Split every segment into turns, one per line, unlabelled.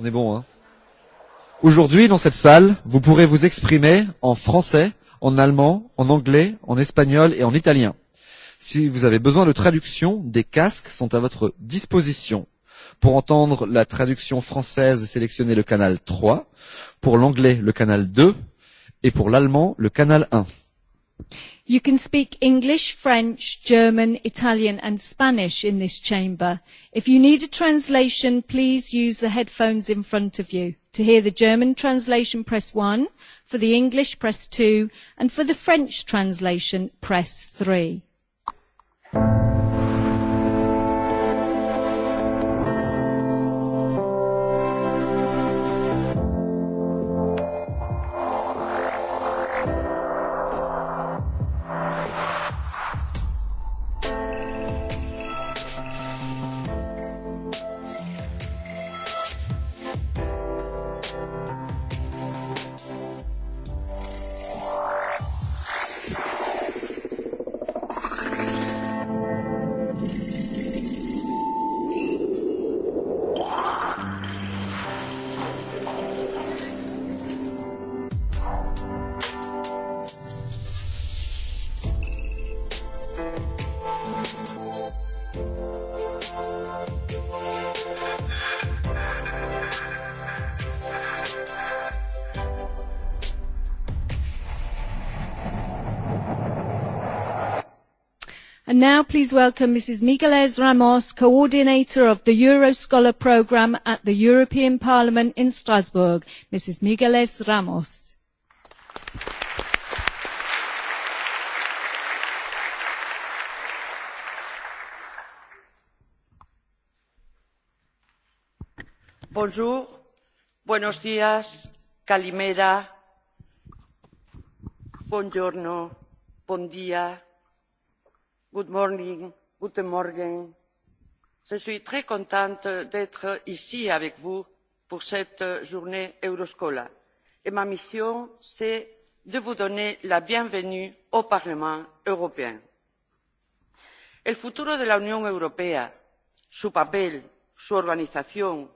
On est bon, hein. Aujourd'hui, dans cette salle, vous pourrez vous exprimer en français, en allemand, en anglais, en espagnol et en italien. Si vous avez besoin de traduction, des casques sont à votre disposition. Pour entendre la traduction française, sélectionnez le canal 3, pour l'anglais le canal 2 et pour l'allemand le canal 1.
You can speak English, French, German, Italian and Spanish in this chamber. If you need a translation, please use the headphones in front of you. To hear the German translation, press one, For the English, press two And for the French translation, press three. And now please welcome Mrs. Migueles Ramos, coordinator of the Euroscholar programme at the European Parliament in Strasbourg. Mrs. Migueles Ramos.
Bonjour, buenos días, calimera, buongiorno, bon dia, Good morning, guten Morgen. Je suis très contente d'être ici avec vous pour cette journée Euroscola. Et ma mission, c'est de vous donner la bienvenue au Parlement européen. El futuro de la Unión Europea, su papel, su organización,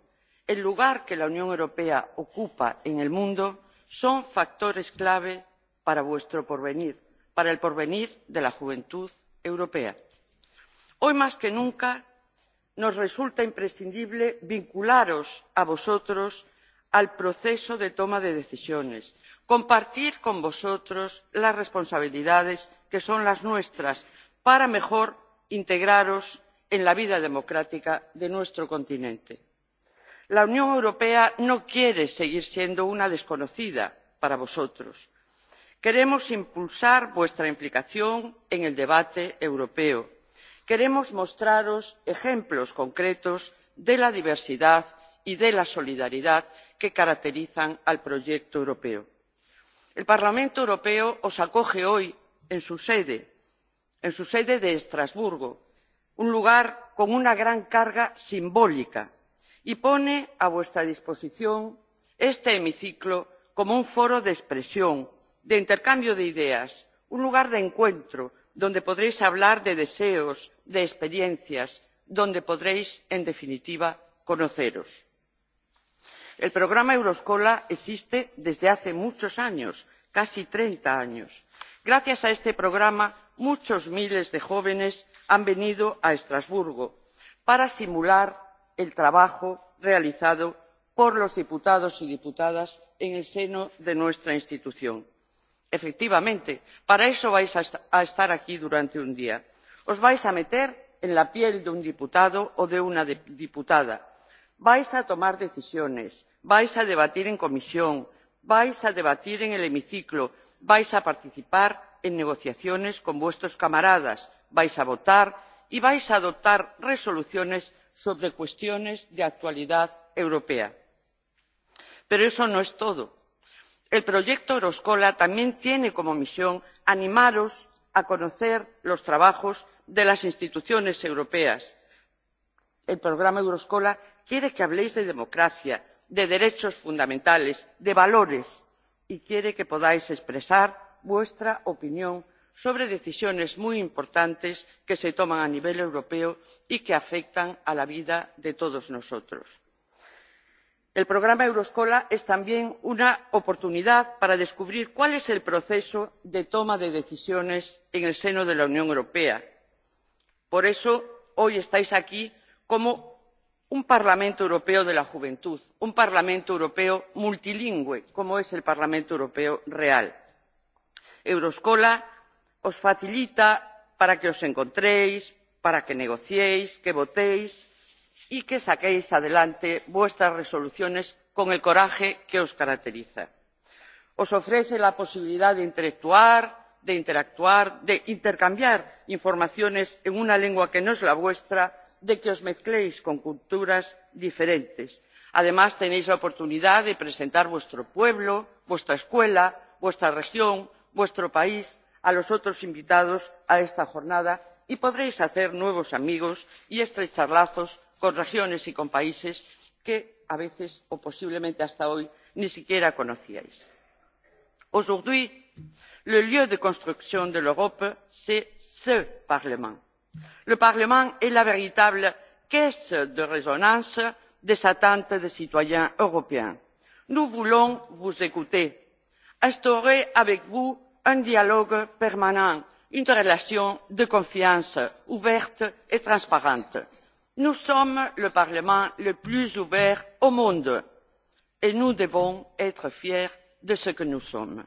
el lugar que la Unión Europea ocupa en el mundo son factores clave para vuestro porvenir, para el porvenir de la juventud europea. hoy más que nunca nos resulta imprescindible vincularos a vosotros al proceso de toma de decisiones compartir con vosotros las responsabilidades que son las nuestras para mejor integraros en la vida democrática de nuestro continente. la unión europea no quiere seguir siendo una desconocida para vosotros Queremos impulsar vuestra implicación en el debate europeo. Queremos mostraros ejemplos concretos de la diversidad y de la solidaridad que caracterizan al proyecto europeo. El Parlamento Europeo os acoge hoy en su sede, en su sede de Estrasburgo, un lugar con una gran carga simbólica, y pone a vuestra disposición este hemiciclo como un foro de expresión de intercambio de ideas un lugar de encuentro donde podréis hablar de deseos de experiencias donde podréis en definitiva conoceros. el programa euroscola existe desde hace muchos años casi treinta años. gracias a este programa muchos miles de jóvenes han venido a estrasburgo para simular el trabajo realizado por los diputados y diputadas en el seno de nuestra institución efectivamente para eso vais a estar aquí durante un día. os vais a meter en la piel de un diputado o de una diputada vais a tomar decisiones vais a debatir en comisión vais a debatir en el hemiciclo vais a participar en negociaciones con vuestros camaradas vais a votar y vais a adoptar resoluciones sobre cuestiones de actualidad europea. pero eso no es todo el proyecto euroscola también tiene como misión animaros a conocer los trabajos de las instituciones europeas. el programa euroscola quiere que habléis de democracia de derechos fundamentales de valores y quiere que podáis expresar vuestra opinión sobre decisiones muy importantes que se toman a nivel europeo y que afectan a la vida de todos nosotros el programa euroscola es también una oportunidad para descubrir cuál es el proceso de toma de decisiones en el seno de la unión europea. por eso hoy estáis aquí como un parlamento europeo de la juventud un parlamento europeo multilingüe como es el parlamento europeo real. euroescola os facilita para que os encontréis para que negociéis que votéis y que saquéis adelante vuestras resoluciones con el coraje que os caracteriza. os ofrece la posibilidad de interactuar de interactuar, de intercambiar informaciones en una lengua que no es la vuestra de que os mezcléis con culturas diferentes. además tenéis la oportunidad de presentar vuestro pueblo vuestra escuela vuestra región vuestro país a los otros invitados a esta jornada y podréis hacer nuevos amigos y estrechar lazos con regiones y con países que a veces o posiblemente hasta hoy ni siquiera conocíais. aujourd'hui le lieu de construction de l'europe c'est ce parlement. le parlement est la véritable caisse de résonance des attentes des citoyens européens. nous voulons vous écouter instaurer avec vous un dialogue permanent une relation de confiance ouverte et transparente nous sommes le parlement le plus ouvert au monde et nous devons être fiers de ce que nous sommes.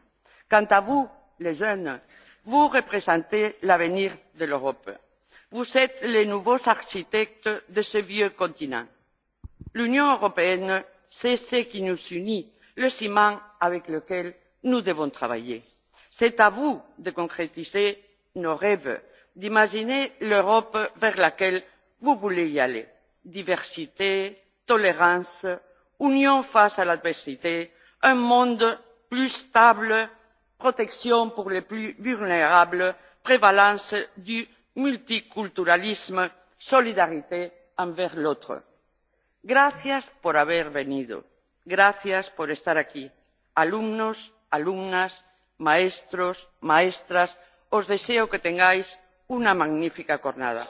quant à vous les jeunes vous représentez l'avenir de l'europe. vous êtes les nouveaux architectes de ce vieux continent. l'union européenne c'est ce qui nous unit le ciment avec lequel nous devons travailler. c'est à vous de concrétiser nos rêves d'imaginer l'europe vers laquelle vous voulez y aller diversité tolérance union face à l'adversité un monde plus stable protection pour les plus vulnérables prévalence du multiculturalisme solidarité envers l'autre. gracias por haber venido gracias por estar aquí alumnos alumnas maestros maestras os deseo que tengáis una magnífica jornada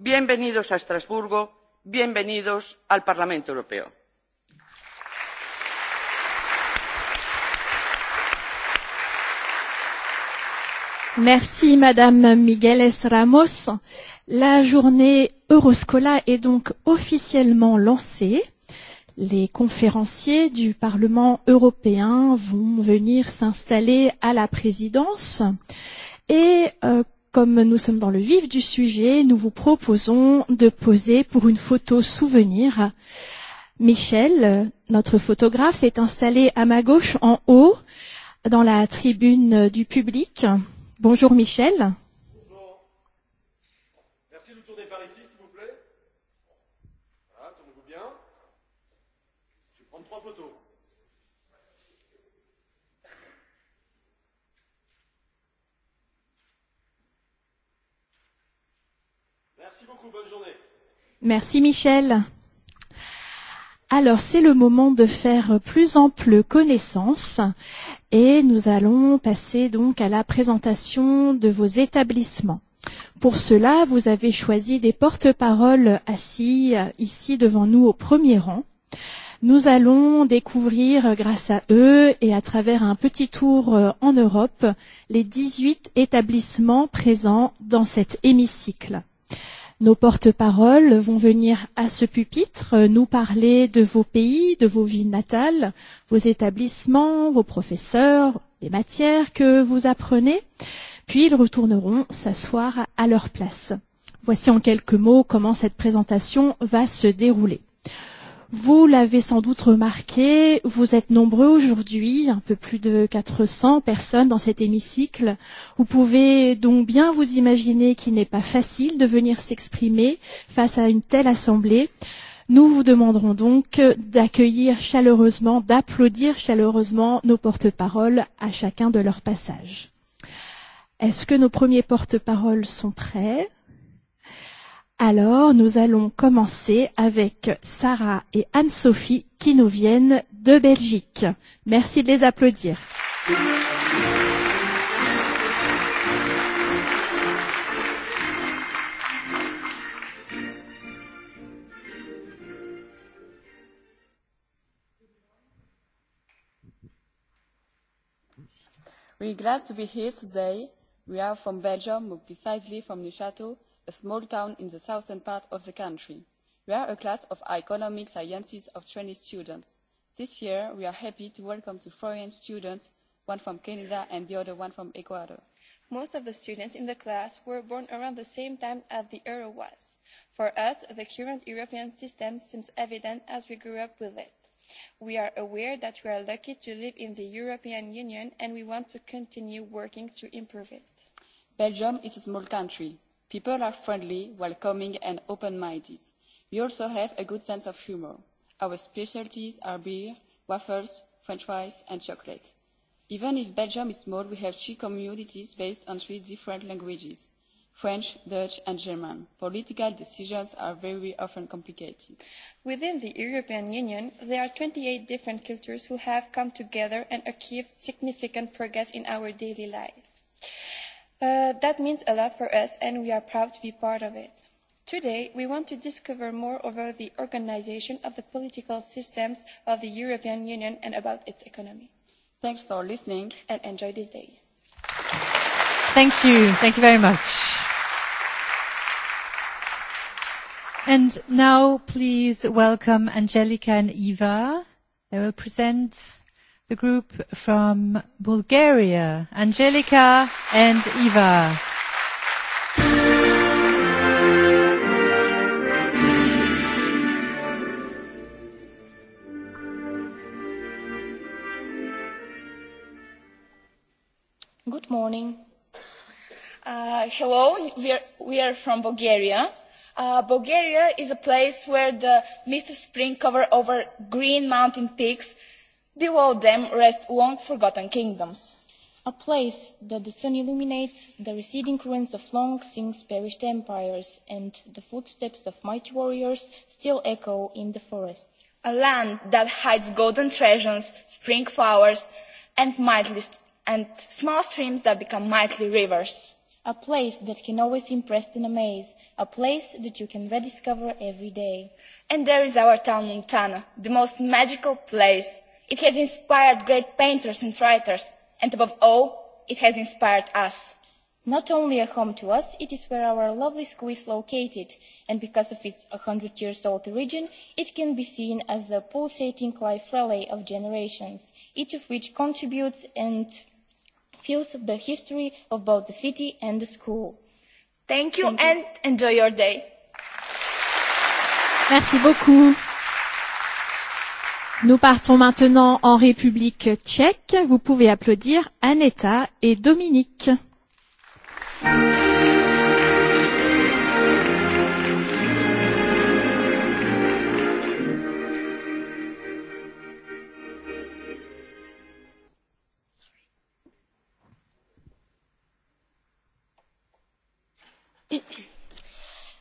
bienvenidos a estrasburgo bienvenidos al parlamento europeo.
Merci Madame Migueles Ramos. La journée Euroscola est donc officiellement lancée. Les conférenciers du Parlement européen vont venir s'installer à la présidence et euh, Comme nous sommes dans le vif du sujet, nous vous proposons de poser pour une photo souvenir. Michel, notre photographe, s'est installé à ma gauche en haut dans la tribune du public. Bonjour Michel. beaucoup, bonne journée. Merci Michel. Alors c'est le moment de faire plus ample connaissance et nous allons passer donc à la présentation de vos établissements. Pour cela, vous avez choisi des porte-paroles assis ici devant nous au premier rang. Nous allons découvrir grâce à eux et à travers un petit tour en Europe les 18 établissements présents dans cet hémicycle. Nos porte-paroles vont venir à ce pupitre nous parler de vos pays, de vos villes natales, vos établissements, vos professeurs, les matières que vous apprenez, puis ils retourneront s'asseoir à leur place. Voici en quelques mots comment cette présentation va se dérouler. Vous l'avez sans doute remarqué, vous êtes nombreux aujourd'hui, un peu plus de 400 personnes dans cet hémicycle. Vous pouvez donc bien vous imaginer qu'il n'est pas facile de venir s'exprimer face à une telle assemblée. Nous vous demanderons donc d'accueillir chaleureusement, d'applaudir chaleureusement nos porte-paroles à chacun de leur passage. Est-ce que nos premiers porte-paroles sont prêts Alors, nous allons commencer avec Sarah et Anne-Sophie qui nous viennent de Belgique. Merci de les applaudir.
We're glad to be here today. We are from Belgium, precisely from Neuchâtel, a small town in the southern part of the country. We are a class of economic sciences of Chinese students. This year, we are happy to welcome two foreign students, one from Canada and the other one from Ecuador. Most of the students in the class were born around the same time as the euro was. For us, the current European system seems evident as we grew up with it. We are aware that we are lucky to live in the European Union and
we want
to continue working to improve it.
Belgium is a small country, People are friendly, welcoming and open-minded. We also have a good sense of humour. Our specialties are beer, waffles, french fries and chocolate. Even if Belgium is small, we have three communities based on three different languages, French, Dutch and German. Political decisions are very often complicated. Within the European Union, there are 28 different cultures who have come together and achieved significant progress in our daily life that means a lot for us, and we are proud to be part of it. Today, we want to discover more about the organisation of the political systems of the European Union and about its economy. Thanks for listening and enjoy
this day.
Thank you. Thank you very much. And now, please welcome Angelika and Iva. They will present the group from Bulgaria, Angelika and Eva.
Good morning.
Uh, hello, we are, we are from
Bulgaria. Uh, Bulgaria is a place where the mist of spring cover over green mountain peaks Below them rest long forgotten kingdoms. A place that the sun illuminates, the receding ruins of long since perished empires, and the footsteps of mighty warriors still echo in the forests. A land that hides golden treasures, spring flowers, and mightily and small streams that become mighty rivers. A place that can always impress and amaze, a place that you can rediscover every day. And there is our town, Montana, the most magical place It has inspired great painters and writers, and above all, it has inspired us. Not only a home to us, it is where our lovely school is located, and because of its 100 years old origin, it can be seen as a pulsating life relay of generations, each of which contributes and fuels the history of both the city and the school. Thank you Thank and
enjoy your day.
Merci beaucoup. Nous partons maintenant en République tchèque. Vous pouvez applaudir Aneta et Dominique.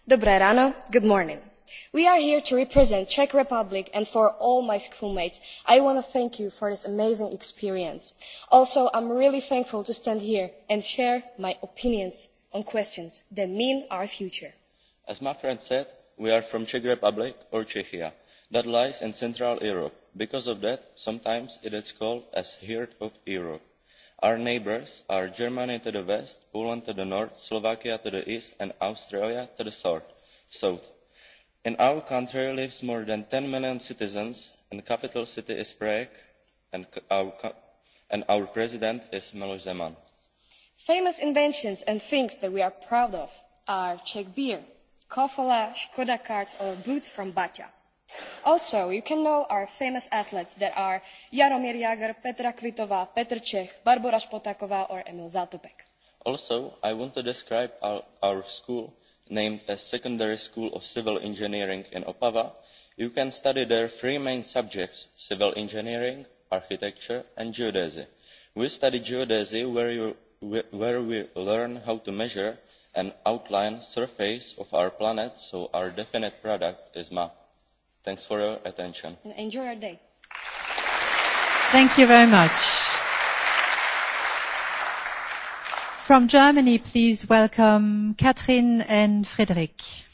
Dobré ráno, good morning we are here to represent the czech republic and for all my schoolmates i want to thank you for this amazing experience. also i am really thankful to stand here and share my opinions on questions that mean our future.
as my friend said we are from the czech republic or czechia that lies in central europe. because of that sometimes it is called as heart of europe. our neighbours are germany to the west poland to the north slovakia to the east and australia to the south in our country lives more than ten million citizens and the capital city is prague and our, president is milo zeman.
famous inventions and things that we are proud of are czech beer kofola skoda cars or boots from batya. also you can know our famous athletes that are jaromir jagr petra kvitova petr cech barbora spotakova or emil zatopek.
also i want to describe our, our school named as secondary school of civil engineering in opava you can study their three main subjects civil engineering architecture and geodesy. we study geodesy where we learn how to measure and outline surface of our planet so our definite product is ma. thanks for your attention.
enjoy your day.
thank you very much. From Germany, please welcome Katrin and Frédéric.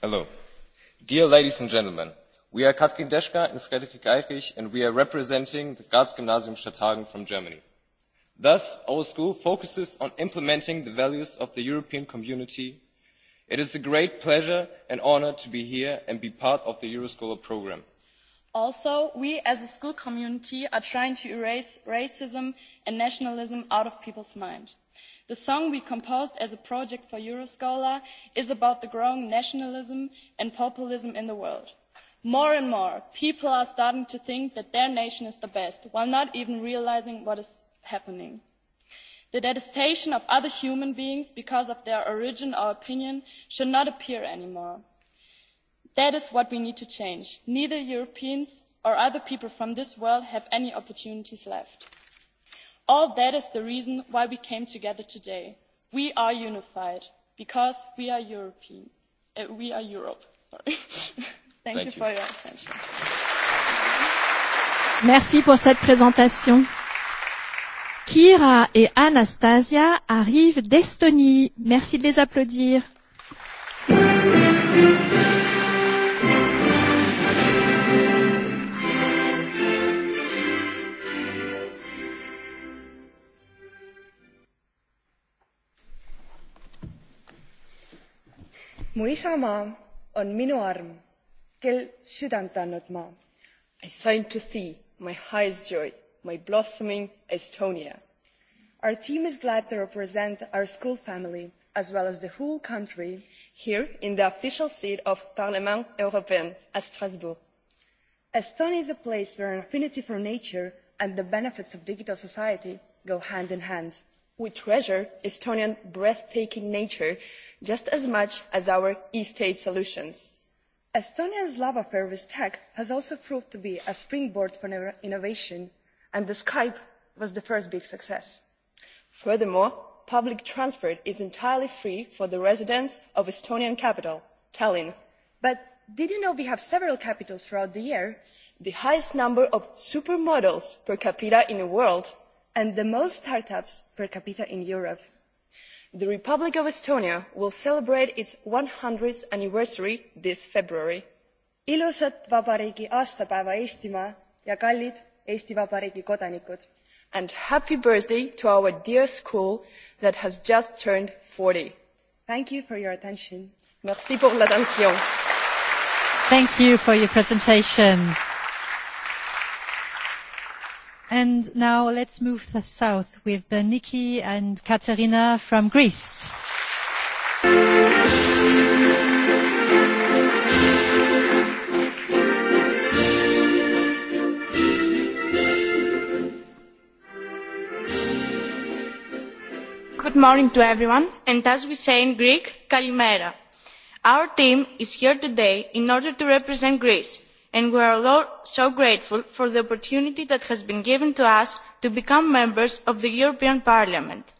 Hello. Dear ladies and gentlemen, We are Katrin Deschka and Frederik Eikich, and we are representing the Graz Gymnasium Stadthagen from Germany. Thus, our school focuses on implementing the values of the European community. It is a great pleasure and honor to be here and be part of the Euroscholar program.
Also, we as a school community are trying to erase racism and nationalism out of people's mind. The song we composed as a project for Euroscholar is about the growing nationalism and populism in the world more and more people are starting to think that their nation is the best while not even realising what is happening. the detestation of other human beings because of their origin or opinion should not appear anymore. that is what we need to change. neither europeans nor other people from this world have any opportunities left. all that is the reason why we came together today. we are unified because we are european we are europe Thank, Thank you for your attention.
Merci pour cette présentation. Kira et Anastasia arrivent d'Estonie. Merci de les applaudir.
mu isamaa on minu arm quel sydäntäännytmaa. I sign to thee, my highest joy, my blossoming Estonia. Our team is glad to represent our school family as well as the whole country here in the official seat of Parlement Européen at Strasbourg. Estonia is a place where an affinity for nature and the benefits of digital society go hand in hand. We treasure Estonian breathtaking nature just as much as our e-state solutions estonia's affair with tech has also proved to be a springboard for innovation and the skype was the first big success. furthermore public transport is entirely free for the residents of the estonian capital tallinn. but did you know we have several capitals throughout the year the highest number of supermodels per capita in the world and the most start ups per capita in europe? the republic of estonia will celebrate its one hundredth anniversary this february. ilusat vabariigi aastapäeva eestimaa ja kallid eesti vabariigi kodanikud. and happy birthday to our dear school that has just turned forty. thank you for your attention. merci pour l'attention.
thank you for your presentation. And now let's move south with Nikki and Katerina from Greece. Good
morning to everyone, and as we say in Greek, Kalimera. Our team is here today in order to represent Greece and we are all so grateful for the opportunity that has been given to us to become members of the European Parliament.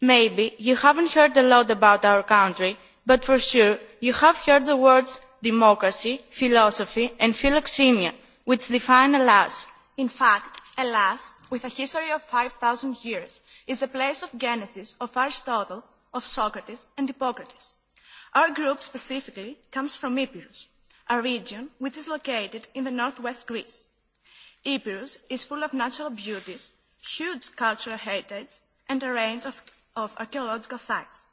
Maybe you haven't heard a lot about our country, but for sure you have heard the words democracy, philosophy and philoxenia, which define Alas. In fact, Alas with a history of five thousand years, is the place of genesis of Aristotle, of Socrates and Hippocrates. Our group specifically comes from Epirus, a region which is located in the northwest Greece. Epirus is full of natural beauties, huge cultural heritage, and a range of, of archaeological sites.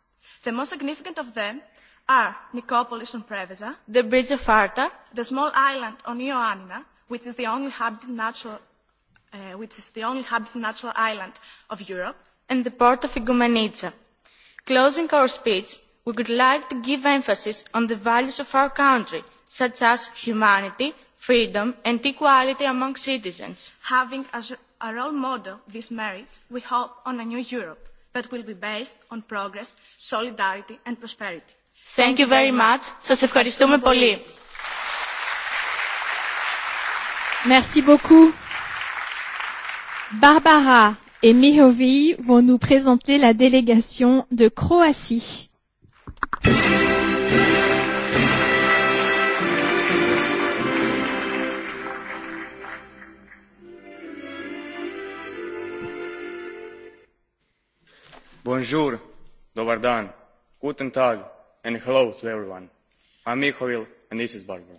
The most significant of them are Nicopolis on Preveza, the Bridge of Arta, the small island on Ioannina, which is the only habited natural, uh, which is the only habited natural island of Europe, and the port of Igumenitsa. Closing our speech, we would like to give emphasis on the values of our country – such as humanity, freedom and equality among citizens. Having as a role model these merits, we hope on a new Europe that will be based on progress, solidarity and prosperity.
Thank Thank you very much. Σας ευχαριστούμε πολύ.
Merci beaucoup. Barbara et Mihovi vont nous présenter la délégation de Croatie.
Bonjour, dobar dan, guten tag, and hello to everyone. I'm Mihovil and this is Barbara.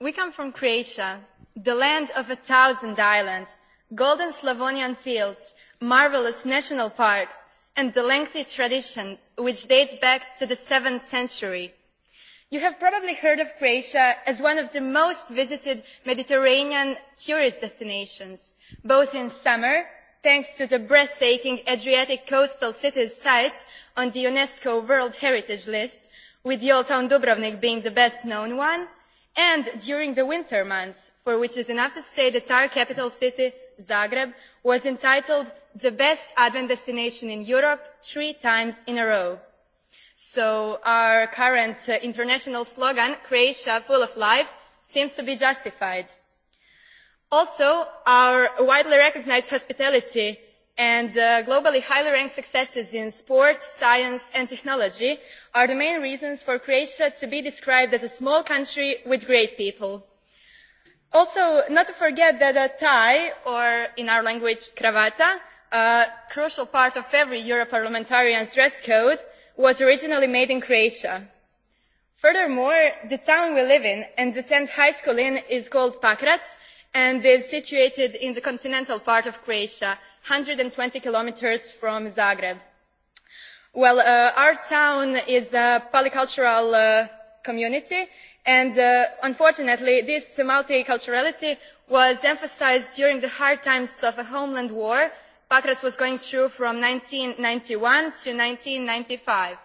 We come from Croatia, the land of a thousand islands, golden Slavonian fields, marvelous national parks, and the lengthy tradition which dates back to the seventh century. You have probably heard of Croatia as one of the most visited Mediterranean tourist destinations, both in summer thanks to the breathtaking Adriatic coastal cities sites on the UNESCO World Heritage List, with the old town Dubrovnik being the best known one, and during the winter months, for which is enough to say that our capital city, Zagreb, was entitled the best Advent destination in Europe three times in a row. So our current uh, international slogan, Croatia full of life, seems to be justified. Also, our widely recognized hospitality and uh, globally highly ranked successes in sport, science and technology are the main reasons for Croatia to be described as a small country with great people. Also, not to forget that a tie, or in our language, cravata, a crucial part of every Europarlamentarian's dress code, was originally made in Croatia. Furthermore, the town we live in and attend high school in is called Pakrac, and is situated in the continental part of Croatia, 120 kilometers from Zagreb. Well, uh, our town is a polycultural uh, community, and uh, unfortunately, this multiculturality was emphasized during the hard times of a homeland war Pakras was going through from 1991 to 1995.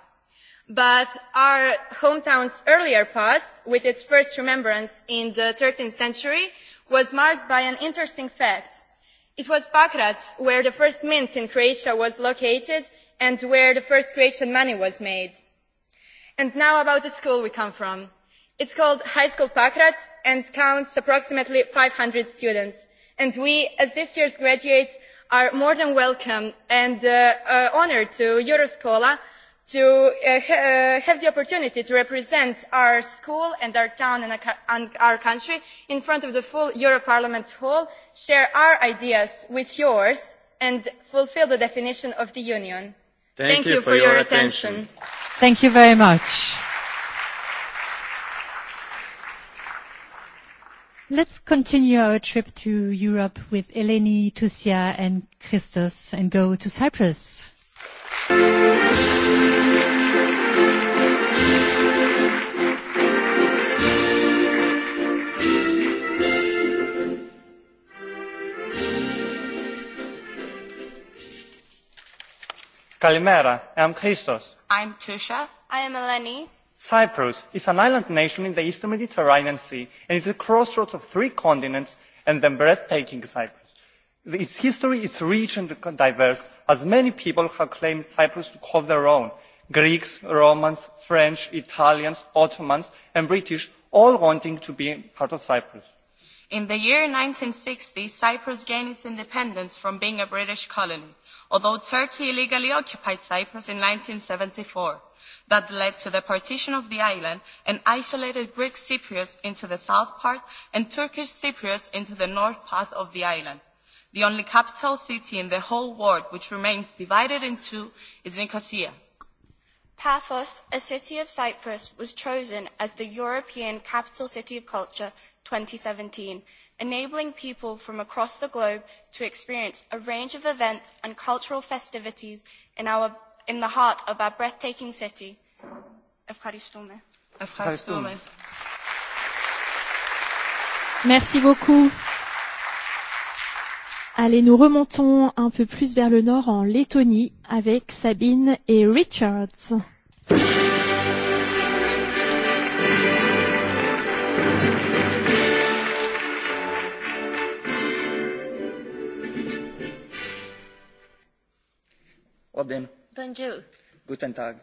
But our hometown's earlier past, with its first remembrance in the 13th century, was marked by an interesting fact. It was Pakrac where the first mint in Croatia was located and where the first Croatian money was made. And now about the school we come from. It's called High School Pakrac and counts approximately 500 students. And we, as this year's graduates, are more than welcome and uh, uh, honored to Euroscola to uh, ha- have the opportunity to represent our school and our town and our, and our country in front of the full Euro Parliament hall, share our ideas with yours, and fulfill the definition of the Union.
Thank, Thank you, you for your attention. attention. Thank you very much. Let's continue our trip to Europe with Eleni, Tusia, and Christos and go to Cyprus.
Kalimera, I'm Christos.
I'm Tusha. I am Eleni.
Cyprus is an island nation in the eastern Mediterranean Sea and is a crossroads of three continents and the breathtaking Cyprus. Its history is rich and diverse, as many people have claimed Cyprus to call their own. Greeks, Romans, French, Italians, Ottomans, and British, all wanting to be part of Cyprus
In the year 1960, Cyprus gained its independence from being a British colony, although Turkey illegally occupied Cyprus in 1974. That led to the partition of the island and isolated Greek Cypriots into the south part and Turkish Cypriots into the north part of the island. The only capital city in the whole world which remains divided in two is Nicosia.
Paphos, a city of Cyprus, was chosen as the European Capital City of Culture 2017, enabling people from across the globe to experience a range of events and cultural festivities in, our, in the heart of our breathtaking city. Ευχαριστούμε. Ευχαριστούμε.
Merci beaucoup. Allez, nous remontons un peu plus vers le nord en Lettonie avec Sabine et Richards.
Odin. Bonjour. Guten Tag.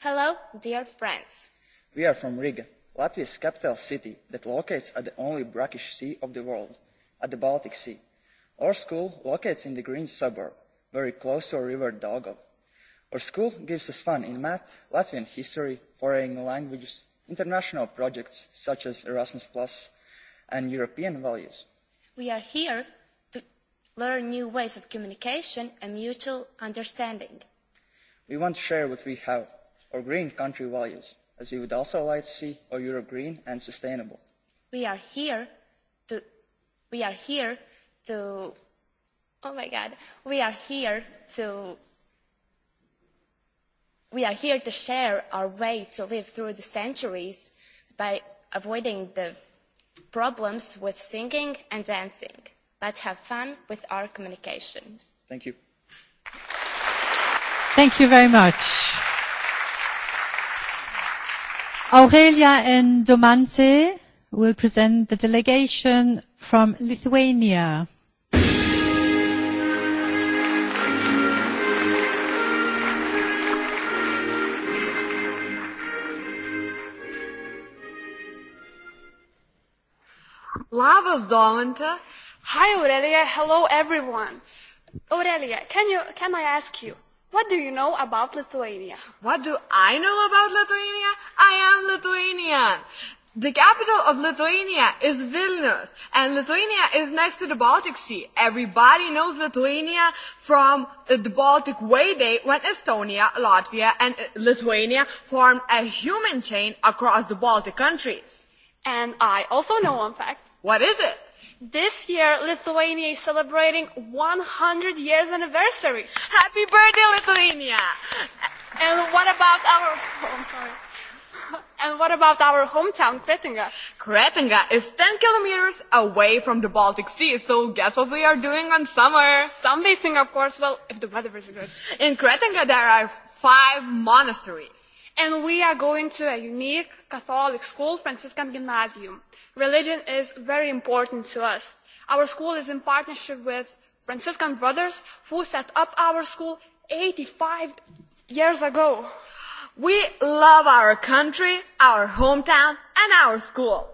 Hello, dear friends.
We are from Riga, Latvia's capital city that locates at the only brackish sea of the world, at the Baltic Sea. Our school locates in the green suburb, very close to our river Daugava. Our school gives us fun in math, Latvian history, foreign languages, international projects such as Erasmus Plus, and European values.
We are here learn new ways of communication and mutual understanding.
We want to share what we have, our green country values, as we would also like to see our Europe green and sustainable.
We are here to we are here to oh my god. We are here to we are here to share our way to live through the centuries by avoiding the problems with singing and dancing. Let's have fun with our communication.
Thank you.
Thank you very much. Aurelia and Domante will present the delegation from Lithuania.
Labas, Domante. Hi, Aurelia. Hello, everyone. Aurelia, can, you, can I ask you, what do you know about Lithuania? What do I know about Lithuania? I am Lithuanian. The capital of Lithuania is Vilnius, and Lithuania is next to the Baltic Sea. Everybody knows Lithuania from the Baltic Way Day when Estonia, Latvia, and Lithuania formed a human chain across the Baltic countries. And I also know one fact. What is it? This year, Lithuania is celebrating 100 years anniversary. Happy birthday, Lithuania! And what about our? Oh, I'm sorry. And what about our hometown, Kretinga? Kretinga is 10 kilometers away from the Baltic Sea, so guess what we are doing on summer? Sunbathing, of course, well, if the weather is good. In Kretinga, there are five monasteries. And we are going to a unique Catholic school, Franciscan Gymnasium Religion is very important to us. Our school is in partnership with Franciscan brothers who set up our school eighty five years ago. We love our country, our hometown, and our school.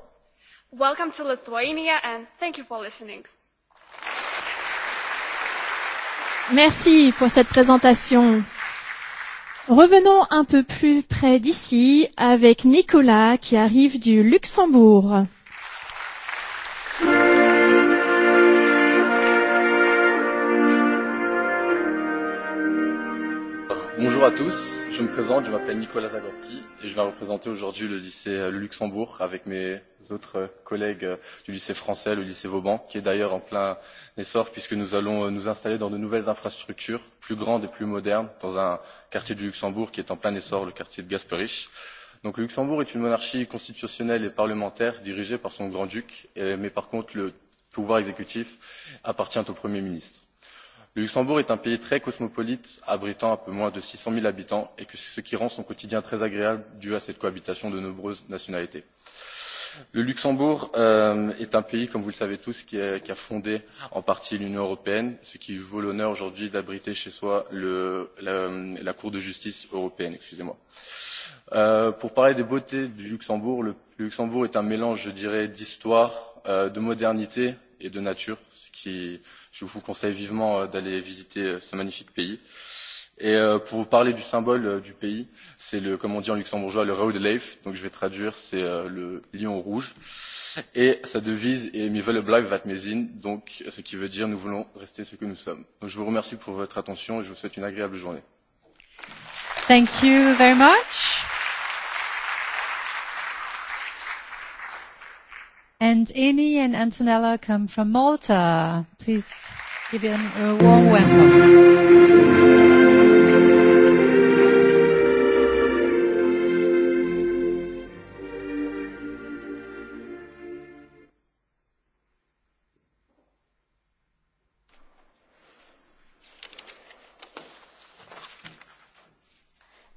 Welcome to Lithuania and thank you for listening.
Merci
pour cette présentation. Revenons un peu plus près d'ici avec Nicolas qui arrive du Luxembourg.
Bonjour à tous, je me présente, je m'appelle Nicolas Zagorski et je viens représenter aujourd'hui le lycée Le Luxembourg avec mes autres collègues du lycée français, le lycée Vauban, qui est d'ailleurs en plein essor puisque nous allons nous installer dans de nouvelles infrastructures plus grandes et plus modernes dans un quartier du Luxembourg qui est en plein essor, le quartier de Gasperich. Donc le Luxembourg est une monarchie constitutionnelle et parlementaire dirigée par son grand-duc, mais par contre le pouvoir exécutif appartient au Premier ministre le luxembourg est un pays très cosmopolite abritant un peu moins de six cents zéro habitants ce qui rend son quotidien très agréable dû à cette cohabitation de nombreuses nationalités. le luxembourg est un pays comme vous le savez tous qui a fondé en partie l'union européenne ce qui lui vaut l'honneur aujourd'hui d'abriter chez soi la cour de justice européenne. pour parler des beautés du luxembourg le luxembourg est un mélange je dirais d'histoire de modernité et de nature ce qui Je vous conseille vivement d'aller visiter ce magnifique pays. Et pour vous parler du symbole du pays, c'est le, comme on dit en luxembourgeois, le Road Leif. Donc je vais traduire, c'est le lion rouge. Et sa devise est Mi Blive blijven mezin, donc ce qui veut dire nous voulons rester ce que nous sommes. Donc je vous remercie pour votre attention et je vous souhaite une agréable journée.
Thank you very much. And Eni and Antonella come from Malta. Please give them a warm
welcome.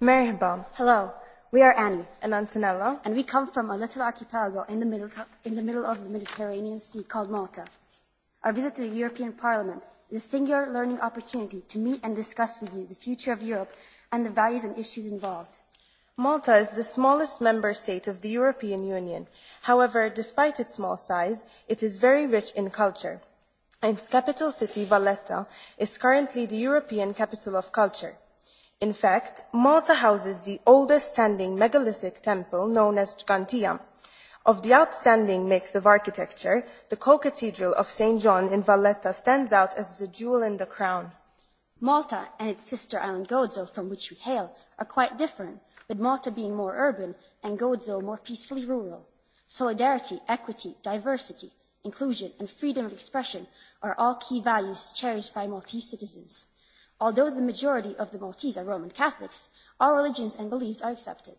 Merhaba. Hello. We are
Annie and Antonella, and we come from a little archipelago in the middle, to- in the middle of the Mediterranean Sea called Malta. Our visit to the European Parliament is a singular learning opportunity to meet
and discuss with you the future of Europe and the values and issues involved. Malta is the smallest member state of the European Union. However, despite its small size, it is very rich in culture. Its capital city, Valletta, is currently the European Capital of Culture In fact, Malta houses the oldest standing megalithic temple known as Gigantia. Of the outstanding mix of architecture, the co-cathedral of St. John in Valletta stands out as the jewel in the crown. Malta and its sister island Gozo, from which we hail, are quite different, with Malta being more
urban and Gozo more peacefully rural. Solidarity, equity, diversity, inclusion, and freedom of expression are all key values cherished by Maltese citizens. Although the majority of the Maltese are Roman Catholics, all religions and beliefs are accepted.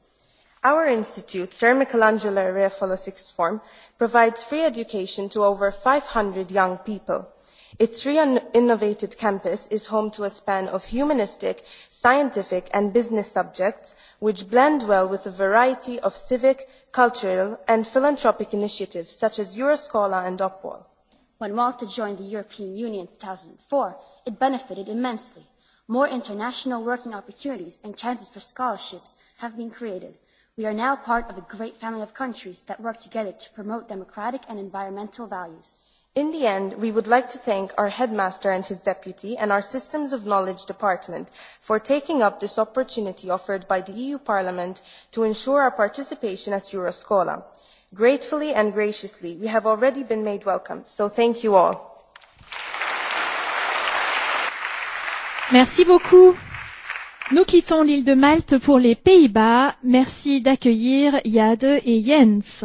Our institute, Sir Michelangelo Refolo Sixth Form, provides free education to over 500 young people. Its re-innovated campus is home to a span of humanistic, scientific and business subjects which blend well with a variety of civic, cultural and philanthropic initiatives such as Euroscola and Opwall.
When Malta joined the European Union in two thousand four, it benefited immensely More international working opportunities and chances for scholarships have been created. We are now part of a great family of countries that work together to promote democratic and environmental values.
In the end, we would like to thank our headmaster and his deputy and our Systems of Knowledge department for taking up this opportunity offered by the EU Parliament to ensure our participation at Euroscola. Gratefully and graciously, we have already been made welcome, so thank you all.
Merci beaucoup. Nous quittons l'île de Malte pour les Pays-Bas. Merci d'accueillir Yade et Jens.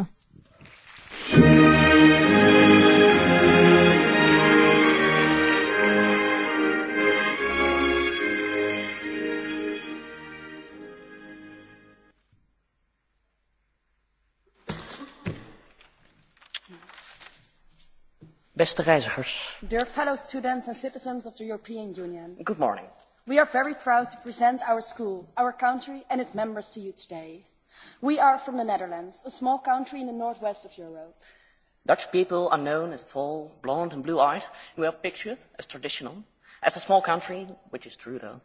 beste reizigers.
Dear fellow students and citizens of the European Union. Good morning. We are very proud to present our school, our country and its members to you today. We are from the Netherlands, a small country in the northwest of Europe.
Dutch people are known as tall, blonde, and blue-eyed. We are pictured as traditional, as a small country, which is true though.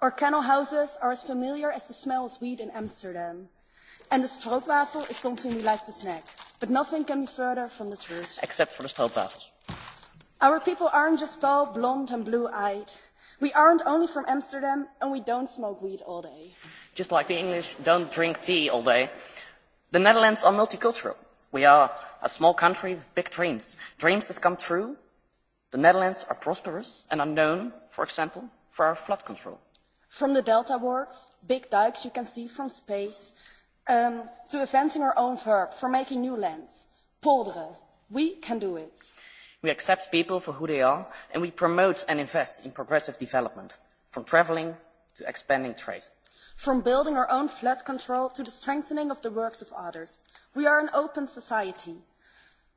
Our kennel houses are as familiar as the smell of wheat in Amsterdam. And the stroopwafel is something we like to snack. But nothing can be further from the truth.
Except for the stroopwafels
our people aren't just tall blonde and blue eyed we aren't only from amsterdam and we don't smoke weed all day.
just like the english don't drink tea all day the netherlands are multicultural. we are a small country with big dreams dreams that come true. the netherlands are prosperous and are known for example for our flood control.
from the delta works big dikes you can see from space um, to inventing our own verb for making new lands polderen we can do it
we accept people for who they are and we promote and invest in progressive development from travelling to expanding trade.
from building our own flood control to the strengthening of the works of others we are an open society.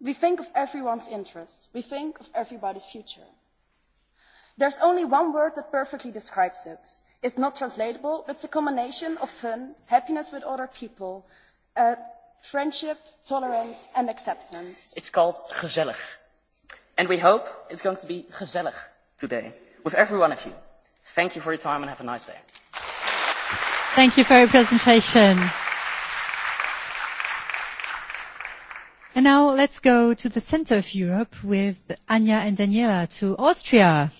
we think of everyone's interests we think of everybody's future. there's only one word that perfectly describes it. it's not translatable but it's a combination of fun happiness with other people uh, friendship tolerance and acceptance.
it's called gezellig and we hope it's going to be gezellig today with every one of you. Thank you for your time and have a nice day.
Thank you for your presentation. And now let's go to the center of Europe with Anja and Daniela to Austria.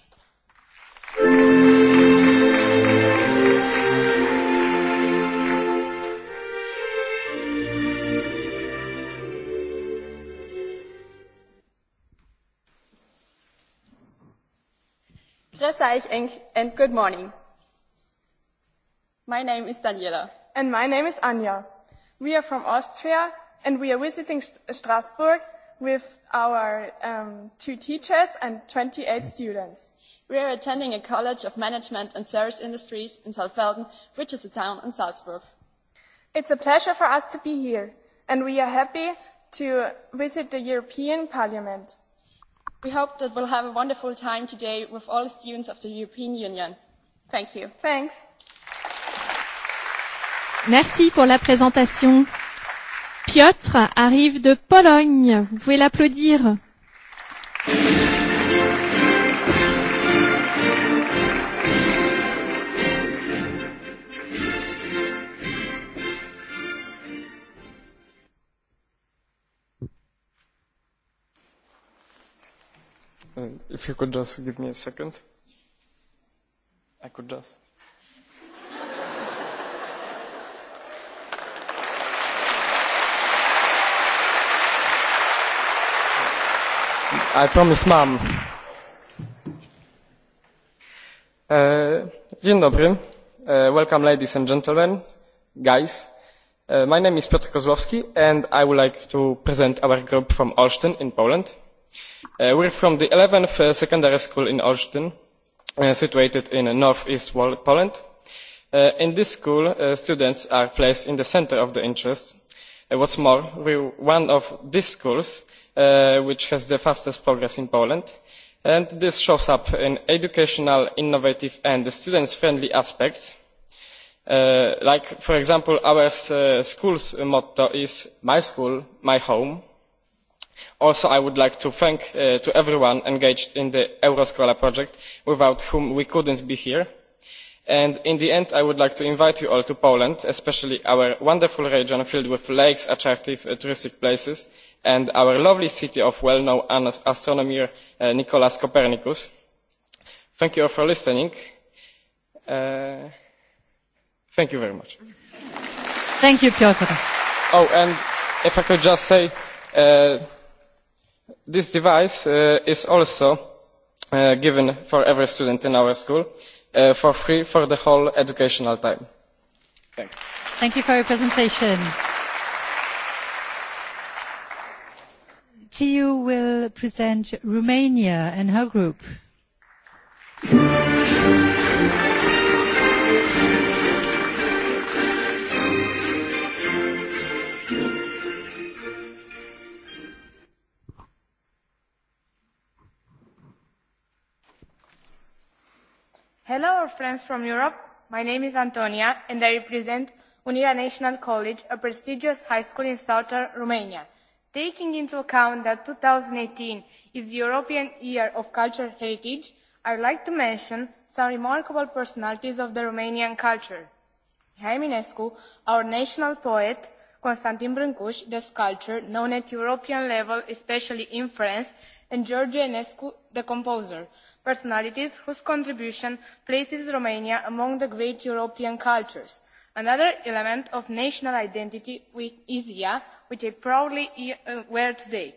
Zeich and good morning. My name is Daniela. And my name is Anja. We are from Austria and we are visiting Strasbourg with our um, two teachers and 28 students. We are attending a college of management and service industries in Salfelden, which is a town in Salzburg. It's a pleasure for us to be here and we are happy to visit the European Parliament. We hope that we'll have a wonderful time today with all the students of the European Union. Thank you. Thanks.
Merci pour la présentation. Piotr arrive de Pologne. Vous pouvez l'applaudir.
If you could just give me a second. I could just. I promise mom. E, dzień dobry. E, welcome ladies and gentlemen, guys. E, my name is Piotr Kozłowski and I would like to present our group from Olsztyn in Poland. Uh, we're from the 11th uh, secondary school in Olsztyn, uh, situated in uh, northeast Poland. Uh, in this school, uh, students are placed in the center of the interest. Uh, what's more, we're one of these schools uh, which has the fastest progress in Poland. And this shows up in educational, innovative and students-friendly aspects like for example our school's motto is my school my home also i would like to thank everyone engaged in the euroscola project without whom we could not be here and in the end i would like to invite you all to poland especially our wonderful region filled with lakes attractive touristic places and our lovely city of well known astronomer nicolaus copernicus. thank you all for listening. thank you very much.
thank you piotr.
oh and if i could just say this device uh, is also uh, given for every student in our school uh, for free for the whole educational time.
Thanks. Thank you for your presentation. TU will present Romania and her group.
Hello, our friends from Europe. My name is Antonia, and I represent Unirea National College, a prestigious high school in southern Romania. Taking into account that 2018 is the European Year of Cultural Heritage, I would like to mention some remarkable personalities of the Romanian culture. Mihai Minescu, our national poet, Constantin Brâncuș, the sculptor, known at European level, especially in France, and George Enescu, the composer personalities whose contribution places Romania among the great European cultures. Another element of national identity is IA, which I proudly wear today.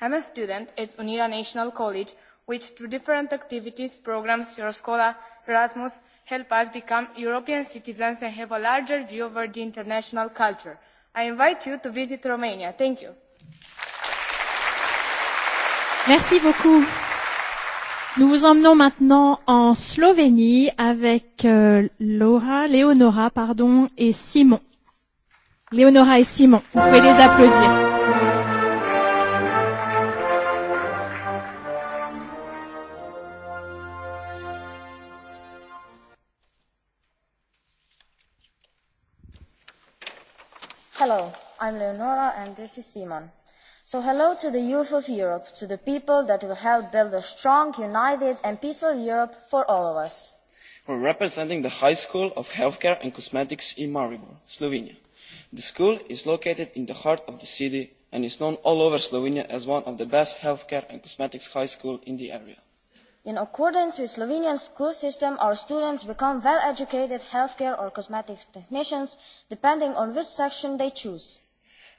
I am a student at Unira National College, which through different activities, programmes, Euroscola, Erasmus, helps us become European citizens and have a larger view over the international culture. I invite you to visit Romania. Thank you.
Merci beaucoup. Nous vous emmenons maintenant en Slovénie avec euh, Laura, Léonora pardon, et Simon. Léonora et Simon, vous pouvez les applaudir.
Hello, I'm Leonora and this is Simon. So hello to the youth of Europe, to the people that will help build a strong, united and peaceful Europe for all of us.
We're representing the High School of Healthcare and Cosmetics in Maribor, Slovenia. The school is located in the heart of the city and is known all over Slovenia as one of the best healthcare and cosmetics high schools in the area.
In accordance with Slovenian school system, our students become well-educated healthcare or cosmetics technicians, depending on which section they
choose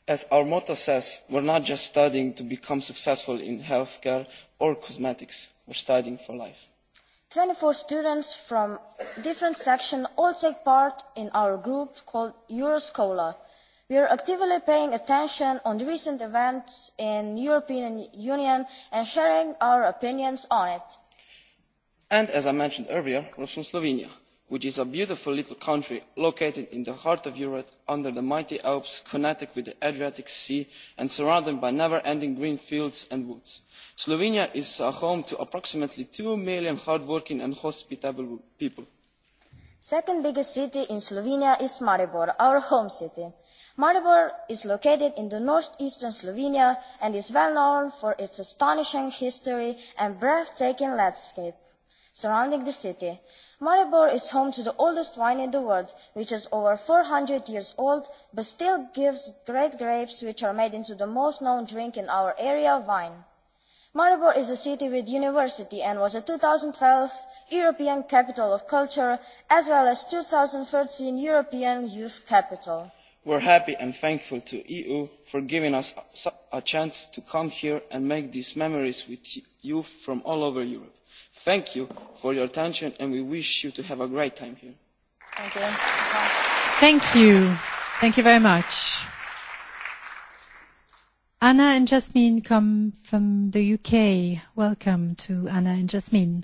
as our motto says we are not just studying to become successful in healthcare or cosmetics we are studying for life.
twenty four students from different sections all take part in our group called euroscola. we are actively paying attention on the recent events in the european union and sharing our opinions on it.
and as i mentioned earlier we are from slovenia which is a beautiful little country located in the heart of europe under the mighty alps connected with the adriatic sea and surrounded by never ending green fields and woods. slovenia is home to approximately two million hard working and hospitable people.
the second biggest city in slovenia is maribor our home city. maribor is located in the northeastern slovenia and is well known for its astonishing history and breathtaking landscape surrounding the city Maribor is home to the oldest wine in the world, which is over 400 years old, but still gives great grapes which are made into the most known drink in our area, wine. Maribor is a city with university and was a 2012 European Capital of Culture as well as 2013 European Youth Capital.
We're happy and thankful to EU for giving us a chance to come here and make these memories with youth from all over Europe thank you for your attention and we wish you to have a great time here. Thank you.
Thank you. Thank you very much. Anna and Jasmine come from the UK. Welcome to Anna and Jasmine.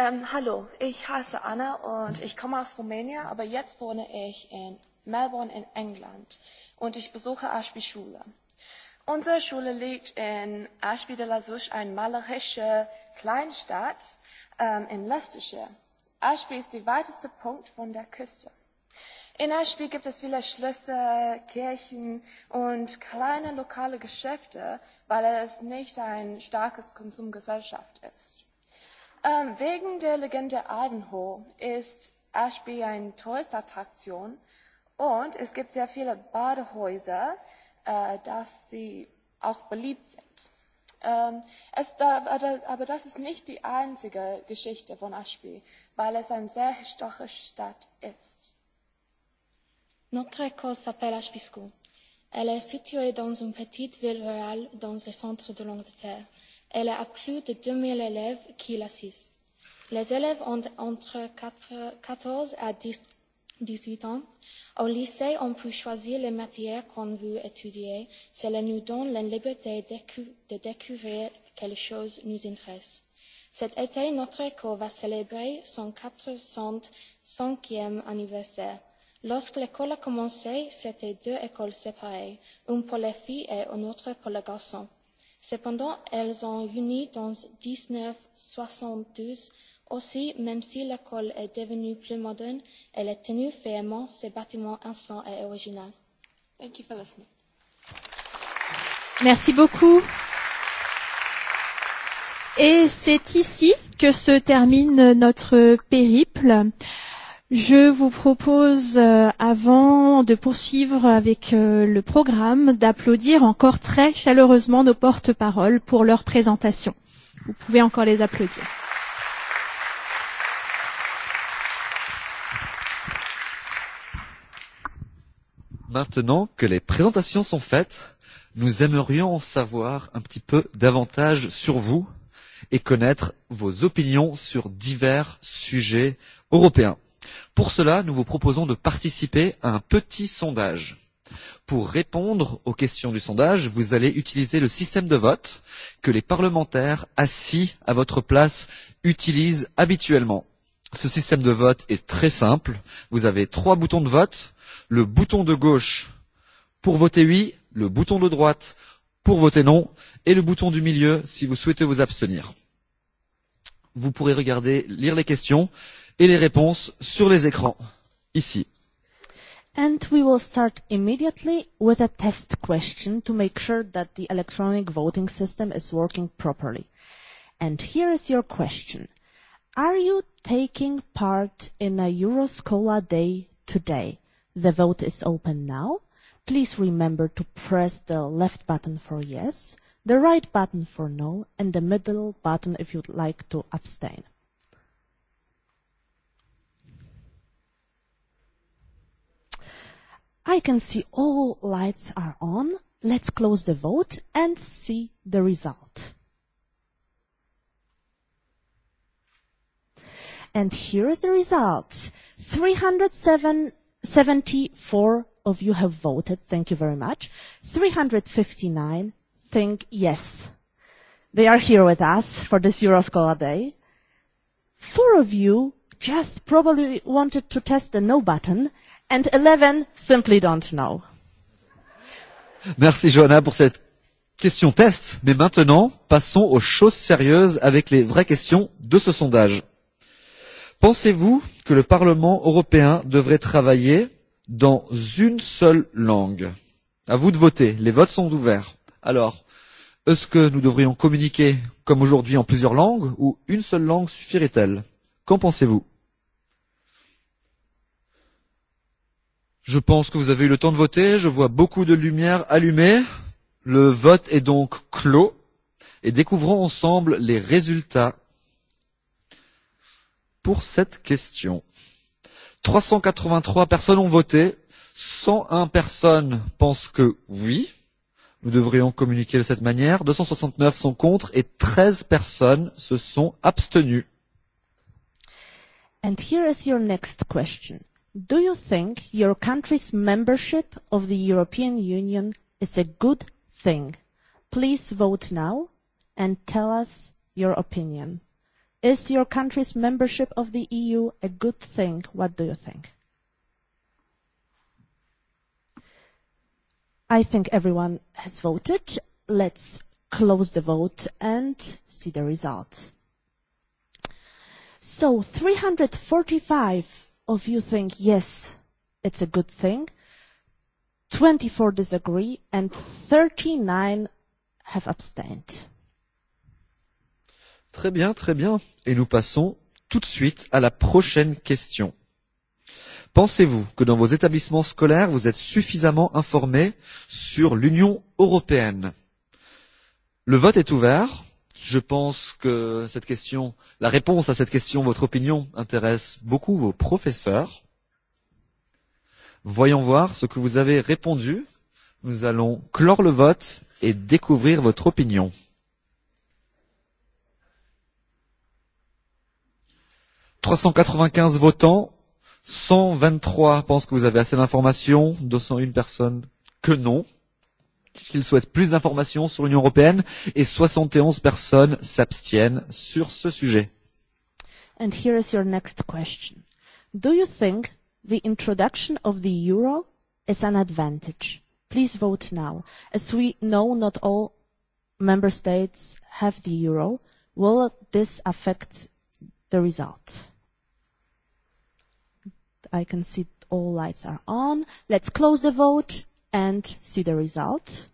Ähm, hallo, ich heiße Anna und ich komme aus Rumänien, aber jetzt wohne ich in Melbourne in England und ich besuche Ashby Schule. Unsere Schule liegt in Ashby de la Suche, eine malerische Kleinstadt ähm, in Leicestershire. Ashby ist der weiteste Punkt von der Küste. In Ashby gibt es viele Schlösser, Kirchen und kleine lokale Geschäfte, weil es nicht ein starkes Konsumgesellschaft ist wegen der Legende Ivanhoe ist Ashby eine Touristattraktion und es gibt sehr viele Badehäuser, äh, dass sie auch beliebt sind. Ähm, es, aber, aber das ist nicht die einzige Geschichte von Ashby, weil es eine sehr historische Stadt ist.
Notre école s'appelle Ashby School. Elle est située dans une petite ville rurale dans le centre de l'Angleterre Elle a plus de 2000 élèves qui l'assistent. Les élèves ont entre 14 dix 18 ans. Au lycée, on peut choisir les matières qu'on veut étudier. Cela nous donne la liberté de découvrir quelles choses nous intéressent. Cet été, notre école va célébrer son 405e anniversaire. Lorsque l'école a commencé, c'était deux écoles séparées, une pour les filles et une autre pour les garçons. Cependant, elles ont réuni dans dix neuf soixante douze aussi, même si l'école est devenue plus moderne, elle a tenu fermement ses
bâtiments anciens et originaux. Thank you for listening.
Merci
beaucoup. Et c'est ici que se termine notre périple. Je vous propose, euh, avant de poursuivre avec euh, le programme, d'applaudir encore très chaleureusement nos porte-paroles pour leur présentation. Vous pouvez encore les applaudir.
Maintenant que les présentations sont faites, nous aimerions en savoir un petit peu davantage sur vous et connaître vos opinions sur divers sujets européens. Pour cela, nous vous proposons de participer à un petit sondage. Pour répondre aux questions du sondage, vous allez utiliser le système de vote que les parlementaires assis à votre place utilisent habituellement. Ce système de vote est très simple. Vous avez trois boutons de vote. Le bouton de gauche pour voter oui, le bouton de droite pour voter non et le bouton du milieu si vous souhaitez vous abstenir. Vous pourrez regarder, lire les questions et les réponses sur les écrans, ici.
And we will start immediately with a test question to make sure that the electronic voting system is working properly. And here is your question. Are you taking part in a Euroscola day today? The vote is open now. Please remember to press the left button for yes, the right button for no, and the middle button if you'd like to abstain. I can see all lights are on. Let's close the vote and see the result. And here is the result. 374 of you have voted. Thank you very much. 359 think yes. They are here with us for this Euroscholar Day. Four of you just probably wanted to test the no button and 11 simply don't know.
Merci Johanna pour cette question test. Mais maintenant, passons aux choses sérieuses avec les vraies questions de ce sondage. Pensez-vous que le Parlement européen devrait travailler dans une seule langue À vous de voter. Les votes sont ouverts. Alors, est-ce que nous devrions communiquer comme aujourd'hui en plusieurs langues ou une seule langue suffirait-elle Qu'en pensez-vous Je pense que vous avez eu le temps de voter. Je vois beaucoup de lumière allumée. Le vote est donc clos. Et découvrons ensemble les résultats pour cette question. 383 personnes ont voté. 101 personnes pensent que oui. Nous devrions communiquer de cette manière. 269 sont contre et 13 personnes se sont abstenues.
And here is your next question. Do you think your country's membership of the European Union is a good thing? Please vote now and tell us your opinion. Is your country's membership of the EU a good thing? What do you think? I think everyone has voted. Let's close the vote and see the result. So 345 of you think, yes, it's a good thing, 24 disagree, and 39 have abstained.
Très bien, très bien. Et nous passons tout de suite à la prochaine question. Pensez-vous que dans vos établissements scolaires, vous êtes suffisamment informés sur l'Union européenne Le vote est ouvert je pense que cette question, la réponse à cette question, votre opinion, intéresse beaucoup vos professeurs. Voyons voir ce que vous avez répondu. Nous allons clore le vote et découvrir votre opinion. Trois cent quatre-vingt-quinze votants, cent vingt-trois pensent que vous avez assez d'informations, deux cent une personnes que non qu'ils souhaitent plus d'informations sur l'Union européenne et 71 personnes s'abstiennent sur ce sujet.
And here is your next question. Do you think the introduction of the euro is an advantage? Please vote now. As we know not all member states have the euro, will this affect the result? I can see all lights are on. Let's close the vote and see the result.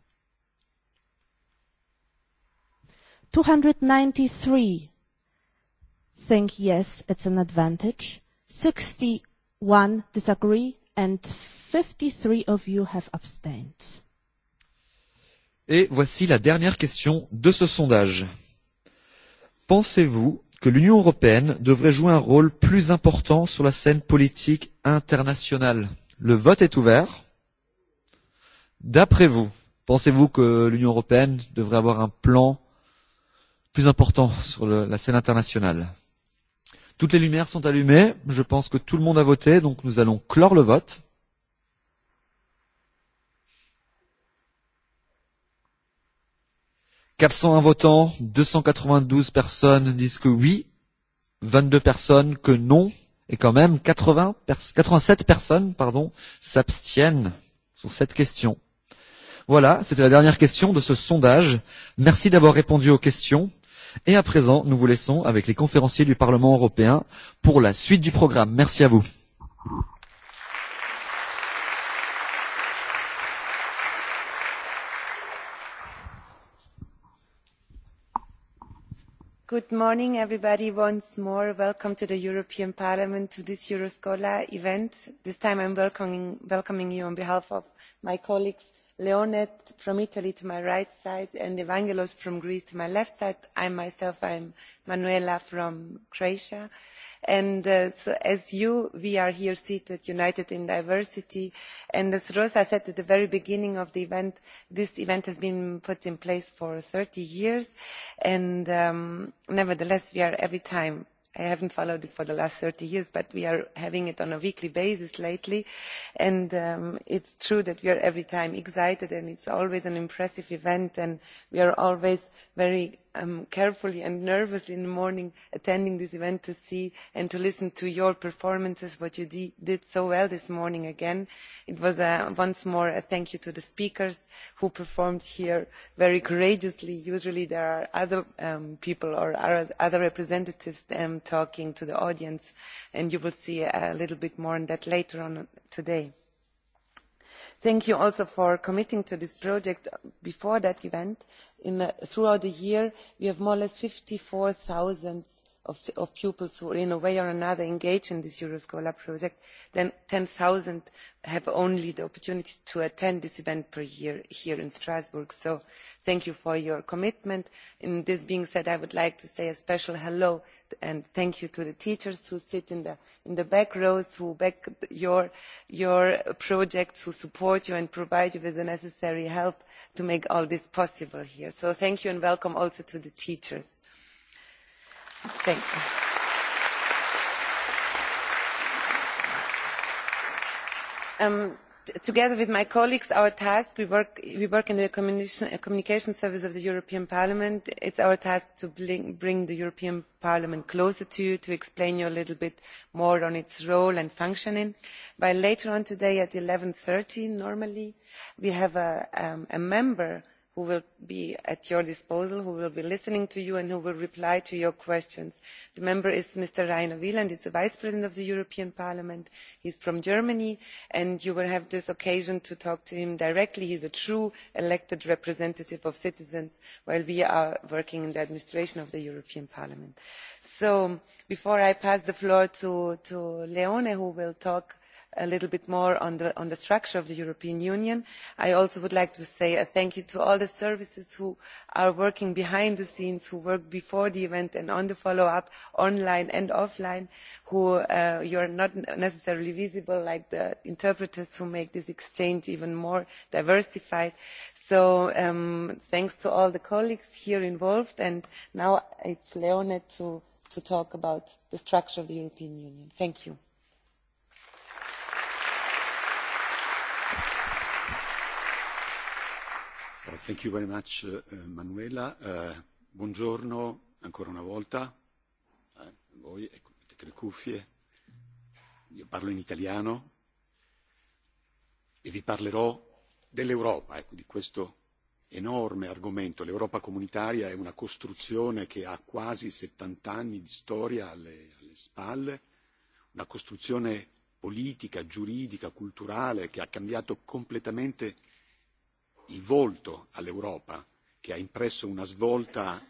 293 think yes, it's an advantage. 61 disagree, and 53 of you have abstained.
Et voici la dernière question de ce sondage. Pensez-vous que l'Union européenne devrait jouer un rôle plus important sur la scène politique internationale Le vote est ouvert. D'après vous, pensez-vous que l'Union européenne devrait avoir un plan plus important sur le, la scène internationale Toutes les lumières sont allumées. Je pense que tout le monde a voté, donc nous allons clore le vote. Quatre cent un votants, deux cent quatre-vingt-douze personnes disent que oui, vingt-deux personnes que non, et quand même quatre-vingt-sept personnes s'abstiennent sur cette question. Voilà, c'était la dernière question de ce sondage. Merci d'avoir répondu aux questions. Et à présent, nous vous laissons avec les conférenciers du Parlement européen pour la suite du programme. Merci à vous.
Good morning, everybody. Once more, welcome to the European Parliament to this Euroscola event. This time I'm welcoming, welcoming you on behalf of my colleagues leonet from italy to my right side and evangelos from greece to my left side. i myself am manuela from croatia and as you we are here seated united in diversity and as rosa said at the very beginning of the event this event has been put in place for thirty years and nevertheless we are every time I haven't followed it for the last 30 years, but we are having it on a weekly basis lately. And um, it's true that we are every time excited and it's always an impressive event and we are always very um, carefully and nervous in the morning attending this event to see and to listen to your performances, what you de did so well this morning again. It was a, once more a thank you to the speakers who performed here very courageously. Usually there are other um, people or other representatives um, talking to the audience and you will see a little bit more on that later on today thank you also for committing to this project before that event. throughout the year we have more or less fifty four thousand of, pupils who in a way or another engage in this Euroscola project, then 10,000 have only the opportunity to attend this event per year here in Strasbourg. So thank you for your commitment. this being said, I would like to say a special hello and thank you to the teachers who sit in the, in the back rows, who back your, your projects, who support you and provide you with the necessary help to make all this possible here. So thank you and welcome also to the teachers Thank you. Um, together with my colleagues our task we work in the communication service of the european parliament it is our task to bring the european parliament closer to you to explain you a little bit more on its role and functioning. by later on today at eleven thirty normally we have a member who will be at your disposal who will be listening to you and who will reply to your questions. the member is mr rainer wieland he is the vice president of the european parliament he is from germany and you will have this occasion to talk to him directly. he is a true elected representative of citizens while we are working in the administration of the european parliament. so before i pass the floor to leone who will talk a little bit more on the structure of the european union. i also would like to say a thank you to all the services who are working behind the scenes who work before the event and on the follow up online and offline who you are not necessarily visible like the interpreters who make this exchange even more diversified. so thanks to all the colleagues here involved and now it's leone to talk about the structure of the european union. thank you.
Thank you very much, Manuela. Buongiorno ancora una volta a voi, ecco, mettete le cuffie. Io parlo in italiano e vi parlerò dell'Europa, ecco, di questo enorme argomento. L'Europa comunitaria è una costruzione che ha quasi 70 anni di storia alle, alle spalle, una costruzione politica, giuridica, culturale che ha cambiato completamente il volto all'Europa che ha impresso una svolta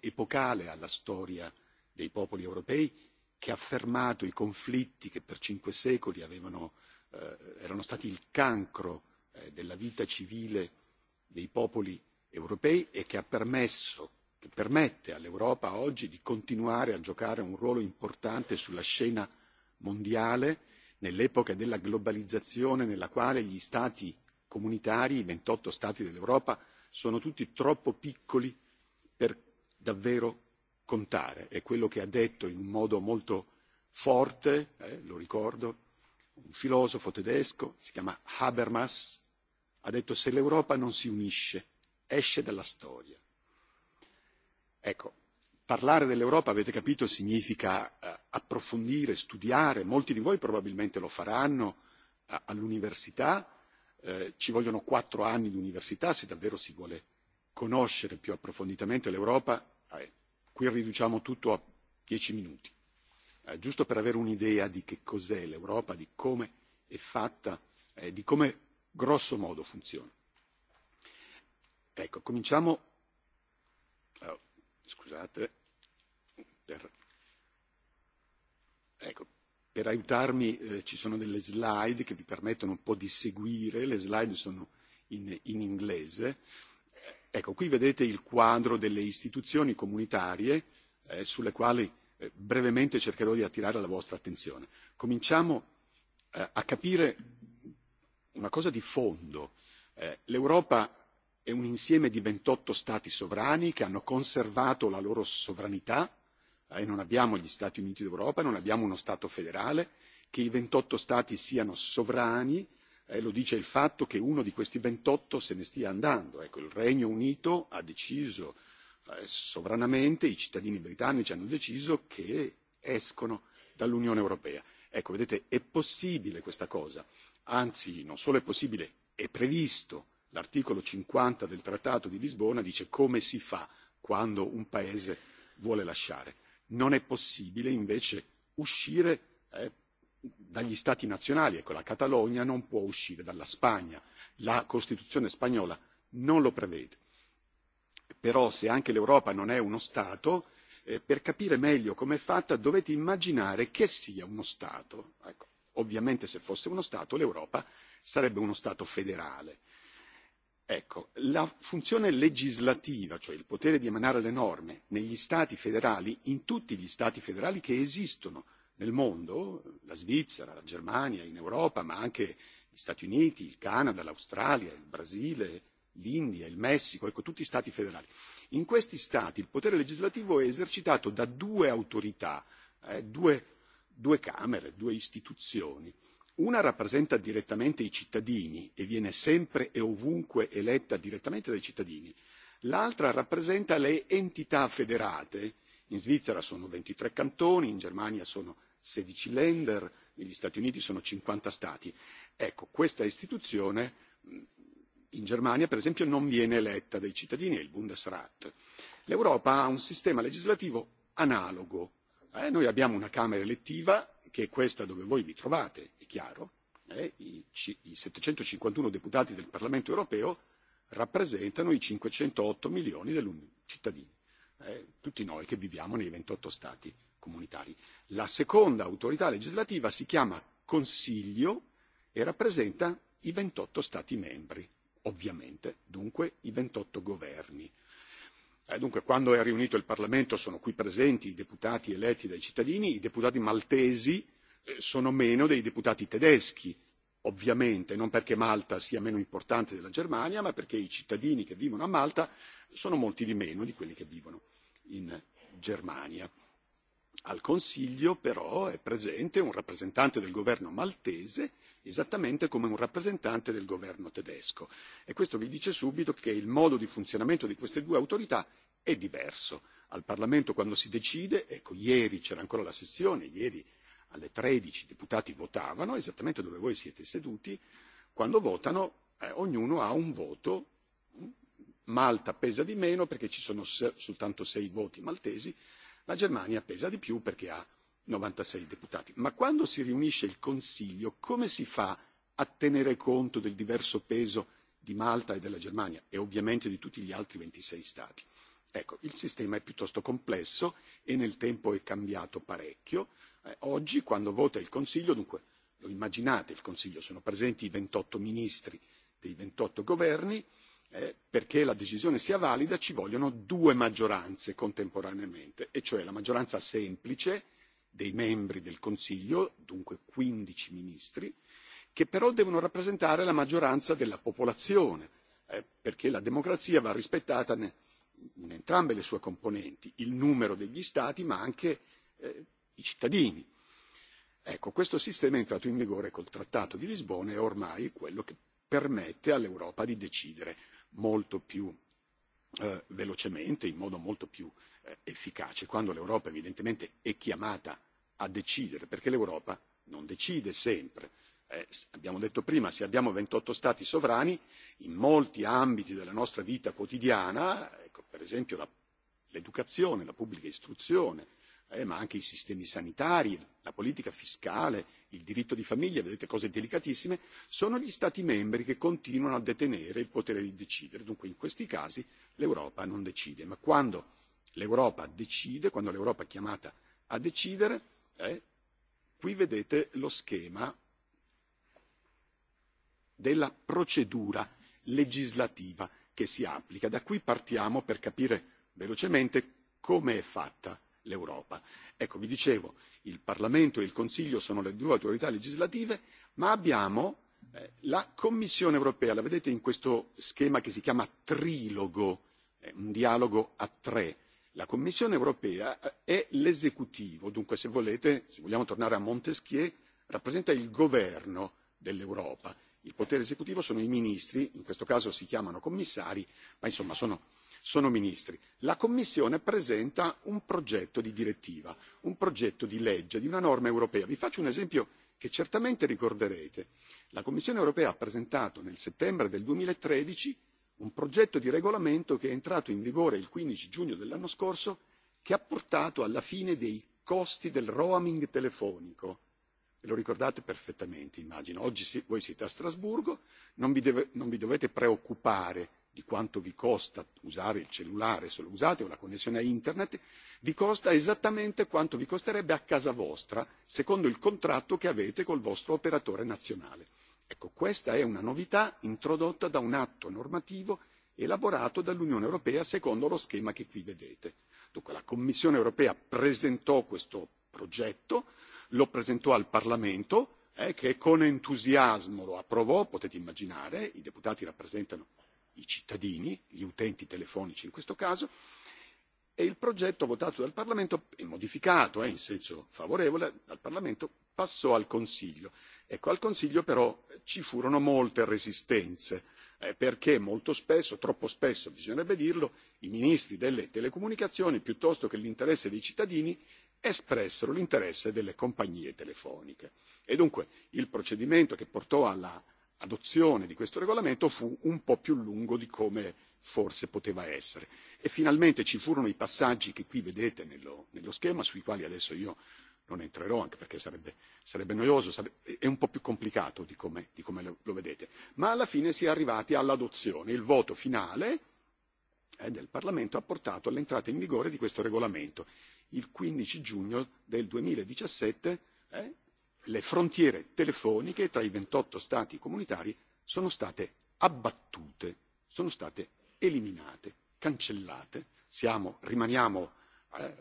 epocale alla storia dei popoli europei, che ha fermato i conflitti che per cinque secoli avevano, erano stati il cancro della vita civile dei popoli europei e che ha permesso, che permette all'Europa oggi di continuare a giocare un ruolo importante sulla scena mondiale nell'epoca della globalizzazione nella quale gli Stati comunitari, i ventotto Stati dell'Europa, sono tutti troppo piccoli per davvero contare. È quello che ha detto in un modo molto forte, lo ricordo, un filosofo tedesco, si chiama Habermas, ha detto se l'Europa non si unisce, esce dalla storia. Ecco, parlare dell'Europa, avete capito, significa approfondire, studiare, molti di voi probabilmente lo faranno all'università, ci vogliono quattro anni di università se davvero si vuole conoscere più approfonditamente l'Europa. qui riduciamo tutto a dieci minuti, giusto per avere un'idea di che cos'è l'Europa, di come è fatta, eh, di come grosso modo funziona. Ecco, cominciamo. scusate. Per, ecco, Per aiutarmi eh, ci sono delle slide che vi permettono un po' di seguire, le slide sono in, in inglese. Ecco, qui vedete il quadro delle istituzioni comunitarie eh, sulle quali eh, brevemente cercherò di attirare la vostra attenzione. Cominciamo eh, a capire una cosa di fondo. Eh, L'Europa è un insieme di 28 stati sovrani che hanno conservato la loro sovranità eh, non abbiamo gli Stati Uniti d'Europa, non abbiamo uno Stato federale, che i ventotto Stati siano sovrani, eh, lo dice il fatto che uno di questi ventotto se ne stia andando. Ecco, il Regno Unito ha deciso eh, sovranamente, i cittadini britannici hanno deciso che escono dall'Unione Europea. Ecco, vedete, è possibile questa cosa, anzi non solo è possibile, è previsto. L'articolo cinquanta del Trattato di Lisbona dice come si fa quando un paese vuole lasciare non è possibile invece uscire dagli stati nazionali. Ecco, la Catalogna non può uscire dalla Spagna, la Costituzione spagnola non lo prevede. Però se anche l'Europa non è uno Stato, per capire meglio come è fatta dovete immaginare che sia uno Stato. Ecco, ovviamente se fosse uno Stato l'Europa sarebbe uno Stato federale Ecco, la funzione legislativa, cioè il potere di emanare le norme negli Stati federali, in tutti gli Stati federali che esistono nel mondo, la Svizzera, la Germania, in Europa, ma anche gli Stati Uniti, il Canada, l'Australia, il Brasile, l'India, il Messico, ecco tutti Stati federali. In questi Stati il potere legislativo è esercitato da due autorità, due, due camere, due istituzioni una rappresenta direttamente i cittadini e viene sempre e ovunque eletta direttamente dai cittadini, l'altra rappresenta le entità federate, in Svizzera sono ventitré cantoni, in Germania sono sedici Länder, negli Stati Uniti sono cinquanta Stati. Ecco, questa istituzione in Germania, per esempio, non viene eletta dai cittadini, è il Bundesrat. L'Europa ha un sistema legislativo analogo. noi abbiamo una Camera elettiva che è questa dove voi vi trovate, è chiaro, eh, i, i 751 deputati del Parlamento europeo rappresentano i 508 milioni dei cittadini, eh, tutti noi che viviamo nei 28 Stati comunitari. La seconda autorità legislativa si chiama Consiglio e rappresenta i 28 Stati membri, ovviamente, dunque i 28 governi dunque quando è riunito il parlamento sono qui presenti i deputati eletti dai cittadini i deputati maltesi sono meno dei deputati tedeschi ovviamente non perché malta sia meno importante della germania ma perché i cittadini che vivono a malta sono molti di meno di quelli che vivono in germania. Al Consiglio però è presente un rappresentante del governo maltese, esattamente come un rappresentante del governo tedesco. E questo vi dice subito che il modo di funzionamento di queste due autorità è diverso. Al Parlamento quando si decide, ecco ieri c'era ancora la sessione, ieri alle tredici i deputati votavano esattamente dove voi siete seduti, quando votano ognuno ha un voto, Malta pesa di meno perché ci sono soltanto sei voti maltesi, La Germania pesa di più perché ha novantasei deputati. Ma quando si riunisce il Consiglio, come si fa a tenere conto del diverso peso di Malta e della Germania e ovviamente di tutti gli altri ventisei Stati? Ecco, il sistema è piuttosto complesso e nel tempo è cambiato parecchio. oggi, quando vota il Consiglio, dunque lo immaginate, il Consiglio sono presenti i ventotto ministri dei ventotto governi, perché la decisione sia valida ci vogliono due maggioranze contemporaneamente, e cioè la maggioranza semplice dei membri del Consiglio, dunque quindici ministri, che però devono rappresentare la maggioranza della popolazione, perché la democrazia va rispettata in entrambe le sue componenti, il numero degli Stati ma anche i cittadini. Ecco, questo sistema è entrato in vigore col Trattato di Lisbona e ormai è quello che permette all'Europa di decidere molto più velocemente, in modo molto più efficace, quando l'Europa evidentemente è chiamata a decidere, perché l'Europa non decide sempre. abbiamo detto prima, se abbiamo ventotto Stati sovrani, in molti ambiti della nostra vita quotidiana, per esempio l'educazione, la pubblica istruzione, ma anche i sistemi sanitari, la politica fiscale, il diritto di famiglia, vedete cose delicatissime, sono gli Stati membri che continuano a detenere il potere di decidere. Dunque in questi casi l'Europa non decide, ma quando l'Europa decide, quando l'Europa è chiamata a decidere, qui vedete lo schema della procedura legislativa che si applica. Da qui partiamo per capire velocemente come è fatta l'Europa. Ecco, vi dicevo, il Parlamento e il Consiglio sono le due autorità legislative, ma abbiamo la Commissione europea, la vedete in questo schema che si chiama trilogo, un dialogo a tre. La Commissione europea è l'esecutivo, dunque se volete, se vogliamo tornare a Montesquieu, rappresenta il governo dell'Europa. Il potere esecutivo sono i ministri, in questo caso si chiamano commissari, ma insomma sono sono ministri la commissione presenta un progetto di direttiva un progetto di legge di una norma europea. vi faccio un esempio che certamente ricorderete la commissione europea ha presentato nel settembre del duemilatredici un progetto di regolamento che è entrato in vigore il quindici giugno dell'anno scorso che ha portato alla fine dei costi del roaming telefonico lo ricordate perfettamente immagino oggi voi siete a strasburgo non vi dovete preoccupare di quanto vi costa usare il cellulare se lo usate o la connessione a internet, vi costa esattamente quanto vi costerebbe a casa vostra secondo il contratto che avete col vostro operatore nazionale. Ecco, questa è una novità introdotta da un atto normativo elaborato dall'Unione Europea secondo lo schema che qui vedete. Dunque la Commissione Europea presentò questo progetto, lo presentò al Parlamento, che con entusiasmo lo approvò, potete immaginare, i deputati rappresentano i cittadini, gli utenti telefonici in questo caso, e il progetto votato dal Parlamento e modificato in senso favorevole dal Parlamento passò al Consiglio. Ecco, al Consiglio però ci furono molte resistenze, perché molto spesso, troppo spesso bisognerebbe dirlo, i ministri delle telecomunicazioni, piuttosto che l'interesse dei cittadini, espressero l'interesse delle compagnie telefoniche. E dunque il procedimento che portò alla adozione di questo regolamento fu un po' più lungo di come forse poteva essere e finalmente ci furono i passaggi che qui vedete nello, nello schema sui quali adesso io non entrerò anche perché sarebbe, sarebbe noioso, sarebbe, è un po' più complicato di come, di come lo, lo vedete, ma alla fine si è arrivati all'adozione, il voto finale eh, del Parlamento ha portato all'entrata in vigore di questo regolamento il 15 giugno del 2017 eh, le frontiere telefoniche tra i ventotto Stati comunitari sono state abbattute, sono state eliminate, cancellate. Siamo, rimaniamo eh,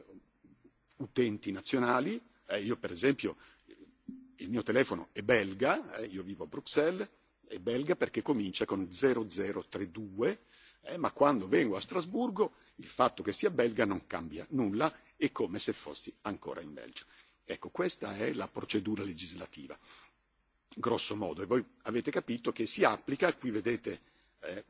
utenti nazionali. Eh, io per esempio, il mio telefono è belga, eh, io vivo a Bruxelles, è belga perché comincia con 0032, eh, ma quando vengo a Strasburgo il fatto che sia belga non cambia nulla, è come se fossi ancora in Belgio. Ecco, questa è la procedura legislativa, grosso modo. E voi avete capito che si applica, qui vedete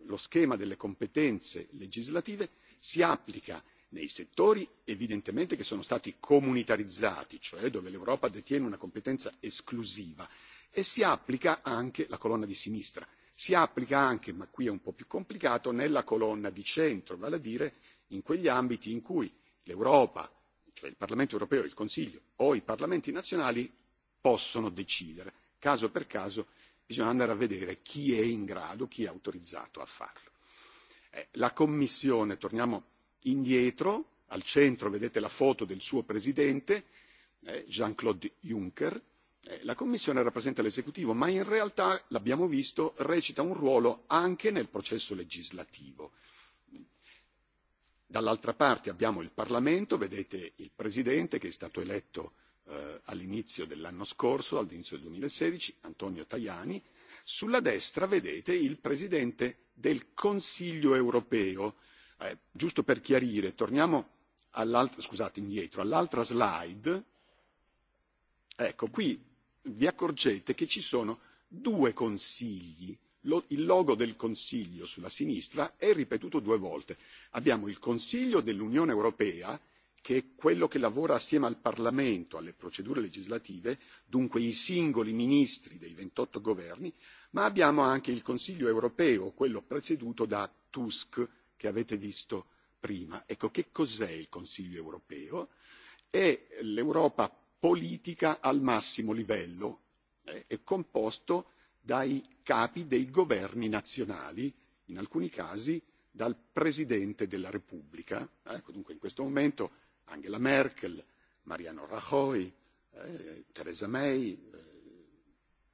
lo schema delle competenze legislative, si applica nei settori evidentemente che sono stati comunitarizzati, cioè dove l'Europa detiene una competenza esclusiva, e si applica anche la colonna di sinistra, si applica anche, ma qui è un po' più complicato, nella colonna di centro, vale a dire in quegli ambiti in cui l'Europa tra il Parlamento europeo e il Consiglio o i Parlamenti nazionali possono decidere. Caso per caso bisogna andare a vedere chi è in grado, chi è autorizzato a farlo. la Commissione, torniamo indietro, al centro vedete la foto del suo presidente, Jean-Claude Juncker, la Commissione rappresenta l'esecutivo, ma in realtà, l'abbiamo visto, recita un ruolo anche nel processo legislativo Dall'altra parte abbiamo il Parlamento, vedete il Presidente che è stato eletto all'inizio dell'anno scorso, all'inizio del duemilasedici, Antonio Tajani. Sulla destra vedete il Presidente del Consiglio europeo. giusto per chiarire, torniamo scusate, indietro, all'altra slide. Ecco, qui vi accorgete che ci sono due consigli il logo del Consiglio sulla sinistra è ripetuto due volte. Abbiamo il Consiglio dell'Unione Europea, che è quello che lavora assieme al Parlamento alle procedure legislative, dunque i singoli ministri dei ventotto governi, ma abbiamo anche il Consiglio europeo, quello presieduto da Tusk, che avete visto prima. Ecco, che cos'è il Consiglio europeo? È l'Europa politica al massimo livello, è composto dai capi dei governi nazionali in alcuni casi dal presidente della repubblica ecco dunque in questo momento angela merkel mariano rajoy theresa may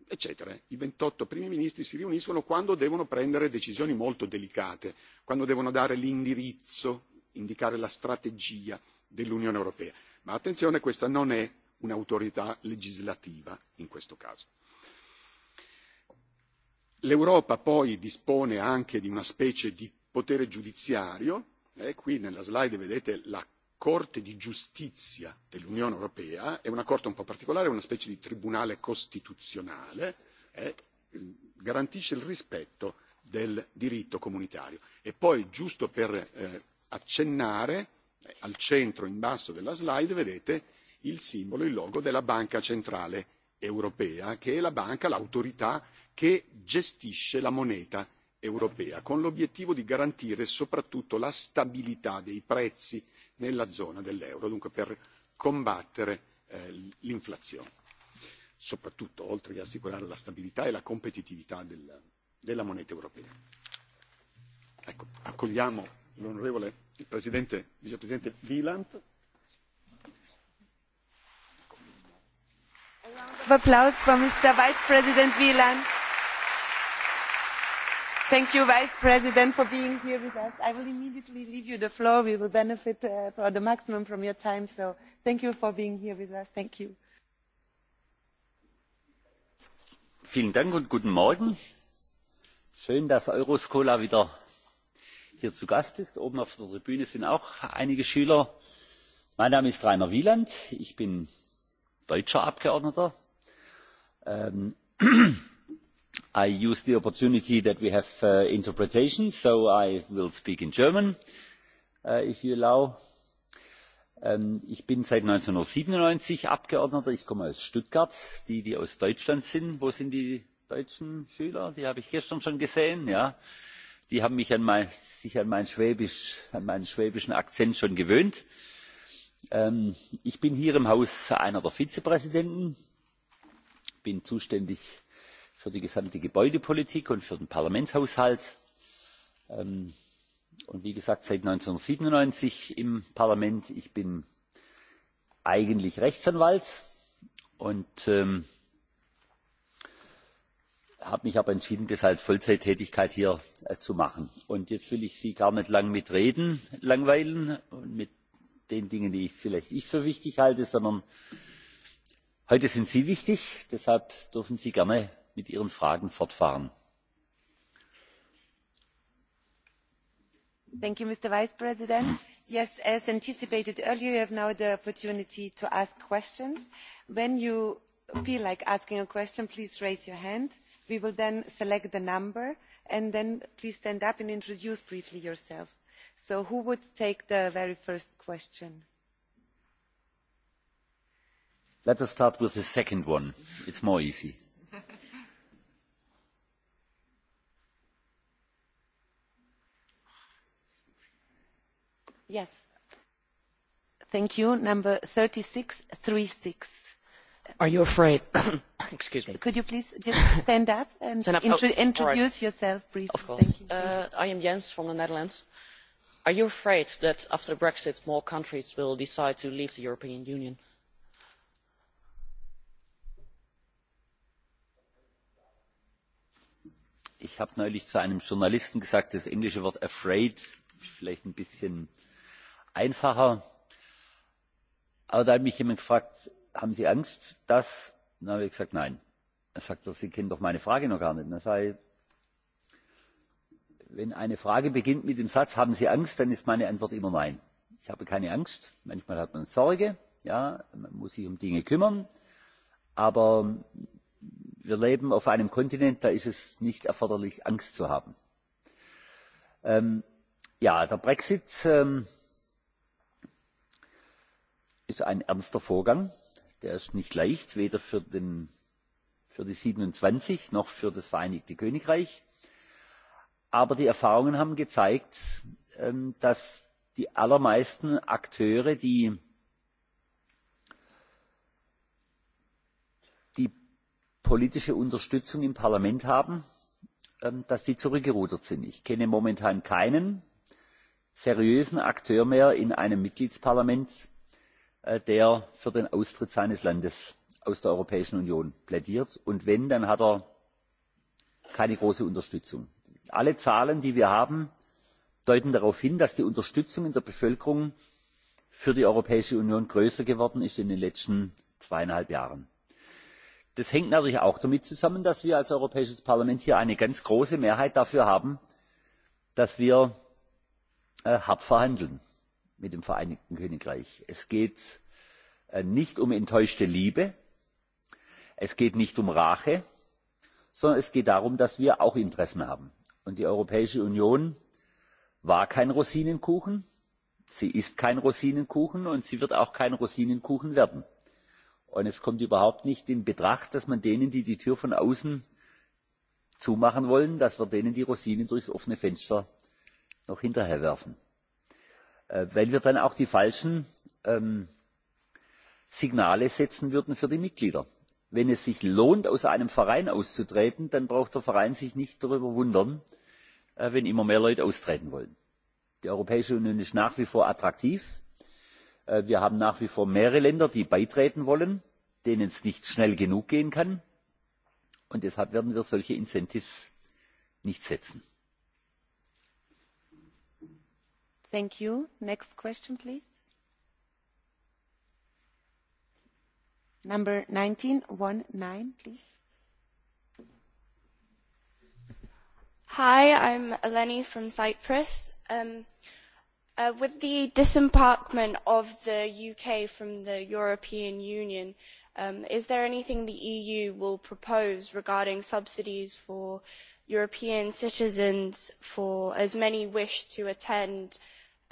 eccetera i ventotto primi ministri si riuniscono quando devono prendere decisioni molto delicate quando devono dare l'indirizzo indicare la strategia dell'unione europea ma attenzione questa non è un'autorità legislativa in questo caso. L'Europa poi dispone anche di una specie di potere giudiziario, e qui nella slide vedete la Corte di giustizia dell'Unione Europea, è una Corte un po' particolare, è una specie di tribunale costituzionale, eh, garantisce il rispetto del diritto comunitario. E poi, giusto per eh, accennare, al centro in basso della slide vedete il simbolo, il logo della Banca Centrale Europea, che è la banca, l'autorità che gestisce la moneta europea con l'obiettivo di garantire soprattutto la stabilità dei prezzi nella zona dell'euro dunque per combattere l'inflazione soprattutto oltre che assicurare la stabilità e la competitività della moneta europea. Ecco, accogliamo l'onorevole presidente, vicepresidente Wieland.
Applaus Mr. Vice President Wieland. Thank you, Vice President, for being here with us. I will immediately leave you the floor. We will benefit uh, for the maximum from your time. So thank you for being here with us. Thank you.
Vielen Dank und guten Morgen. Schön, dass Euroscola wieder hier zu Gast ist. Oben auf der Tribüne sind auch einige Schüler. Mein Name ist Rainer Wieland. Ich bin deutscher Abgeordneter. Ähm, I use the opportunity that we have interpretation, so I will speak in German, if you allow. ich bin seit eintausendneunhundertsiebenundneunzig Abgeordneter. Ich komme aus Stuttgart. Die, die aus Deutschland sind, wo sind die deutschen Schüler? Die habe ich gestern schon gesehen, ja. Die haben mich an mein, an, mein Schwäbisch, an meinen schwäbischen Akzent schon gewöhnt. ich bin hier im Haus einer der Vizepräsidenten, bin zuständig für die gesamte gebäudepolitik und für den parlamentshaushalt und wie gesagt seit eintausendneunhundertsiebenundneunzig im parlament. ich bin eigentlich rechtsanwalt und habe mich aber entschieden das als vollzeittätigkeit hier zu machen. jetzt will ich sie gar nicht lange mit reden langweilen und mit den dingen die ich vielleicht für wichtig halte sondern heute sind sie wichtig deshalb dürfen sie gerne mit ihren fragen fortfahren.
thank you mr vice president. yes as anticipated earlier you have now the opportunity to ask questions. when you feel like asking a question please raise your hand. we will then select the number and then please stand up and introduce briefly yourself. so who would take the very first question?
let us start with the second one. it's more easy
Yes. Thank you. Number 3636.
Are you afraid? Excuse me.
Could you please just stand up and stand up. Intro oh, introduce right. yourself briefly? Of
course. Thank you. Uh, I am Jens from the Netherlands. Are you afraid that after Brexit more countries will decide to leave the European Union?
Ich habe neulich zu einem Journalisten gesagt, das englische Wort afraid, vielleicht ein bisschen äh, einfacher. Aber da hat mich jemand gefragt, haben Sie Angst, dass? dann habe ich gesagt, nein. Er sagt, Sie kennen doch meine Frage noch gar nicht. dann sage ich, wenn eine Frage beginnt mit dem Satz, haben Sie Angst, dann ist meine Antwort immer nein. Ich habe keine Angst. Manchmal hat man Sorge. Ja, man muss sich um Dinge kümmern. Aber wir leben auf einem Kontinent, da ist es nicht erforderlich, Angst zu haben. ja, der Brexit ist ein ernster vorgang der ist nicht leicht weder für die siebenundzwanzig noch für das vereinigte königreich aber die erfahrungen haben gezeigt dass die allermeisten akteure die politische unterstützung im parlament haben zurückgerudert sind. ich kenne momentan keinen seriösen akteur mehr in einem mitgliedsparlament der für den austritt seines landes aus der europäischen union plädiert und wenn dann hat er keine große unterstützung. alle zahlen die wir haben deuten darauf hin dass die unterstützung in der bevölkerung für die europäische union größer geworden ist in den letzten zweieinhalb jahren. das hängt natürlich auch damit zusammen dass wir als europäisches parlament hier eine ganz große mehrheit dafür haben dass wir hart verhandeln mit dem Vereinigten Königreich. Es geht nicht um enttäuschte Liebe, es geht nicht um Rache, sondern es geht darum, dass wir auch Interessen haben. Und die Europäische Union war kein Rosinenkuchen, sie ist kein Rosinenkuchen und sie wird auch kein Rosinenkuchen werden. Und es kommt überhaupt nicht in Betracht, dass man denen, die die Tür von außen zumachen wollen, dass wir denen die Rosinen durchs offene Fenster noch hinterherwerfen weil wir dann auch die falschen signale setzen würden für die mitglieder. wenn es sich lohnt aus einem verein auszutreten dann braucht der verein sich nicht darüber zu wundern wenn immer mehr leute austreten wollen. die europäische union ist nach wie vor attraktiv. wir haben nach wie vor mehrere länder die beitreten wollen denen es nicht schnell genug gehen kann und deshalb werden wir solche incentives nicht setzen.
Thank you. Next question, please. Number 1919, please.
Hi, I'm Eleni from Cyprus. Um, uh, with the disembarkment of the UK from the European Union, um, is there anything the EU will propose regarding subsidies for European citizens for as many wish to attend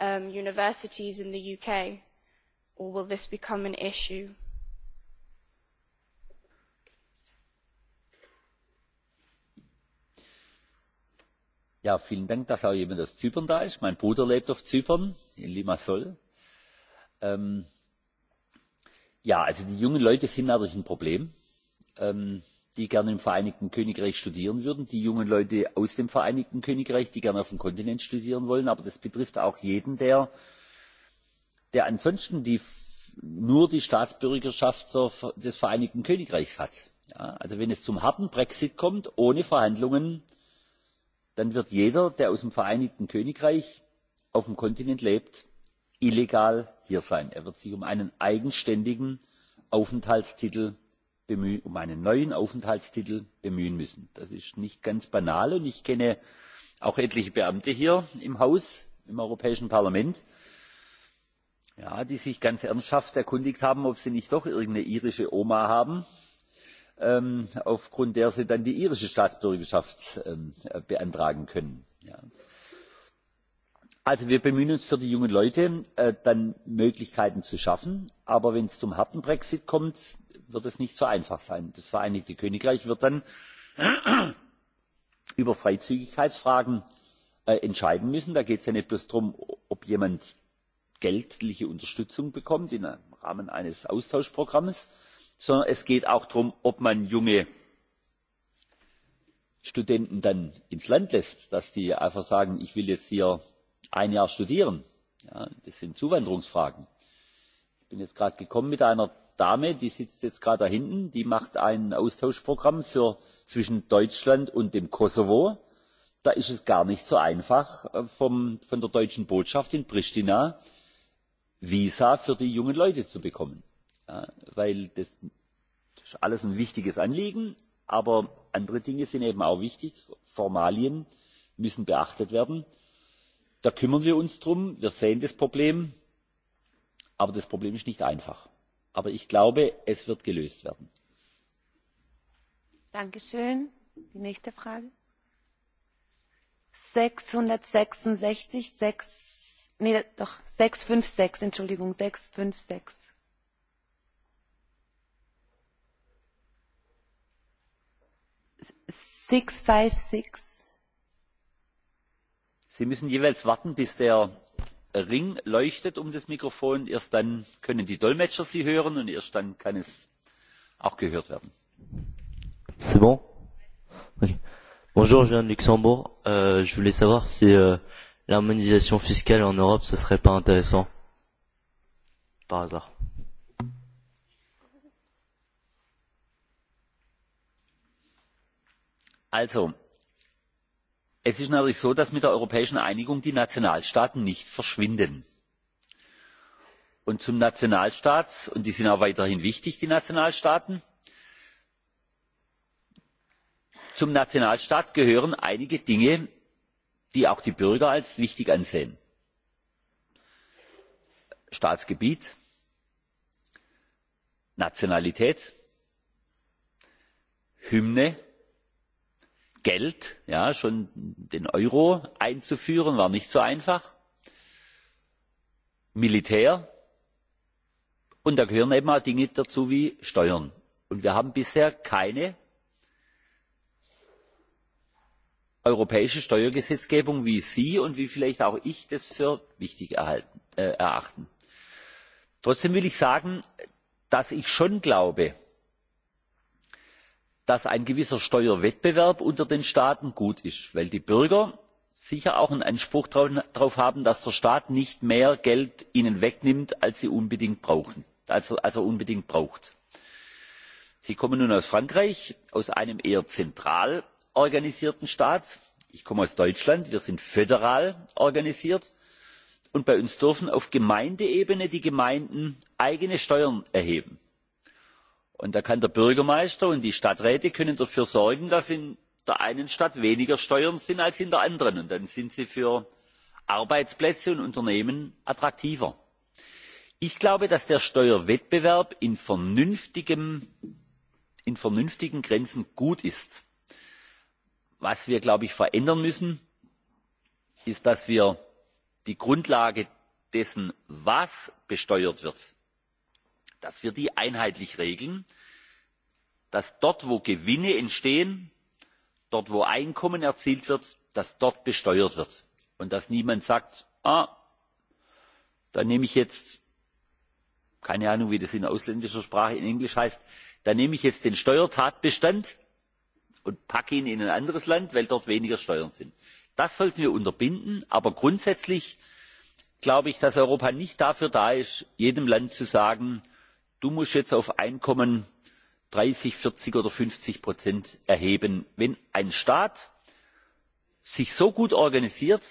um, universities in the UK? Or will this become an issue?
Ja, vielen Dank, dass auch jemand aus Zypern da ist. Mein Bruder lebt auf Zypern, in Limassol. Ähm, ja, also die jungen Leute sind natürlich ein Problem. Ähm, die gerne im Vereinigten Königreich studieren würden, die jungen Leute aus dem Vereinigten Königreich, die gerne auf dem Kontinent studieren wollen. Aber das betrifft auch jeden, der, ansonsten nur die Staatsbürgerschaft des Vereinigten Königreichs hat. also wenn es zum harten Brexit kommt, ohne Verhandlungen, dann wird jeder, der aus dem Vereinigten Königreich auf dem Kontinent lebt, illegal hier sein. Er wird sich um einen eigenständigen Aufenthaltstitel um einen neuen aufenthaltstitel bemühen müssen. das ist nicht ganz banal und ich kenne auch etliche beamte hier im haus im europäischen parlament die sich ganz ernsthaft erkundigt haben ob sie nicht doch irgendeine irische oma haben aufgrund der sie dann die irische staatsbürgerschaft beantragen können. also wir bemühen uns für die jungen leute dann möglichkeiten zu schaffen aber wenn es zum harten brexit kommt wird es nicht so einfach sein. das vereinigte königreich wird dann über freizügigkeitsfragen entscheiden müssen. da geht es ja nicht bloß darum ob jemand geldliche unterstützung bekommt im rahmen eines austauschprogramms sondern es geht auch darum ob man junge studenten dann ins land lässt dass die einfach sagen ich will jetzt hier ein jahr studieren. das sind zuwanderungsfragen. ich bin jetzt gerade gekommen mit dame die sitzt jetzt gerade da hinten die macht ein austauschprogramm zwischen deutschland und dem kosovo. da ist es gar nicht so einfach von der deutschen botschaft in pritina visa für die jungen leute zu bekommen. das ist alles ein wichtiges anliegen aber andere dinge sind eben auch wichtig formalien müssen beachtet werden. da kümmern wir uns darum wir sehen das problem aber das problem ist nicht einfach aber ich glaube es wird gelöst werden.
Die nächste Frage. 666, 6, nee, doch, 656, Entschuldigung, 656. Six, five, six.
Sie müssen jeweils warten, bis der ring leuchtet um das mikrofon erst dann können die dolmetscher sie hören und erst dann kann es auch gehört werden.
c'est bon? bonjour je viens de luxembourg je voulais savoir si l'harmonisation fiscale en europe ce serait pas intéressant
par hasard. also es ist natürlich so dass mit der europäischen einigung die nationalstaaten nicht verschwinden. und zum nationalstaat und die sind auch weiterhin wichtig die nationalstaaten zum nationalstaat gehören einige dinge die auch die bürger als wichtig ansehen staatsgebiet nationalität hymne Geld, ja, schon den Euro einzuführen, war nicht so einfach. Militär. Und da gehören eben auch Dinge dazu wie Steuern. Und wir haben bisher keine europäische Steuergesetzgebung, wie Sie und wie vielleicht auch ich das für wichtig erachten. Trotzdem will ich sagen, dass ich schon glaube, dass ein gewisser steuerwettbewerb unter den staaten gut ist weil die bürger sicher auch einen anspruch darauf haben dass der staat nicht mehr geld ihnen wegnimmt als er unbedingt braucht. sie kommen nun aus frankreich aus einem eher zentral organisierten staat ich komme aus deutschland wir sind föderal organisiert und bei uns dürfen auf gemeindeebene die gemeinden eigene steuern erheben und da kann der bürgermeister und die stadträte dafür sorgen dass in der einen stadt weniger steuern sind als in der anderen und dann sind sie für arbeitsplätze und unternehmen attraktiver. ich glaube dass der steuerwettbewerb in vernünftigen grenzen gut ist. was wir glaube ich, verändern müssen ist dass wir die grundlage dessen was besteuert wird dass wir die einheitlich regeln dass dort wo gewinne entstehen dort wo einkommen erzielt wird dass dort besteuert wird und dass niemand sagt ah dann nehme ich jetzt keine ahnung wie das in ausländischer sprache in englisch heißt dann nehme ich jetzt den steuertatbestand und packe ihn in ein anderes land weil dort weniger steuern sind. das sollten wir unterbinden aber grundsätzlich glaube ich dass europa nicht dafür da ist jedem land zu sagen du musst jetzt auf einkommen dreißig vierzig oder fünfzig prozent erheben. wenn ein staat sich so gut organisiert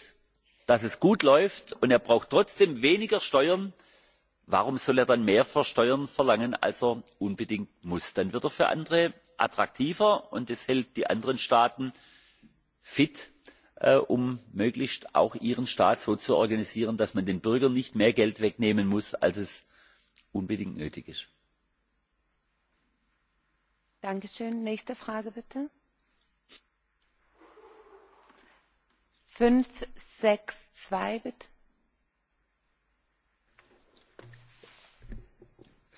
dass es gut läuft und er braucht trotzdem weniger steuern warum soll er dann mehr für steuern verlangen als er unbedingt muss? dann wird er für andere attraktiver und das hält die anderen staaten fit um möglichst auch ihren staat so zu organisieren dass man den bürgern nicht mehr geld wegnehmen muss als unbedingt nötig ist.
Dankeschön. Nächste Frage bitte. 562 bitte.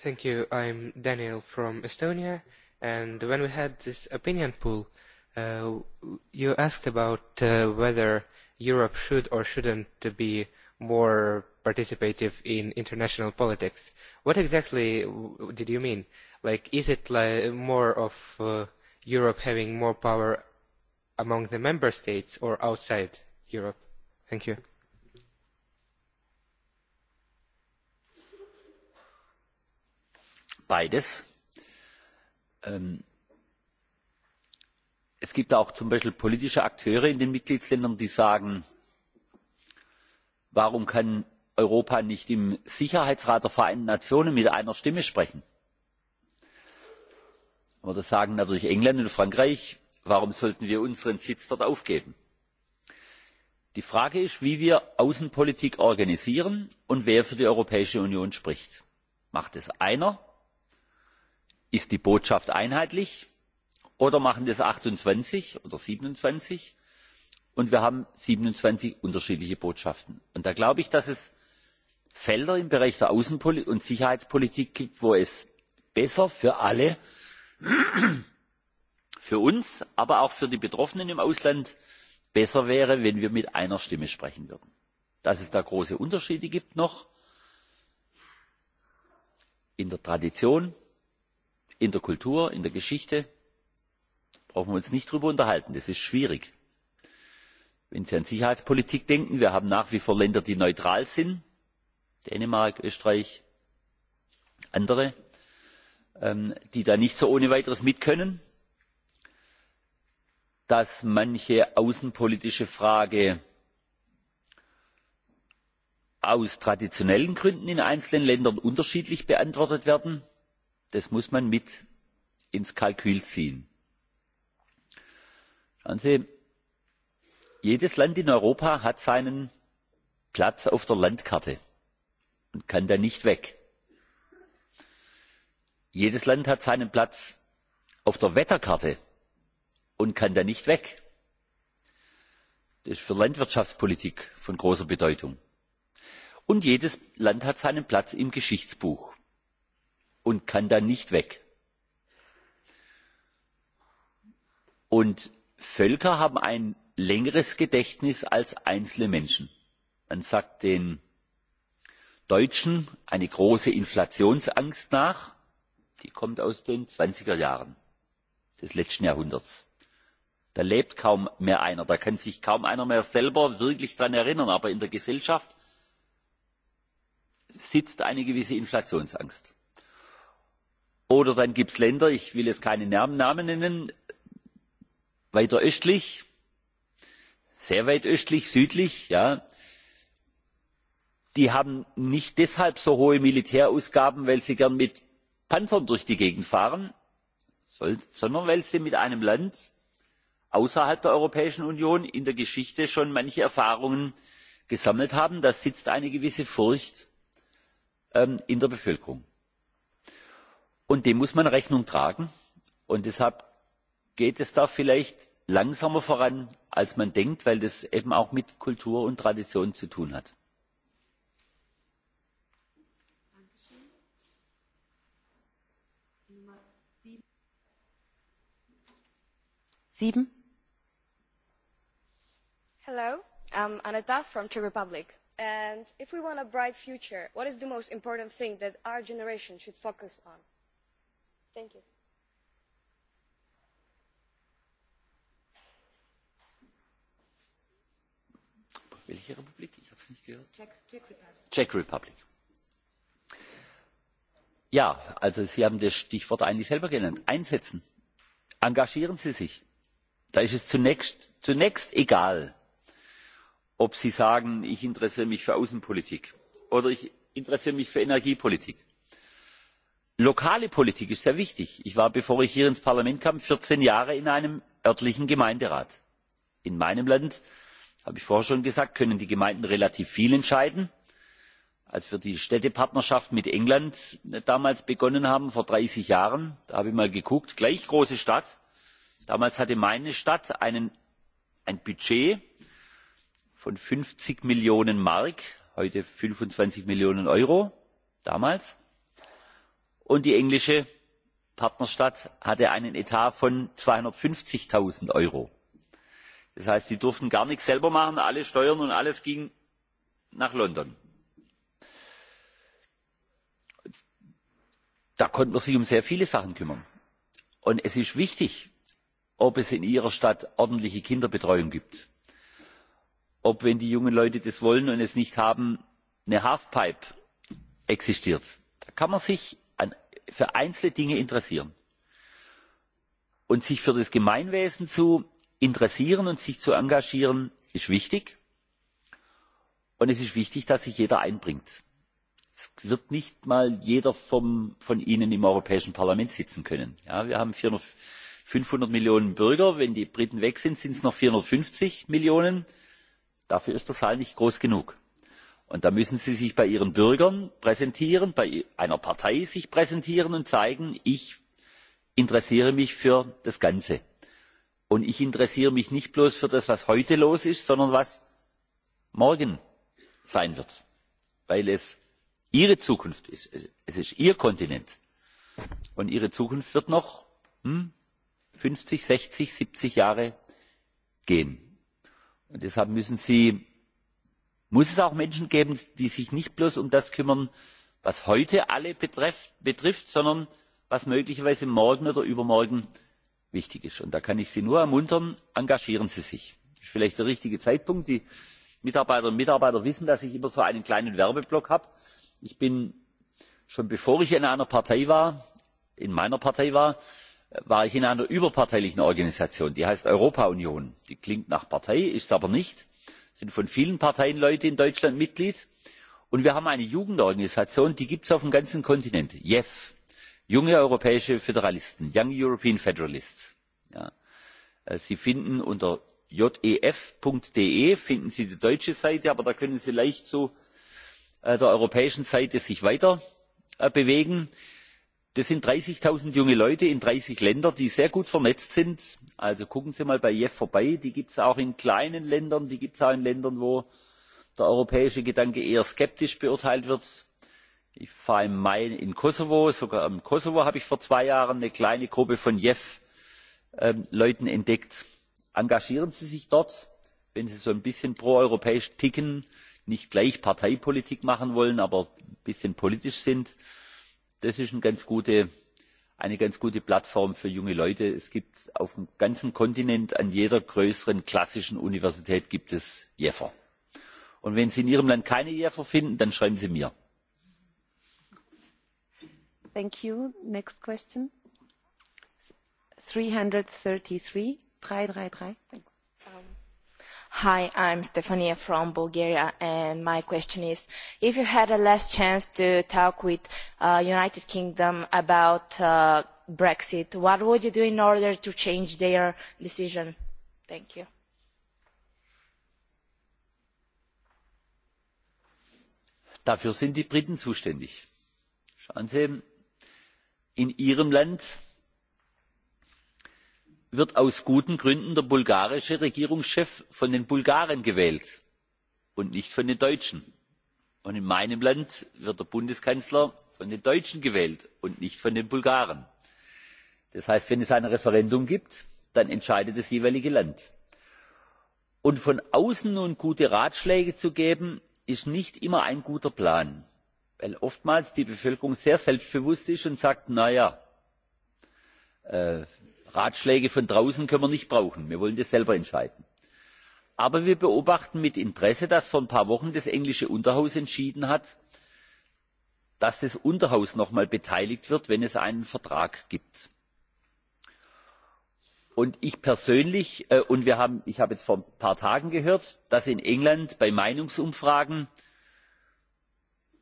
Thank you. I'm Daniel from Estonia. And when we had this opinion pool, uh, you asked about uh, whether Europe should or shouldn't be more participative in international politics. What exactly did you mean? Like, is it like more of uh, Europe having more power among the member states or outside Europe? Thank you.
Beides. Ähm, es gibt auch zum Beispiel politische Akteure in den Mitgliedsländern, die sagen, warum kann europa nicht im sicherheitsrat der vereinten nationen mit einer stimme sprechen? aber das sagen natürlich england und frankreich warum sollten wir unseren sitz dort aufgeben? die frage ist wie wir außenpolitik organisieren und wer für die europäische union spricht. macht es einer? ist die botschaft einheitlich? oder machen das achtundzwanzig oder siebenundzwanzig und wir haben siebenundzwanzig unterschiedliche botschaften? da glaube ich dass felder im bereich der außen und sicherheitspolitik gibt wo es besser für alle für uns aber auch für die betroffenen im ausland wäre wenn wir mit einer stimme sprechen würden. dass es da noch große unterschiede gibt in der tradition in der kultur in der geschichte brauchen wir uns nicht darüber zu unterhalten das ist schwierig. wenn sie an sicherheitspolitik denken wir haben nach wie vor länder die neutral sind dänemark österreich andere die da nicht so ohne weiteres mitkönnen dass manche außenpolitische frage aus traditionellen gründen in einzelnen ländern unterschiedlich beantwortet wird das muss man mit ins kalkül ziehen. schauen sie jedes land in europa hat seinen platz auf der landkarte und kann da nicht weg. jedes land hat seinen platz auf der wetterkarte und kann da nicht weg. das ist für landwirtschaftspolitik von großer bedeutung. und jedes land hat seinen platz im geschichtsbuch und kann da nicht weg. und völker haben ein längeres gedächtnis als einzelne menschen. man sagt den deutschen eine große inflationsangst nach die kommt aus den zwanziger jahren des letzten jahrhunderts. da lebt kaum mehr einer da kann sich kaum einer mehr selber wirklich daran erinnern aber in der gesellschaft sitzt eine gewisse inflationsangst. oder dann gibt es länder ich will jetzt keine namen nennen weiter östlich sehr weit östlich südlich die haben nicht deshalb so hohe militärausgaben weil sie gern mit panzern durch die gegend fahren sondern weil sie mit einem land außerhalb der europäischen union in der geschichte schon manche erfahrungen gesammelt haben. da sitzt eine gewisse furcht in der bevölkerung. dem muss man rechnung tragen und deshalb geht es da vielleicht langsamer voran als man denkt weil das eben auch mit kultur und tradition zu tun hat.
Sieben.
Hello, I'm Aneta from Czech Republic. And if we want a bright future, what is the most important thing that our generation should focus on? Thank you.
Welche Republik? Ich habe es nicht gehört. Czech, Czech Republic. Czech Republic. Ja, also Sie haben das Stichwort eigentlich selber genannt. Einsetzen. Engagieren Sie sich da ist es zunächst egal ob sie sagen ich interessiere mich für außenpolitik oder ich interessiere mich für energiepolitik. lokale politik ist sehr wichtig. ich war bevor ich hier ins parlament kam vierzehn jahre in einem örtlichen gemeinderat. in meinem land das habe ich vorher schon gesagt können die gemeinden relativ viel entscheiden. als wir die städtepartnerschaft mit england damals begonnen haben vor dreißig jahren da habe ich mal geguckt gleich große stadt damals hatte meine stadt ein budget von fünfzig millionen mark heute fünfundzwanzig millionen euro damals und die englische partnerstadt hatte einen etat von zweihundertfünfzig null euro. das heißt sie durften gar nichts selber machen alle steuern und alles ging nach london. da konnten wir sich um sehr viele sachen kümmern. und es ist wichtig ob es in ihrer stadt ordentliche kinderbetreuung gibt ob wenn die jungen leute das wollen und es nicht haben eine halfpipe existiert. da kann man sich für einzelne dinge interessieren und sich für das gemeinwesen zu interessieren und sich zu engagieren ist wichtig und es ist wichtig dass sich jeder einbringt. es wird nicht mal jeder von ihnen im europäischen parlament sitzen können. wir haben fünfhundert millionen bürger wenn die briten weg sind sind es noch vierhundertfünfzig millionen dafür ist der saal nicht groß genug. da müssen sie sich bei ihren bürgern präsentieren bei einer partei sich präsentieren und zeigen ich interessiere mich für das ganze und ich interessiere mich nicht bloß für das was heute los ist sondern was morgen sein wird weil es ihre zukunft ist es ist ihr kontinent und ihre zukunft wird noch fünfzig sechzig siebzig jahre gehen. Und deshalb müssen sie muss es auch menschen geben die sich nicht bloß um das kümmern was heute alle betrifft sondern was möglicherweise morgen oder übermorgen wichtig ist. Und da kann ich sie nur ermuntern engagieren sie sich. das ist vielleicht der richtige zeitpunkt. die mitarbeiterinnen und mitarbeiter wissen dass ich immer so einen kleinen werbeblock habe. ich bin schon bevor ich in einer partei war in meiner partei war war ich in einer überparteilichen organisation die heißt europa union. die klingt nach partei ist es aber nicht es sind von vielen parteien leute in deutschland mitglied und wir haben eine jugendorganisation die gibt es auf dem ganzen kontinent jef junge europäische föderalisten young european federalists. sie finden unter jef de die deutsche seite aber da können sie sich leicht zu der europäischen seite weiter bewegen das sind dreißig null junge leute in dreißig ländern die sehr gut vernetzt sind also schauen sie mal bei jef vorbei die gibt es auch in kleinen ländern die gibt es auch in ländern wo der europäische gedanke eher skeptisch beurteilt wird. ich war im mai im kosovo sogar im kosovo habe ich vor zwei jahren eine kleine gruppe von jef leuten entdeckt. engagieren sie sich dort wenn sie so ein bisschen proeuropäisch ticken nicht gleich parteipolitik machen wollen aber ein bisschen politisch sind das ist eine ganz gute plattform für junge leute. es gibt auf dem ganzen kontinent an jeder größeren klassischen universität gibt es und wenn sie in ihrem land keine jefer finden dann schreiben sie mir.
Hi, I'm Stefania from Bulgaria, and my question is, if you had a last chance to talk with uh, United Kingdom about uh, Brexit, what would you do in order to change their decision? Thank you.
Dafür sind die Briten zuständig. Schauen Sie, in Ihrem Land wird aus guten gründen der bulgarische regierungschef von den bulgaren gewählt und nicht von den deutschen. und in meinem land wird der bundeskanzler von den deutschen gewählt und nicht von den bulgaren. das heißt wenn es ein referendum gibt dann entscheidet das jeweilige land. und von außen nun gute ratschläge zu geben ist nicht immer ein guter plan weil oftmals die bevölkerung sehr selbstbewusst ist und sagt na ratschläge von draußen können wir nicht brauchen wir wollen das selber entscheiden. aber wir beobachten mit interesse dass vor ein paar wochen das englische unterhaus entschieden hat dass das unterhaus noch einmal beteiligt wird wenn es einen vertrag gibt. und ich persönlich und wir haben ich habe jetzt vor ein paar tagen gehört dass in england bei meinungsumfragen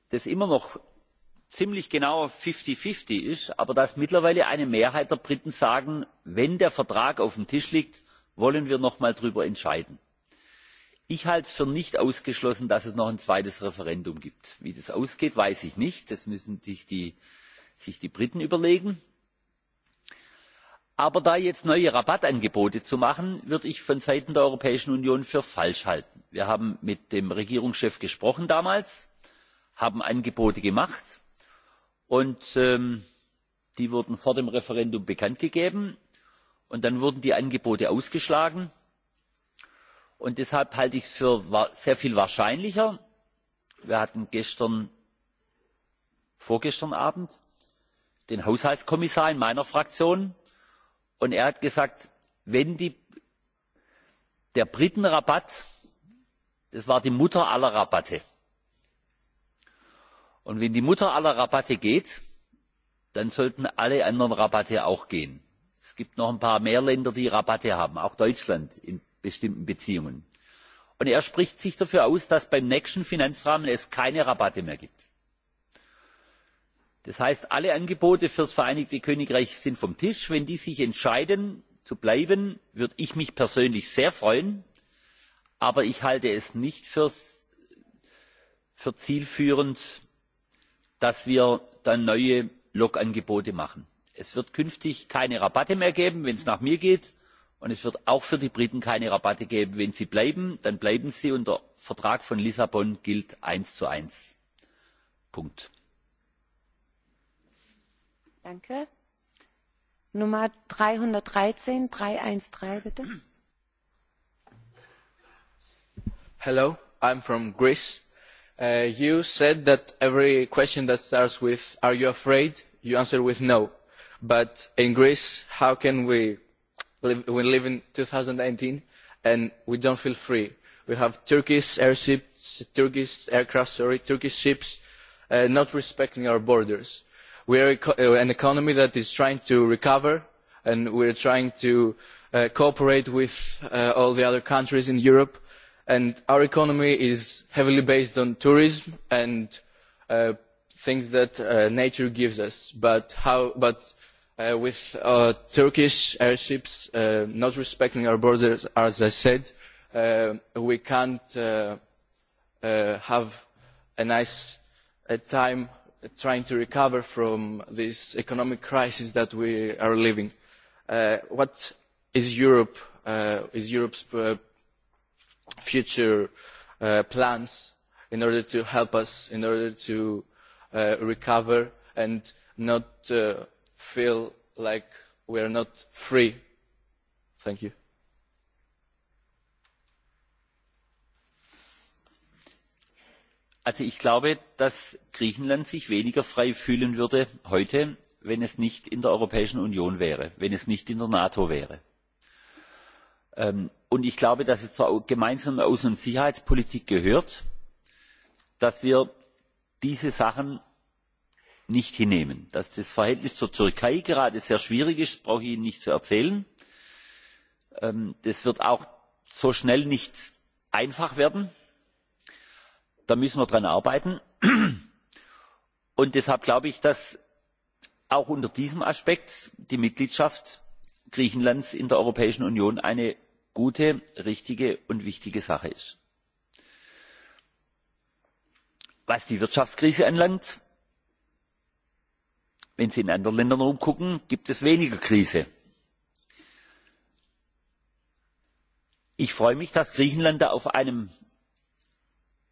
das immer noch ziemlich genau fifty fifty ist aber dass mittlerweile eine mehrheit der briten sagen wenn der vertrag auf dem tisch liegt wollen wir noch einmal darüber entscheiden. ich halte es für nicht ausgeschlossen dass es noch ein zweites referendum gibt. wie das ausgeht weiß ich nicht das müssen sich die briten überlegen. aber da jetzt neue rabattangebote zu machen würde ich von seiten der europäischen union für falsch halten. wir haben mit dem regierungschef gesprochen damals haben angebote gemacht und die wurden vor dem referendum bekanntgegeben und dann wurden die angebote ausgeschlagen. Und deshalb halte ich es für sehr viel wahrscheinlicher wir hatten vorgestern abend den haushaltskommissar in meiner fraktion und er hat gesagt wenn der britenrabatt das war die mutter aller rabatte und wenn die mutter aller rabatte geht dann sollten alle anderen rabatte auch gehen. es gibt noch ein paar mehr länder die rabatte haben auch deutschland in bestimmten beziehungen. und er spricht sich dafür aus dass es beim nächsten finanzrahmen keine rabatte mehr gibt. das heißt alle angebote für das vereinigte königreich sind vom tisch. wenn die sich entscheiden zu bleiben würde ich mich persönlich sehr freuen aber ich halte es nicht für zielführend dass wir dann neue lokangebote machen. es wird künftig keine rabatte mehr geben wenn es nach mir geht und es wird auch für die briten keine rabatte geben. wenn sie bleiben dann bleiben sie und der vertrag von lissabon gilt eins zu eins. punkt.
danke. nummer dreihundertdreizehn dreihundertdreizehn bitte.
hello i'm from greece you said that every question that starts with "Are you afraid?" you answer with "No." But in Greece, how can we live, we live in 2019 and we don't feel free? We have Turkish airships, Turkish aircraft, sorry, Turkish ships uh, not respecting our borders. We are an economy that is trying to recover and we are trying to uh, cooperate with uh, all the other countries in Europe and our economy is heavily based on tourism and things that nature gives us. But, with Turkish airships not respecting our borders, as I said, we cannot have a nice time trying to recover from this economic crisis that we are living. what is Europe? is Europe's future plans in order to help us in order to recover and not feel like we are
not free. Thank you. Also ich glaube, dass Griechenland sich weniger frei fühlen würde heute, wenn es nicht in der Europäischen Union wäre, wenn es nicht in der NATO wäre und ich glaube dass es zur gemeinsamen außen und sicherheitspolitik gehört dass wir diese sachen nicht hinnehmen. dass das verhältnis zur türkei gerade sehr schwierig ist brauche ich ihnen nicht zu erzählen. das wird auch so schnell nicht einfach werden. da müssen wir daran arbeiten. und deshalb glaube ich dass auch unter diesem aspekt die mitgliedschaft griechenlands in der europäischen union eine gute richtige und wichtige sache ist. was die wirtschaftskrise anbelangt wenn sie in anderen ländern umschauen gibt es weniger krise. ich freue mich dass griechenland da auf einem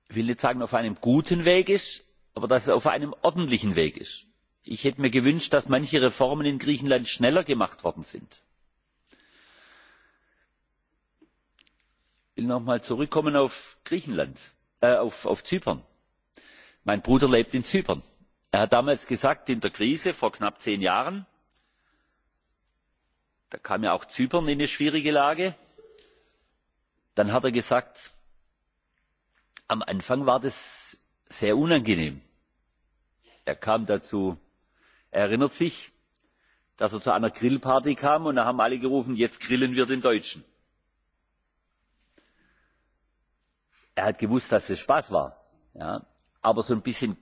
ich will nicht sagen auf einem guten weg ist aber dass es auf einem ordentlichen weg ist. ich hätte mir gewünscht dass manche reformen in griechenland schneller gemacht worden sind. will noch einmal zurückkommen auf Griechenland, äh, auf, auf Zypern. Mein Bruder lebt in Zypern. Er hat damals gesagt, in der Krise vor knapp zehn Jahren, da kam ja auch Zypern in eine schwierige Lage, dann hat er gesagt, am Anfang war das sehr unangenehm. Er kam dazu, er erinnert sich, dass er zu einer Grillparty kam und da haben alle gerufen, jetzt grillen wir den Deutschen. er hat gewusst, dass es Spaß war. Ja? Aber so ein bisschen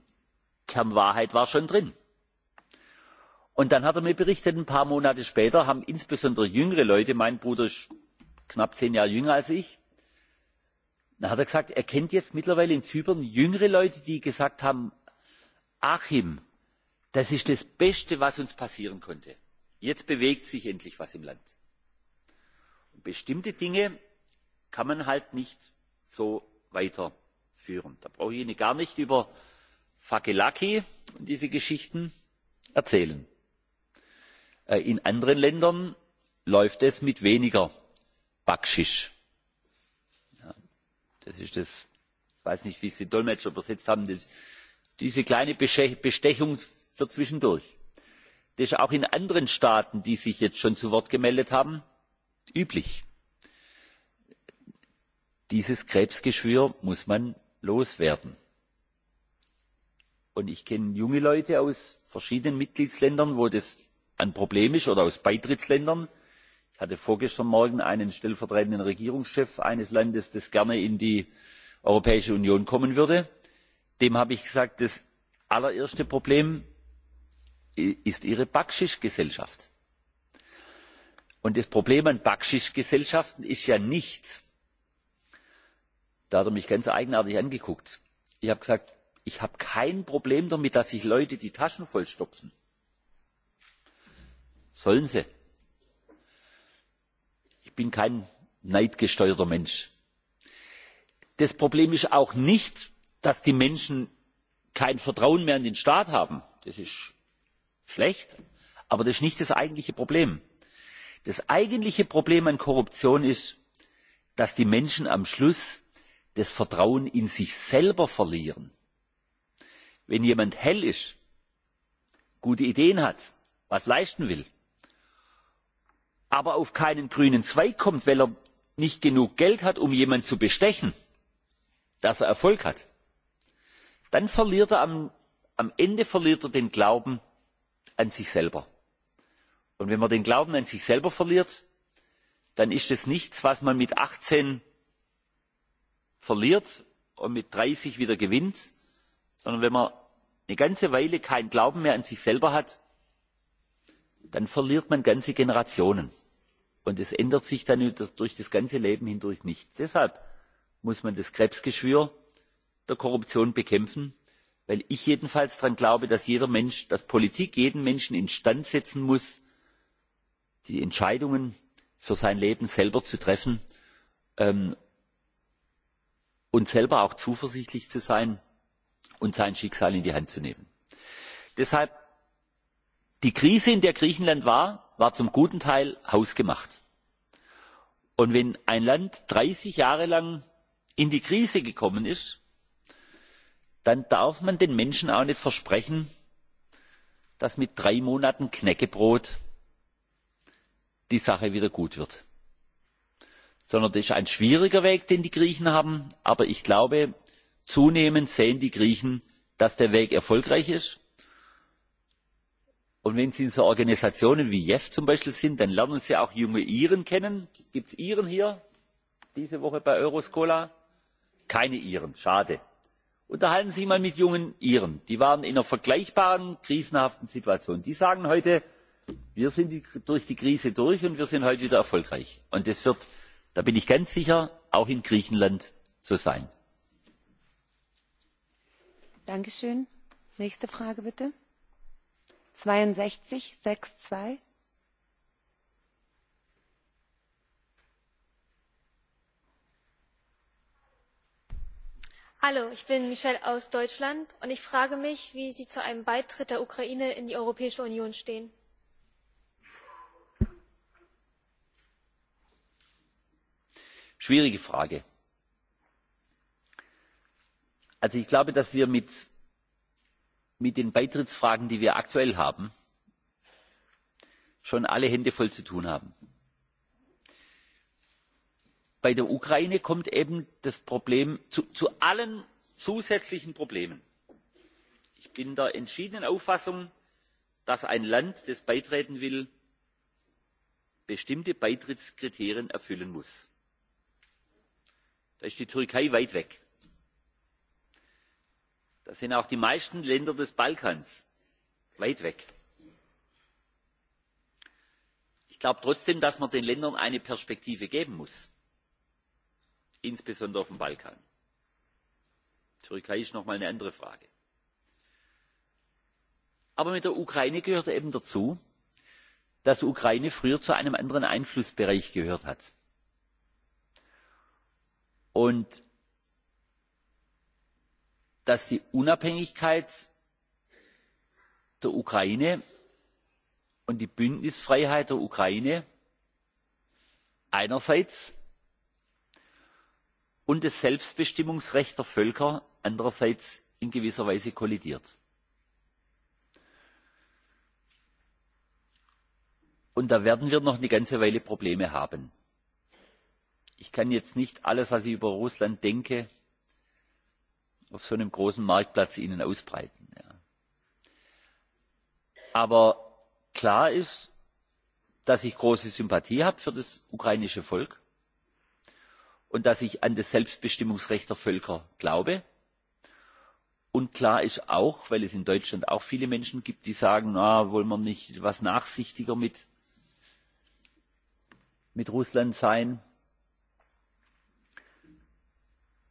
Kernwahrheit war schon drin. Und dann hat er mir berichtet, ein paar Monate später haben insbesondere jüngere Leute, mein Bruder ist knapp zehn Jahre jünger als ich, da hat er gesagt, er kennt jetzt mittlerweile in Zypern jüngere Leute, die gesagt haben, Achim, das ist das Beste, was uns passieren konnte. Jetzt bewegt sich endlich was im Land. Bestimmte Dinge kann man halt nicht so weiterführen. da brauche ich ihnen gar nicht über fakelaki und diese geschichten erzählen. in anderen ländern läuft es mit weniger backschisch. das ist das ich weiß nicht wie sie den dolmetscher übersetzt haben diese kleine bestechung für zwischendurch. das ist auch in anderen staaten die sich jetzt schon zu wort gemeldet haben üblich dieses krebsgeschwür muss man loswerden. und ich kenne junge leute aus verschiedenen mitgliedsländern wo das ein problem ist oder aus beitrittsländern. ich hatte vorgestern morgen einen stellvertretenden regierungschef eines landes das gerne in die europäische union kommen würde. dem habe ich gesagt das allererste problem ist ihre backfisch gesellschaft. und das problem an backfisch gesellschaften ist ja nicht Da hat er mich ganz eigenartig angeguckt. Ich habe gesagt, ich habe kein Problem damit, dass sich Leute die Taschen vollstopfen. Sollen sie. Ich bin kein neidgesteuerter Mensch. Das Problem ist auch nicht, dass die Menschen kein Vertrauen mehr in den Staat haben. Das ist schlecht, aber das ist nicht das eigentliche Problem. Das eigentliche Problem an Korruption ist, dass die Menschen am Schluss das Vertrauen in sich selber verlieren. Wenn jemand hell ist, gute Ideen hat, was leisten will, aber auf keinen grünen Zweig kommt, weil er nicht genug Geld hat, um jemanden zu bestechen, dass er Erfolg hat, dann verliert er am, am Ende verliert er den Glauben an sich selber. Und wenn man den Glauben an sich selber verliert, dann ist es nichts, was man mit 18 verliert und mit dreißig wieder gewinnt sondern wenn man eine ganze weile keinen glauben mehr an sich selber hat dann verliert man ganze generationen und es ändert sich dann durch das ganze leben hindurch nichts. deshalb muss man das krebsgeschwür der korruption bekämpfen weil ich jedenfalls daran glaube dass politik jeden menschen instand setzen muss die entscheidungen für sein leben selber zu treffen und selber auch zuversichtlich zu sein und sein Schicksal in die Hand zu nehmen. Deshalb, die Krise, in der Griechenland war, war zum guten Teil hausgemacht. Und wenn ein Land dreißig Jahre lang in die Krise gekommen ist, dann darf man den Menschen auch nicht versprechen, dass mit drei Monaten Knäckebrot die Sache wieder gut wird sondern das ist ein schwieriger weg den die griechen haben aber ich glaube zunehmend sehen die griechen dass der weg erfolgreich ist und wenn sie in so organisationen wie jef zum beispiel sind dann lernen sie auch junge iren kennen. gibt es iren hier diese woche bei euroscola? keine iren schade. unterhalten sie sich mal mit jungen iren die waren in einer vergleichbaren krisenhaften situation. die sagen heute wir sind durch die krise durch und wir sind heute wieder erfolgreich. und das wird da bin ich ganz sicher auch in griechenland so sein.
nächste frage bitte. sechs
Hallo, ich bin Michelle aus Deutschland und ich frage mich, wie Sie zu einem Beitritt der Ukraine in die Europäische Union stehen.
schwierige frage. also ich glaube dass wir mit den beitrittsfragen die wir aktuell haben schon alle hände voll zu tun haben. bei der ukraine kommt eben das problem zu allen zusätzlichen problemen. ich bin der entschiedenen auffassung dass ein land das beitreten will bestimmte beitrittskriterien erfüllen muss da ist die türkei weit weg. da sind auch die meisten länder des balkans weit weg. ich glaube trotzdem dass man den ländern eine perspektive geben muss insbesondere auf dem balkan. die türkei ist noch mal eine andere frage. aber mit der ukraine gehört eben dazu dass die ukraine früher zu einem anderen einflussbereich gehört hat und dass die Unabhängigkeit der Ukraine und die Bündnisfreiheit der Ukraine einerseits und das Selbstbestimmungsrecht der Völker andererseits in gewisser Weise kollidiert. Und da werden wir noch eine ganze Weile Probleme haben ich kann jetzt nicht alles, was ich über Russland denke, auf so einem großen Marktplatz Ihnen ausbreiten. Aber klar ist, dass ich große Sympathie habe für das ukrainische Volk und dass ich an das Selbstbestimmungsrecht der Völker glaube. Und klar ist auch, weil es in Deutschland auch viele Menschen gibt, die sagen, na, wollen wir nicht etwas nachsichtiger mit, mit Russland sein?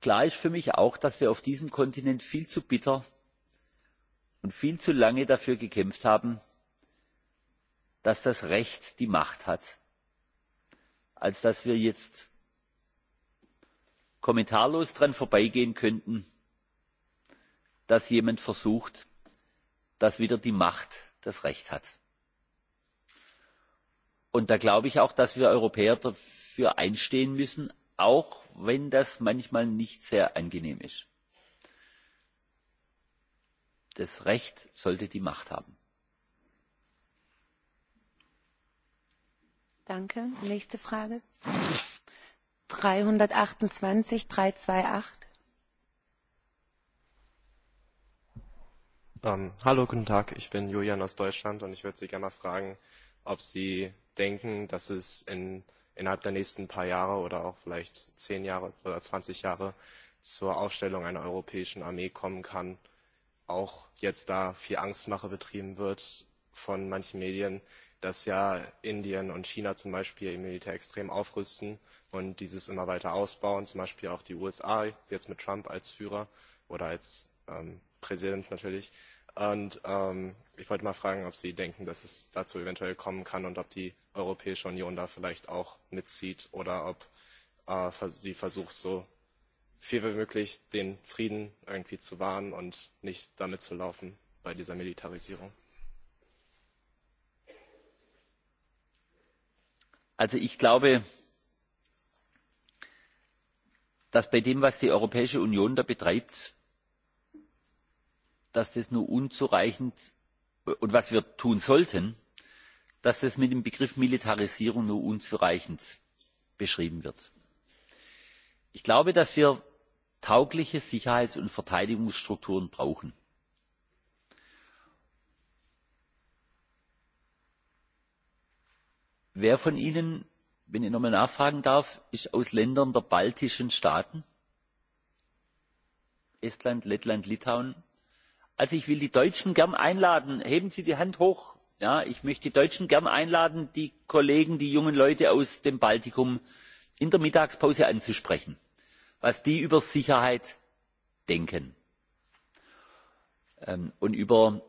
klar ist für mich auch dass wir auf diesem kontinent viel zu bitter und viel zu lange dafür gekämpft haben dass das recht die macht hat als dass wir jetzt kommentarlos daran vorbeigehen könnten dass jemand versucht dass wieder die macht das recht hat. und da glaube ich auch dass wir europäer dafür einstehen müssen auch wenn das manchmal nicht sehr angenehm ist. Das Recht sollte die Macht haben.
Danke. Nächste Frage. 328, 328.
Ähm, hallo, guten Tag. Ich bin Julian aus Deutschland und ich würde Sie gerne mal fragen, ob Sie denken, dass es in innerhalb der nächsten paar Jahre oder auch vielleicht zehn Jahre oder zwanzig Jahre zur Aufstellung einer europäischen Armee kommen kann. Auch jetzt, da viel Angstmache betrieben wird von manchen Medien, dass ja Indien und China zum Beispiel ihr Militär extrem aufrüsten und dieses immer weiter ausbauen, zum Beispiel auch die USA jetzt mit Trump als Führer oder als Präsident natürlich Und ähm, ich wollte mal fragen, ob Sie denken, dass es dazu eventuell kommen kann und ob die Europäische Union da vielleicht auch mitzieht oder ob äh, sie versucht, so viel wie möglich den Frieden irgendwie zu wahren und nicht damit zu laufen bei dieser Militarisierung.
Also ich glaube, dass bei dem, was die Europäische Union da betreibt, dass das nur unzureichend und was wir tun sollten, dass das mit dem Begriff Militarisierung nur unzureichend beschrieben wird. Ich glaube, dass wir taugliche Sicherheits- und Verteidigungsstrukturen brauchen. Wer von Ihnen, wenn ich nochmal nachfragen darf, ist aus Ländern der baltischen Staaten? Estland, Lettland, Litauen? also ich will die deutschen gern einladen heben sie die hand hoch! ich möchte die deutschen gern einladen die kollegen die jungen leute aus dem baltikum in der mittagspause anzusprechen was die über sicherheit denken und über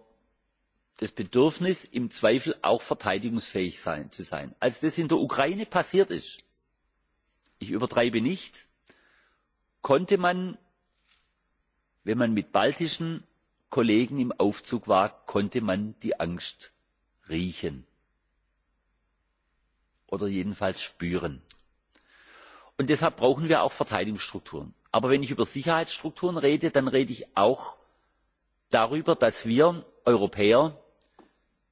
das bedürfnis im zweifel auch verteidigungsfähig zu sein. als das in der ukraine passiert ist ich übertreibe nicht konnte man wenn man mit baltischen kollegen im aufzug war konnte man die angst riechen oder jedenfalls spüren. Und deshalb brauchen wir auch verteidigungsstrukturen. aber wenn ich über sicherheitsstrukturen rede dann rede ich auch darüber dass wir europäer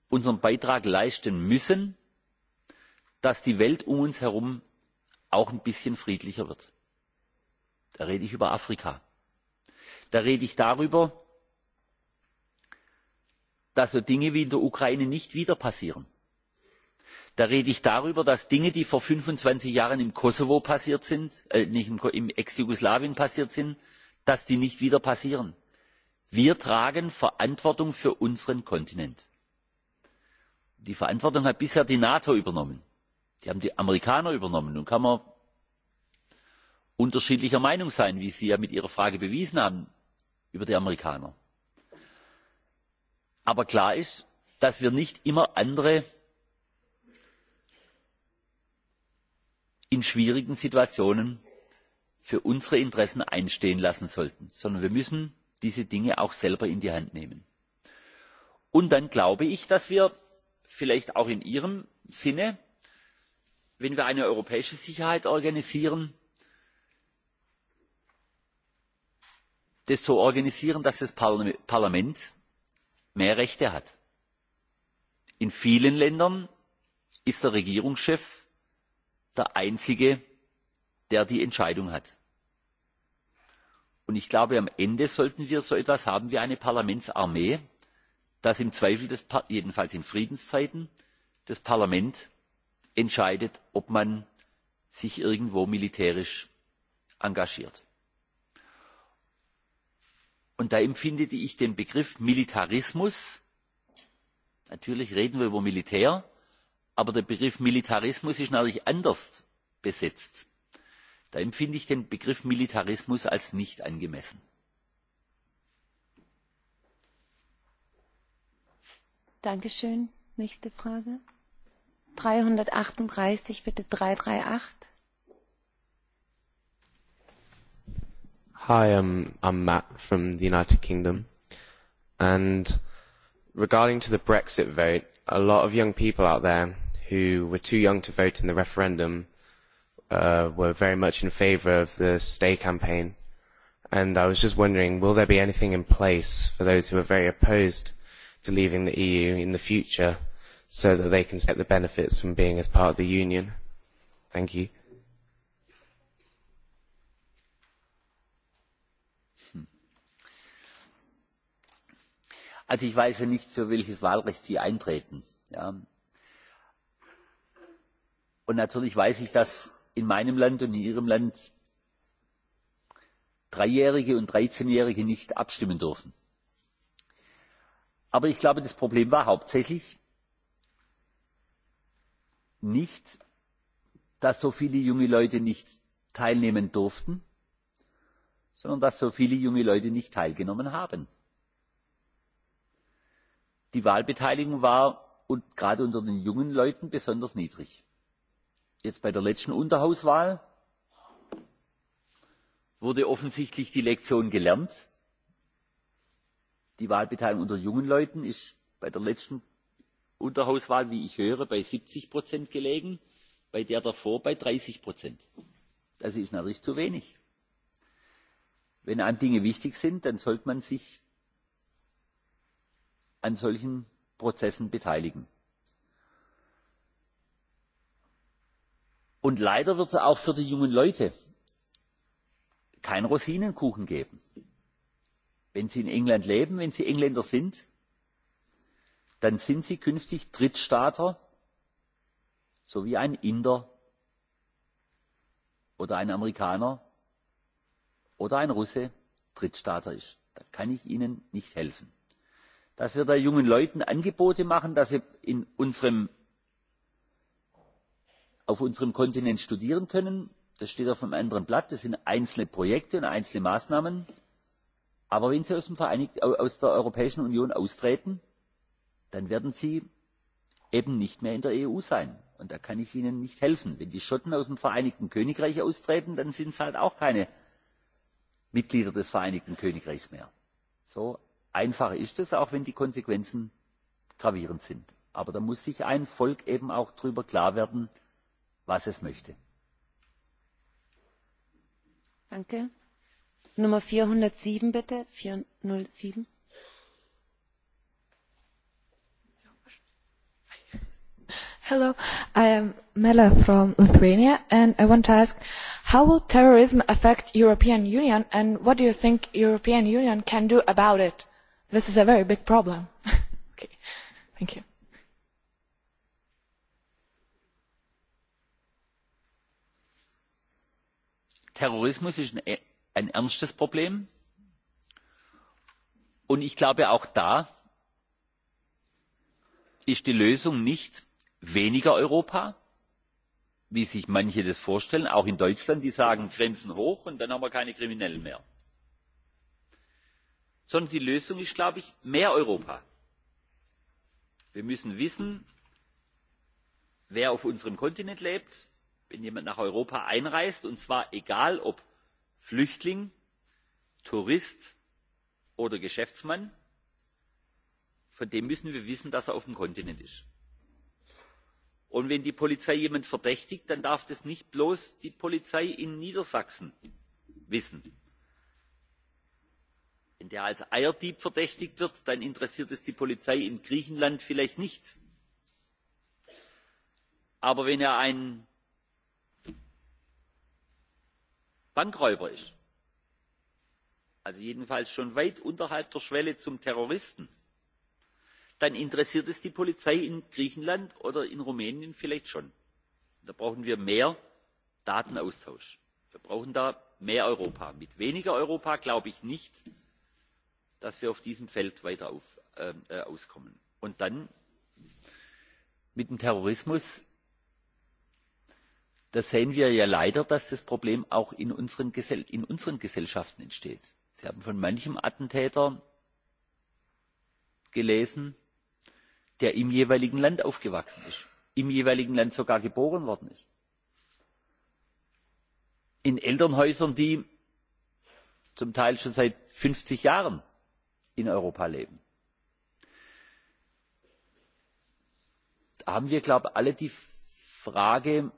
unseren beitrag leisten müssen dass die welt um uns herum auch ein bisschen friedlicher wird. da rede ich über afrika. da rede ich darüber dass so dinge wie in der ukraine nicht wieder passieren. da rede ich darüber dass dinge die vor fünfundzwanzig jahren im kosovo passiert sind nicht im ex jugoslawien passiert sind dass die nicht wieder passieren. wir tragen verantwortung für unseren kontinent. die verantwortung hat bisher die nato übernommen die haben die amerikaner übernommen. nun kann man unterschiedlicher meinung sein wie sie ja mit ihrer frage bewiesen haben über die amerikaner aber klar ist dass wir nicht immer andere in schwierigen situationen für unsere interessen einstehen lassen sollten sondern wir müssen diese dinge auch selber in die hand nehmen. und dann glaube ich dass wir vielleicht auch in ihrem sinne wenn wir eine europäische sicherheit organisieren das so organisieren dass das parlament mehr Rechte hat. In vielen Ländern ist der Regierungschef der Einzige, der die Entscheidung hat. Und ich glaube, am Ende sollten wir so etwas haben wie eine Parlamentsarmee, dass im Zweifel, des, jedenfalls in Friedenszeiten, das Parlament entscheidet, ob man sich irgendwo militärisch engagiert. Und da empfinde ich den Begriff Militarismus. Natürlich reden wir über Militär, aber der Begriff Militarismus ist natürlich anders besetzt. Da empfinde ich den Begriff Militarismus als nicht angemessen.
Dankeschön. Nächste Frage. 338, bitte 338.
Hi, um, I'm Matt from the United Kingdom. And regarding to the Brexit vote, a lot of young people out there who were too young to vote in the referendum uh, were very much in favour of the Stay campaign. And I was just wondering, will there be anything in place for those who are very opposed to leaving the EU in the future so that they can get the benefits from being as part of the Union? Thank you.
also ich weiß ja nicht für welches wahlrecht sie eintreten. und natürlich weiß ich dass in meinem land und in ihrem land dreijährige und dreizehnjährige nicht abstimmen dürfen. aber ich glaube das problem war hauptsächlich nicht dass so viele junge leute nicht teilnehmen durften sondern dass so viele junge leute nicht teilgenommen haben die wahlbeteiligung war gerade unter den jungen leuten besonders niedrig. jetzt bei der letzten unterhauswahl wurde offensichtlich die lektion gelernt die wahlbeteiligung unter jungen leuten ist bei der letzten unterhauswahl wie ich höre bei siebzig gelegen bei der davor bei. dreißig das ist natürlich zu wenig. wenn einem dinge wichtig sind dann sollte man sich an solchen prozessen beteiligen. und leider wird es auch für die jungen leute keinen rosinenkuchen geben. wenn sie in england leben wenn sie engländer sind dann sind sie künftig drittstaater so wie ein inder oder ein amerikaner oder ein russe drittstaater ist. da kann ich ihnen nicht helfen dass wir da jungen leuten angebote machen dass sie auf unserem kontinent studieren können das steht auf einem anderen blatt das sind einzelne projekte und einzelne maßnahmen aber wenn sie aus der europäischen union austreten dann werden sie eben nicht mehr in der eu sein und da kann ich ihnen nicht helfen. wenn die schotten aus dem vereinigten königreich austreten dann sind sie halt auch keine mitglieder des vereinigten königreichs mehr einfacher ist es auch wenn die konsequenzen gravierend sind. aber da muss sich ein volk eben auch darüber klar werden was es möchte.
Hello, I am Mela
from Lithuania, and I want to ask, how will terrorism affect European Union, and what do you think European Union can do about it? This is a very big problem.
okay, thank you. Terrorismus ist ein, ein ernstes Problem. Und ich glaube, auch da ist die Lösung nicht weniger Europa, wie sich manche das vorstellen, auch in Deutschland, die sagen Grenzen hoch und dann haben wir keine Kriminellen mehr sondern die Lösung ist, glaube ich, mehr Europa. Wir müssen wissen, wer auf unserem Kontinent lebt, wenn jemand nach Europa einreist, und zwar egal ob Flüchtling, Tourist oder Geschäftsmann, von dem müssen wir wissen, dass er auf dem Kontinent ist. Und wenn die Polizei jemand verdächtigt, dann darf das nicht bloß die Polizei in Niedersachsen wissen wenn der als eierdieb verdächtigt wird dann interessiert es die polizei in griechenland vielleicht nicht aber wenn er ein bankräuber ist also jedenfalls schon weit unterhalb der schwelle zum terroristen dann interessiert es die polizei in griechenland oder in rumänien vielleicht schon. da brauchen wir mehr datenaustausch. wir brauchen da mehr europa. mit weniger europa glaube ich nicht dass wir auf diesem Feld weiter auskommen. Und dann mit dem Terrorismus, da sehen wir ja leider, dass das Problem auch in unseren, Gesellschaften entsteht. Sie haben von manchem Attentäter gelesen, der im jeweiligen Land aufgewachsen ist, im jeweiligen Land sogar geboren worden ist. In Elternhäusern, die zum Teil schon seit fünfzig Jahren in europa leben. da haben wir glaube ich alle die frage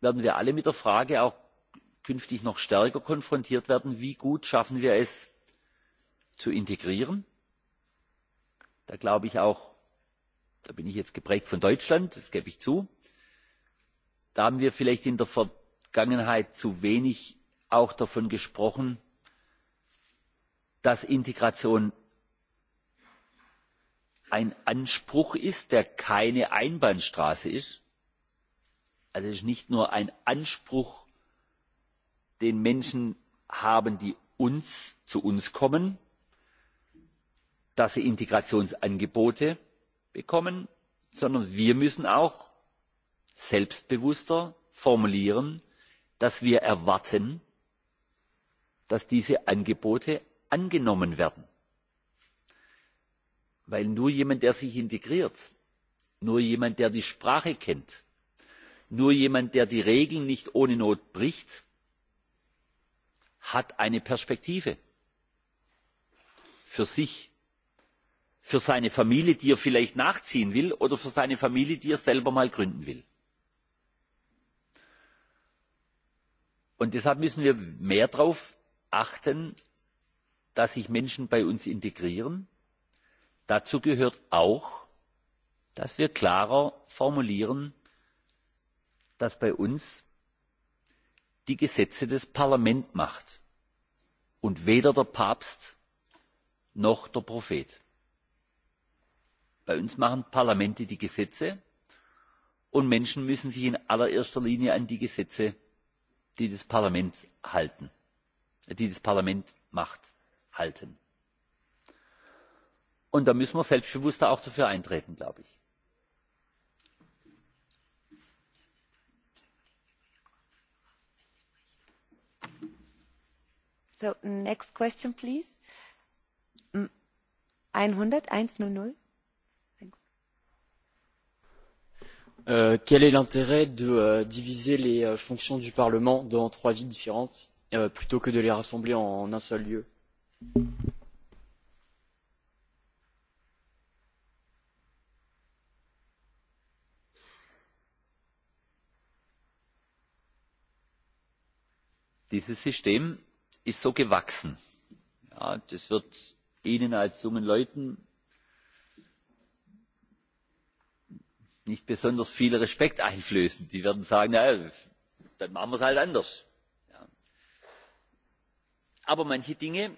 werden wir alle mit der frage auch künftig noch stärker konfrontiert werden wie gut schaffen wir es zu integrieren? da glaube ich auch da bin ich jetzt geprägt von deutschland das gebe ich zu da haben wir vielleicht in der vergangenheit zu wenig auch davon gesprochen dass Integration ein Anspruch ist, der keine Einbahnstraße ist. Also es ist nicht nur ein Anspruch, den Menschen haben, die uns zu uns kommen, dass sie Integrationsangebote bekommen, sondern wir müssen auch selbstbewusster formulieren, dass wir erwarten, dass diese Angebote angenommen werden. Weil nur jemand, der sich integriert, nur jemand, der die Sprache kennt, nur jemand, der die Regeln nicht ohne Not bricht, hat eine Perspektive für sich, für seine Familie, die er vielleicht nachziehen will, oder für seine Familie, die er selber mal gründen will. Und deshalb müssen wir mehr darauf achten, dass sich menschen bei uns integrieren. dazu gehört auch dass wir klarer formulieren dass bei uns die gesetze das parlament macht und weder der papst noch der prophet. bei uns machen parlamente die gesetze und menschen müssen sich in allererster linie an die gesetze die das parlament macht halten. Und da müssen wir selbstbewusster auch dafür eintreten, glaube ich.
So, next question, please. 100, 100.
Euh, quel est l'intérêt de euh, diviser les euh, fonctions du Parlement dans trois villes différentes euh, plutôt que de les rassembler en, en un seul lieu
Dieses System ist so gewachsen. Ja, das wird Ihnen als jungen Leuten nicht besonders viel Respekt einflößen. Die werden sagen, na, dann machen wir es halt anders. Aber manche Dinge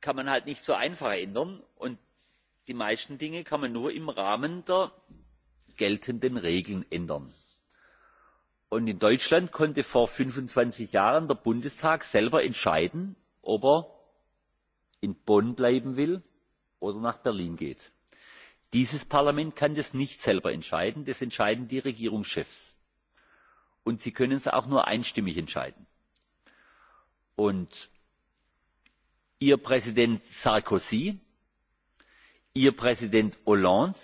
kann man halt nicht so einfach ändern und die meisten dinge kann man nur im rahmen der geltenden regeln ändern. Und in deutschland konnte vor fünfundzwanzig jahren der bundestag selber entscheiden ob er in bonn bleiben will oder nach berlin geht. dieses parlament kann das nicht selber entscheiden das entscheiden die regierungschefs und sie können es auch nur einstimmig entscheiden ihr Präsident Sarkozy, ihr Präsident Hollande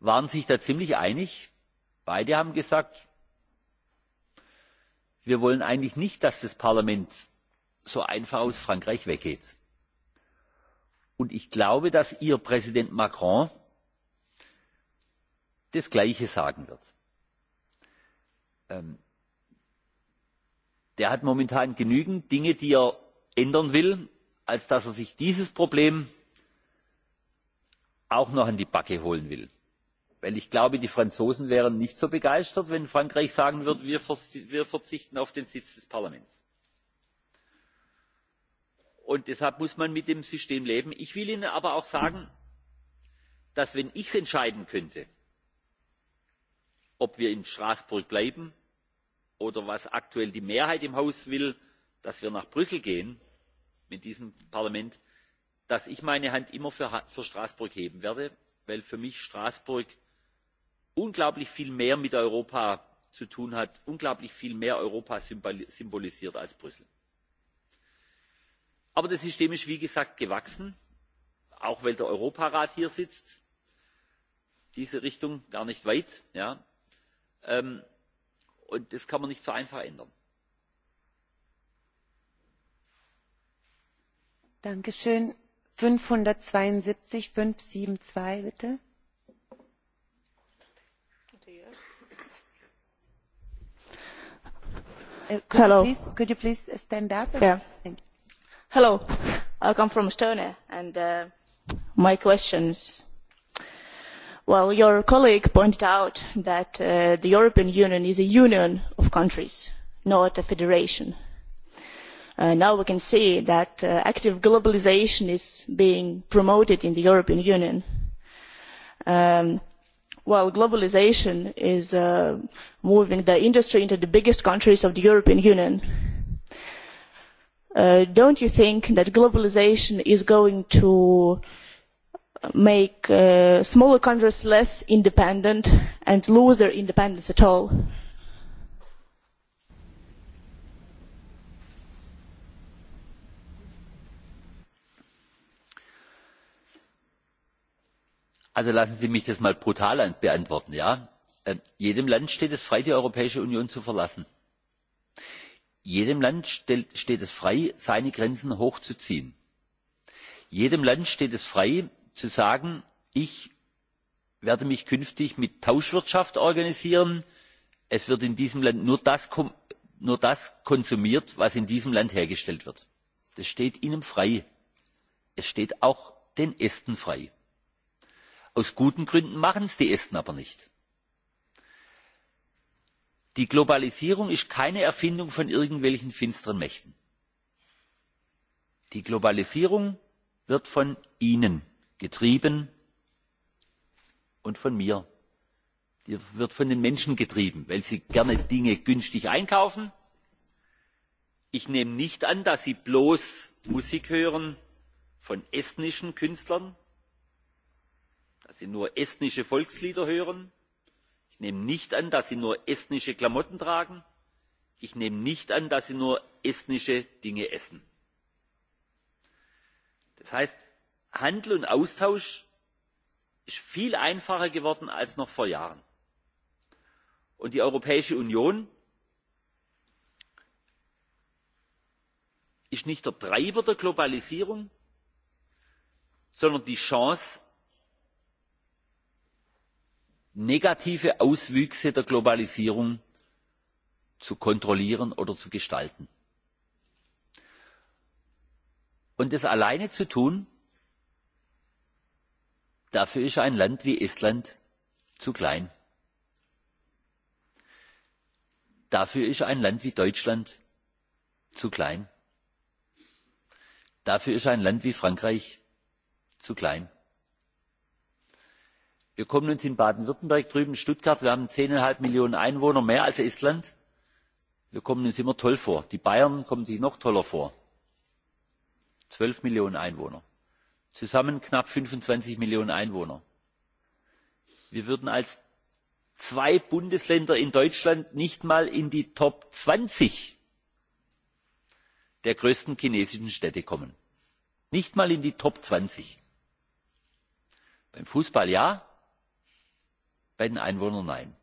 waren sich da ziemlich einig. Beide haben gesagt, wir wollen eigentlich nicht, dass das Parlament so einfach aus Frankreich weggeht. Und ich glaube, dass Ihr Präsident Macron das Gleiche sagen wird. der hat momentan genügend Dinge, die er ändern will als dass er sich dieses problem auch noch an die backe holen will. denn ich glaube die franzosen wären nicht so begeistert wenn frankreich sagen würde wir verzichten auf den sitz des parlaments. deshalb muss man mit dem system leben. ich will ihnen aber auch sagen dass wenn ich entscheiden könnte ob wir in straßburg bleiben oder was aktuell die mehrheit im haus will dass wir nach brüssel gehen mit diesem parlament dass ich meine hand immer für straßburg heben werde weil für mich straßburg unglaublich viel mehr mit europa zu tun hat unglaublich viel mehr europa symbolisiert als brüssel. aber das system ist wie gesagt gewachsen auch weil der europarat hier sitzt diese richtung gar nicht weit und das kann man nicht so einfach ändern.
Hello. I come from
Estonia, and my question is Well, your colleague pointed out that the European Union is a union of countries, not a federation now we can see that active globalisation is being promoted in the European Union. while globalisation is moving the industry into the biggest countries of the European Union, uh, don't you think that globalisation is going to make smaller countries less independent and lose their independence at all?
also lassen sie mich das mal brutal beantworten jedem land steht es frei die europäische union zu verlassen. jedem land steht es frei seine grenzen hochzuziehen. jedem land steht es frei zu sagen ich werde mich künftig mit tauschwirtschaft organisieren es wird in diesem land nur das konsumiert was in diesem land hergestellt wird. das steht ihnen frei. es steht auch den esten frei. Aus guten Gründen machen es die Esten aber nicht. Die Globalisierung ist keine Erfindung von irgendwelchen finsteren Mächten. Die Globalisierung wird von Ihnen getrieben und von mir. Die wird von den Menschen getrieben, weil sie gerne Dinge günstig einkaufen. Ich nehme nicht an, dass Sie bloß Musik hören von estnischen Künstlern, dass sie nur estnische volkslieder hören. Ich nehme nicht an, dass sie nur estnische Klamotten tragen. Ich nehme nicht an, dass sie nur estnische Dinge essen. Das heißt, Handel und Austausch ist viel einfacher geworden als noch vor Jahren. Und die Europäische Union ist nicht der Treiber der Globalisierung, sondern die Chance negative auswüchse der globalisierung zu kontrollieren oder zu gestalten. und das alleine zu tun dafür ist ein land wie estland zu klein. dafür ist ein land wie deutschland zu klein. dafür ist ein land wie frankreich zu klein wir kommen uns in baden württemberg drüben in stuttgart wir haben zehn fünf millionen einwohner mehr als estland wir kommen uns immer toll vor. die bayern kommen sich noch toller vor zwölf millionen einwohner zusammen knapp fünfundzwanzig millionen einwohner. wir würden als zwei bundesländer in deutschland nicht einmal in die top zwanzig der größten chinesischen städte kommen nicht einmal in die top. zwanzig beim fußball bei den Einwohnern nein.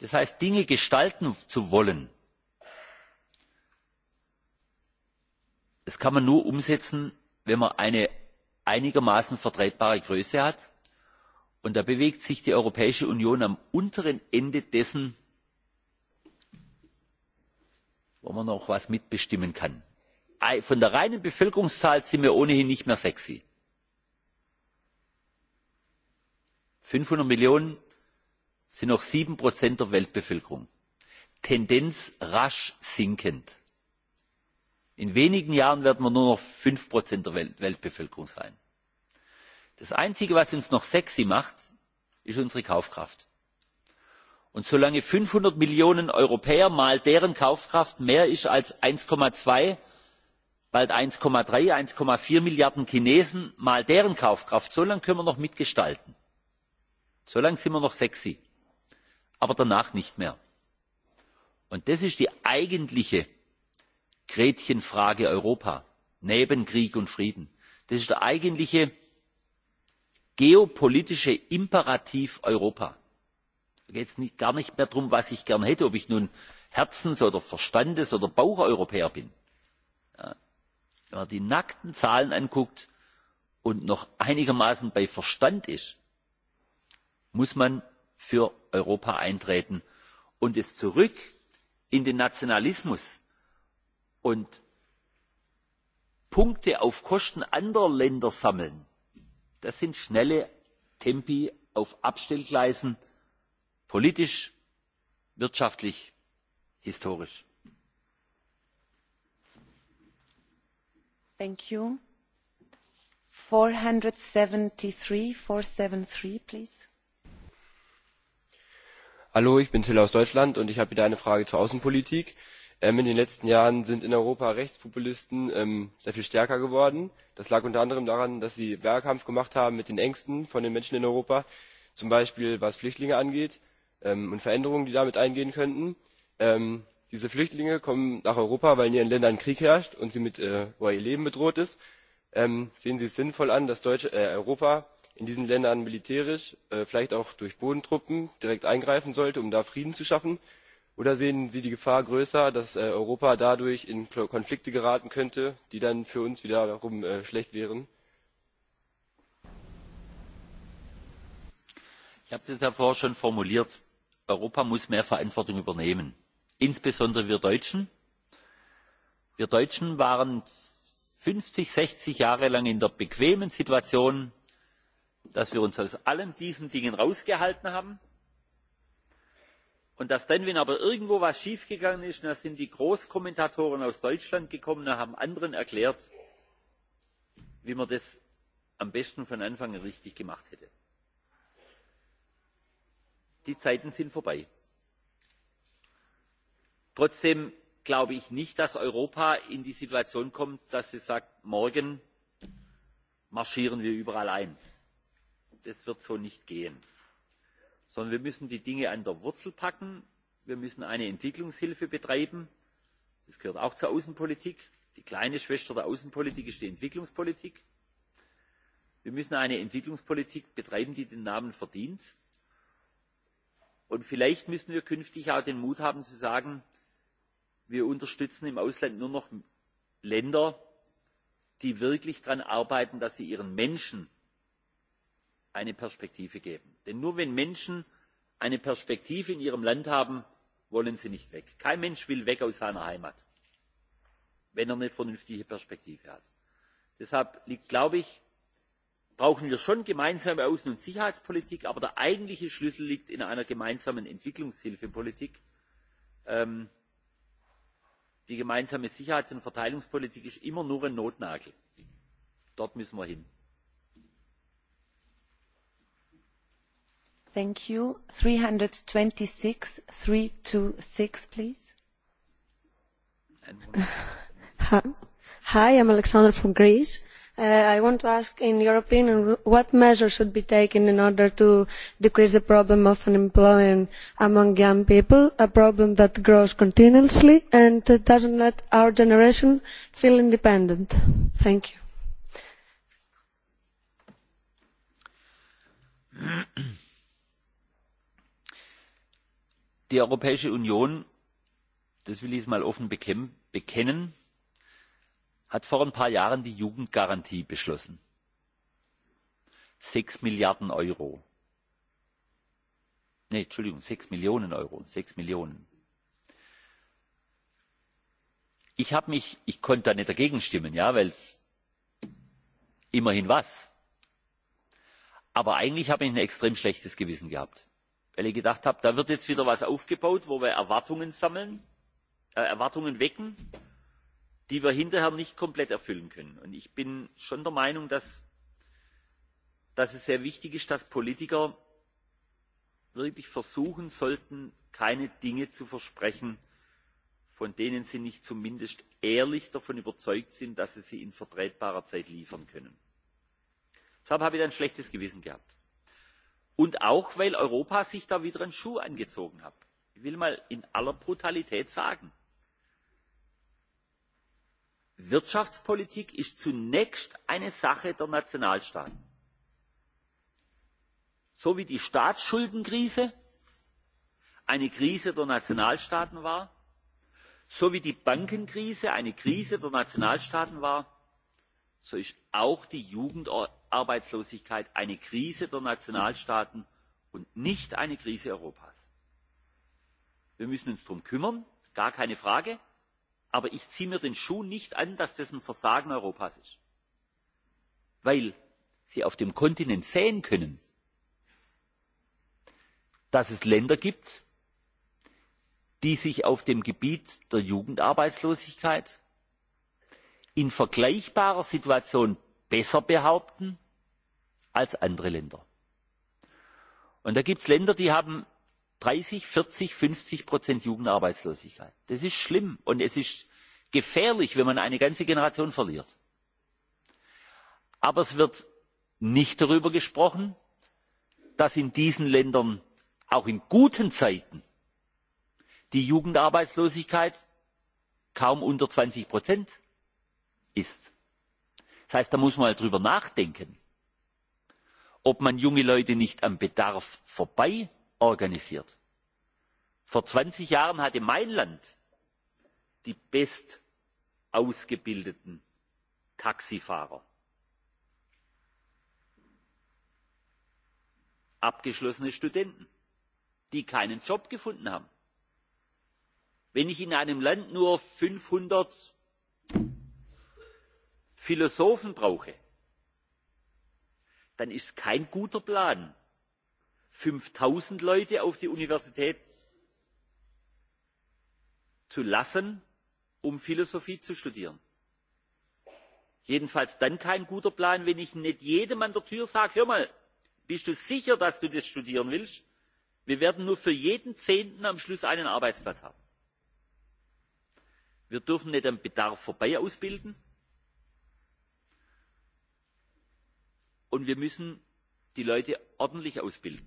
Das heißt, Dinge gestalten zu wollen, das kann man nur umsetzen, wenn man eine einigermaßen vertretbare Größe hat. Und da bewegt sich die Europäische Union am unteren Ende dessen, wo man noch etwas mitbestimmen kann. Von der reinen Bevölkerungszahl sind wir ohnehin nicht mehr sexy fünfhundert millionen sind noch sieben prozent der weltbevölkerung tendenz rasch sinkend. in wenigen jahren werden wir nur noch fünf prozent der weltbevölkerung sein. das einzige was uns noch sexy macht ist unsere kaufkraft. und solange fünfhundert millionen europäer mal deren kaufkraft mehr ist als eins zwei bald eins drei eins vier milliarden chinesen mal deren kaufkraft solange können wir noch mitgestalten. So lange sind wir noch sexy aber danach nicht mehr. und das ist die eigentliche gretchenfrage europa neben krieg und frieden. das ist der eigentliche geopolitische imperativ europa. da geht es gar nicht mehr darum was ich gern hätte ob ich nun herzens oder verstandes oder baucheuropäer bin. wenn man die nackten zahlen anguckt und noch einigermaßen bei verstand muss man für europa eintreten und es zurück in den nationalismus und punkte auf kosten anderer länder sammeln das sind schnelle tempi auf abstellgleisen politisch wirtschaftlich historisch.
thank you. 473, 473, please.
Hallo, ich bin Till aus Deutschland und ich habe wieder eine Frage zur Außenpolitik. in den letzten Jahren sind in Europa Rechtspopulisten sehr viel stärker geworden. Das lag unter anderem daran, dass sie Wahlkampf gemacht haben mit den Ängsten von den Menschen in Europa, zum Beispiel was Flüchtlinge angeht und Veränderungen, die damit eingehen könnten. diese Flüchtlinge kommen nach Europa, weil in ihren Ländern Krieg herrscht und sie mit, ihr Leben bedroht ist. sehen Sie es sinnvoll an, dass Deutsch Europa in diesen ländern militärisch vielleicht auch durch bodentruppen direkt eingreifen sollte um da frieden zu schaffen? oder sehen sie die gefahr größer dass europa dadurch in konflikte geraten könnte die dann für uns wiederum schlecht wären?
ich habe es ja vorher schon formuliert europa muss mehr verantwortung übernehmen insbesondere wir deutschen. wir deutschen waren fünfzig sechzig jahre lang in der bequemen situation dass wir uns aus allen diesen dingen rausgehalten haben und dass dann wenn aber irgendwo etwas schiefgegangen ist dann sind die großkommentatoren aus deutschland gekommen und haben anderen erklärt wie man das am besten von anfang an richtig gemacht hätte. die zeiten sind vorbei. trotzdem glaube ich nicht dass europa in die situation kommt dass es sagt morgen marschieren wir überall ein. Das wird so nicht gehen sondern wir müssen die dinge an der wurzel packen wir müssen eine entwicklungshilfe betreiben das gehört auch zur außenpolitik die kleine schwester der außenpolitik ist die entwicklungspolitik wir müssen eine entwicklungspolitik betreiben die den namen verdient und vielleicht müssen wir künftig auch den mut haben zu sagen wir unterstützen im ausland nur noch länder die wirklich daran arbeiten dass sie ihren menschen eine perspektive geben. denn nur wenn menschen eine perspektive in ihrem land haben wollen sie nicht weg. kein mensch will weg aus seiner heimat wenn er eine vernünftige perspektive hat. deshalb glaube ich, brauchen wir schon gemeinsame außen und sicherheitspolitik aber der eigentliche schlüssel liegt in einer gemeinsamen entwicklungshilfepolitik. die gemeinsame sicherheits und verteidigungspolitik ist immer nur ein notnagel. dort müssen wir hin.
Thank you. 326, 326, please. Hi, I'm Alexander from Greece. Uh, I want to ask, in your opinion, what measures should be taken in order to decrease the problem of unemployment among young
people, a problem that grows continuously and doesn't let our generation feel independent? Thank you.
die europäische union das will ich mal offen bekennen hat vor ein paar jahren die jugendgarantie beschlossen sechs milliarden euro nee entschuldigung sechs millionen euro sechs millionen. ich habe mich ich konnte da nicht dagegen stimmen ja weil es immerhin was aber eigentlich habe ich ein extrem schlechtes gewissen gehabt weil ich gedacht habe, da wird jetzt wieder etwas aufgebaut, wo wir Erwartungen sammeln, Erwartungen wecken, die wir hinterher nicht komplett erfüllen können. Und ich bin schon der Meinung, dass es sehr wichtig ist, dass Politiker wirklich versuchen sollten, keine Dinge zu versprechen, von denen sie nicht zumindest ehrlich davon überzeugt sind, dass sie sie in vertretbarer Zeit liefern können. Deshalb habe ich ein schlechtes Gewissen gehabt und auch weil europa sich da wieder einen schuh angezogen hat. ich will mal in aller brutalität sagen wirtschaftspolitik ist zunächst eine sache der nationalstaaten so wie die staatsschuldenkrise eine krise der nationalstaaten war so wie die bankenkrise eine krise der nationalstaaten war so ist auch die arbeitslosigkeit eine krise der nationalstaaten und nicht eine krise europas. wir müssen uns darum kümmern gar keine frage aber ich ziehe mir den schuh nicht an dass das ein versagen europas ist weil sie auf dem kontinent sehen können dass es länder gibt die sich auf dem gebiet der jugendarbeitslosigkeit in vergleichbarer situation besser behaupten als andere Länder. Und da gibt es Länder, die haben 30, 40, 50 Prozent Jugendarbeitslosigkeit. Das ist schlimm und es ist gefährlich, wenn man eine ganze Generation verliert. Aber es wird nicht darüber gesprochen, dass in diesen Ländern auch in guten Zeiten die Jugendarbeitslosigkeit kaum unter 20 Prozent ist. Das heißt, da muss man mal drüber nachdenken ob man junge Leute nicht am Bedarf vorbei organisiert. Vor zwanzig Jahren hatte mein Land die bestausgebildeten Taxifahrer. Abgeschlossene Studenten, die keinen Job gefunden haben. Wenn ich in einem Land nur fünfhundert Philosophen brauche, dann ist kein guter plan fünftausend leute auf die universität zu lassen um philosophie zu studieren. jedenfalls dann kein guter plan wenn ich nicht jedem an der tür sage hör mal bist du sicher dass du das studieren willst? wir werden nur für jeden zehnten am schluss einen arbeitsplatz haben. wir dürfen nicht am bedarf vorbei ausbilden und wir müssen die leute ordentlich ausbilden.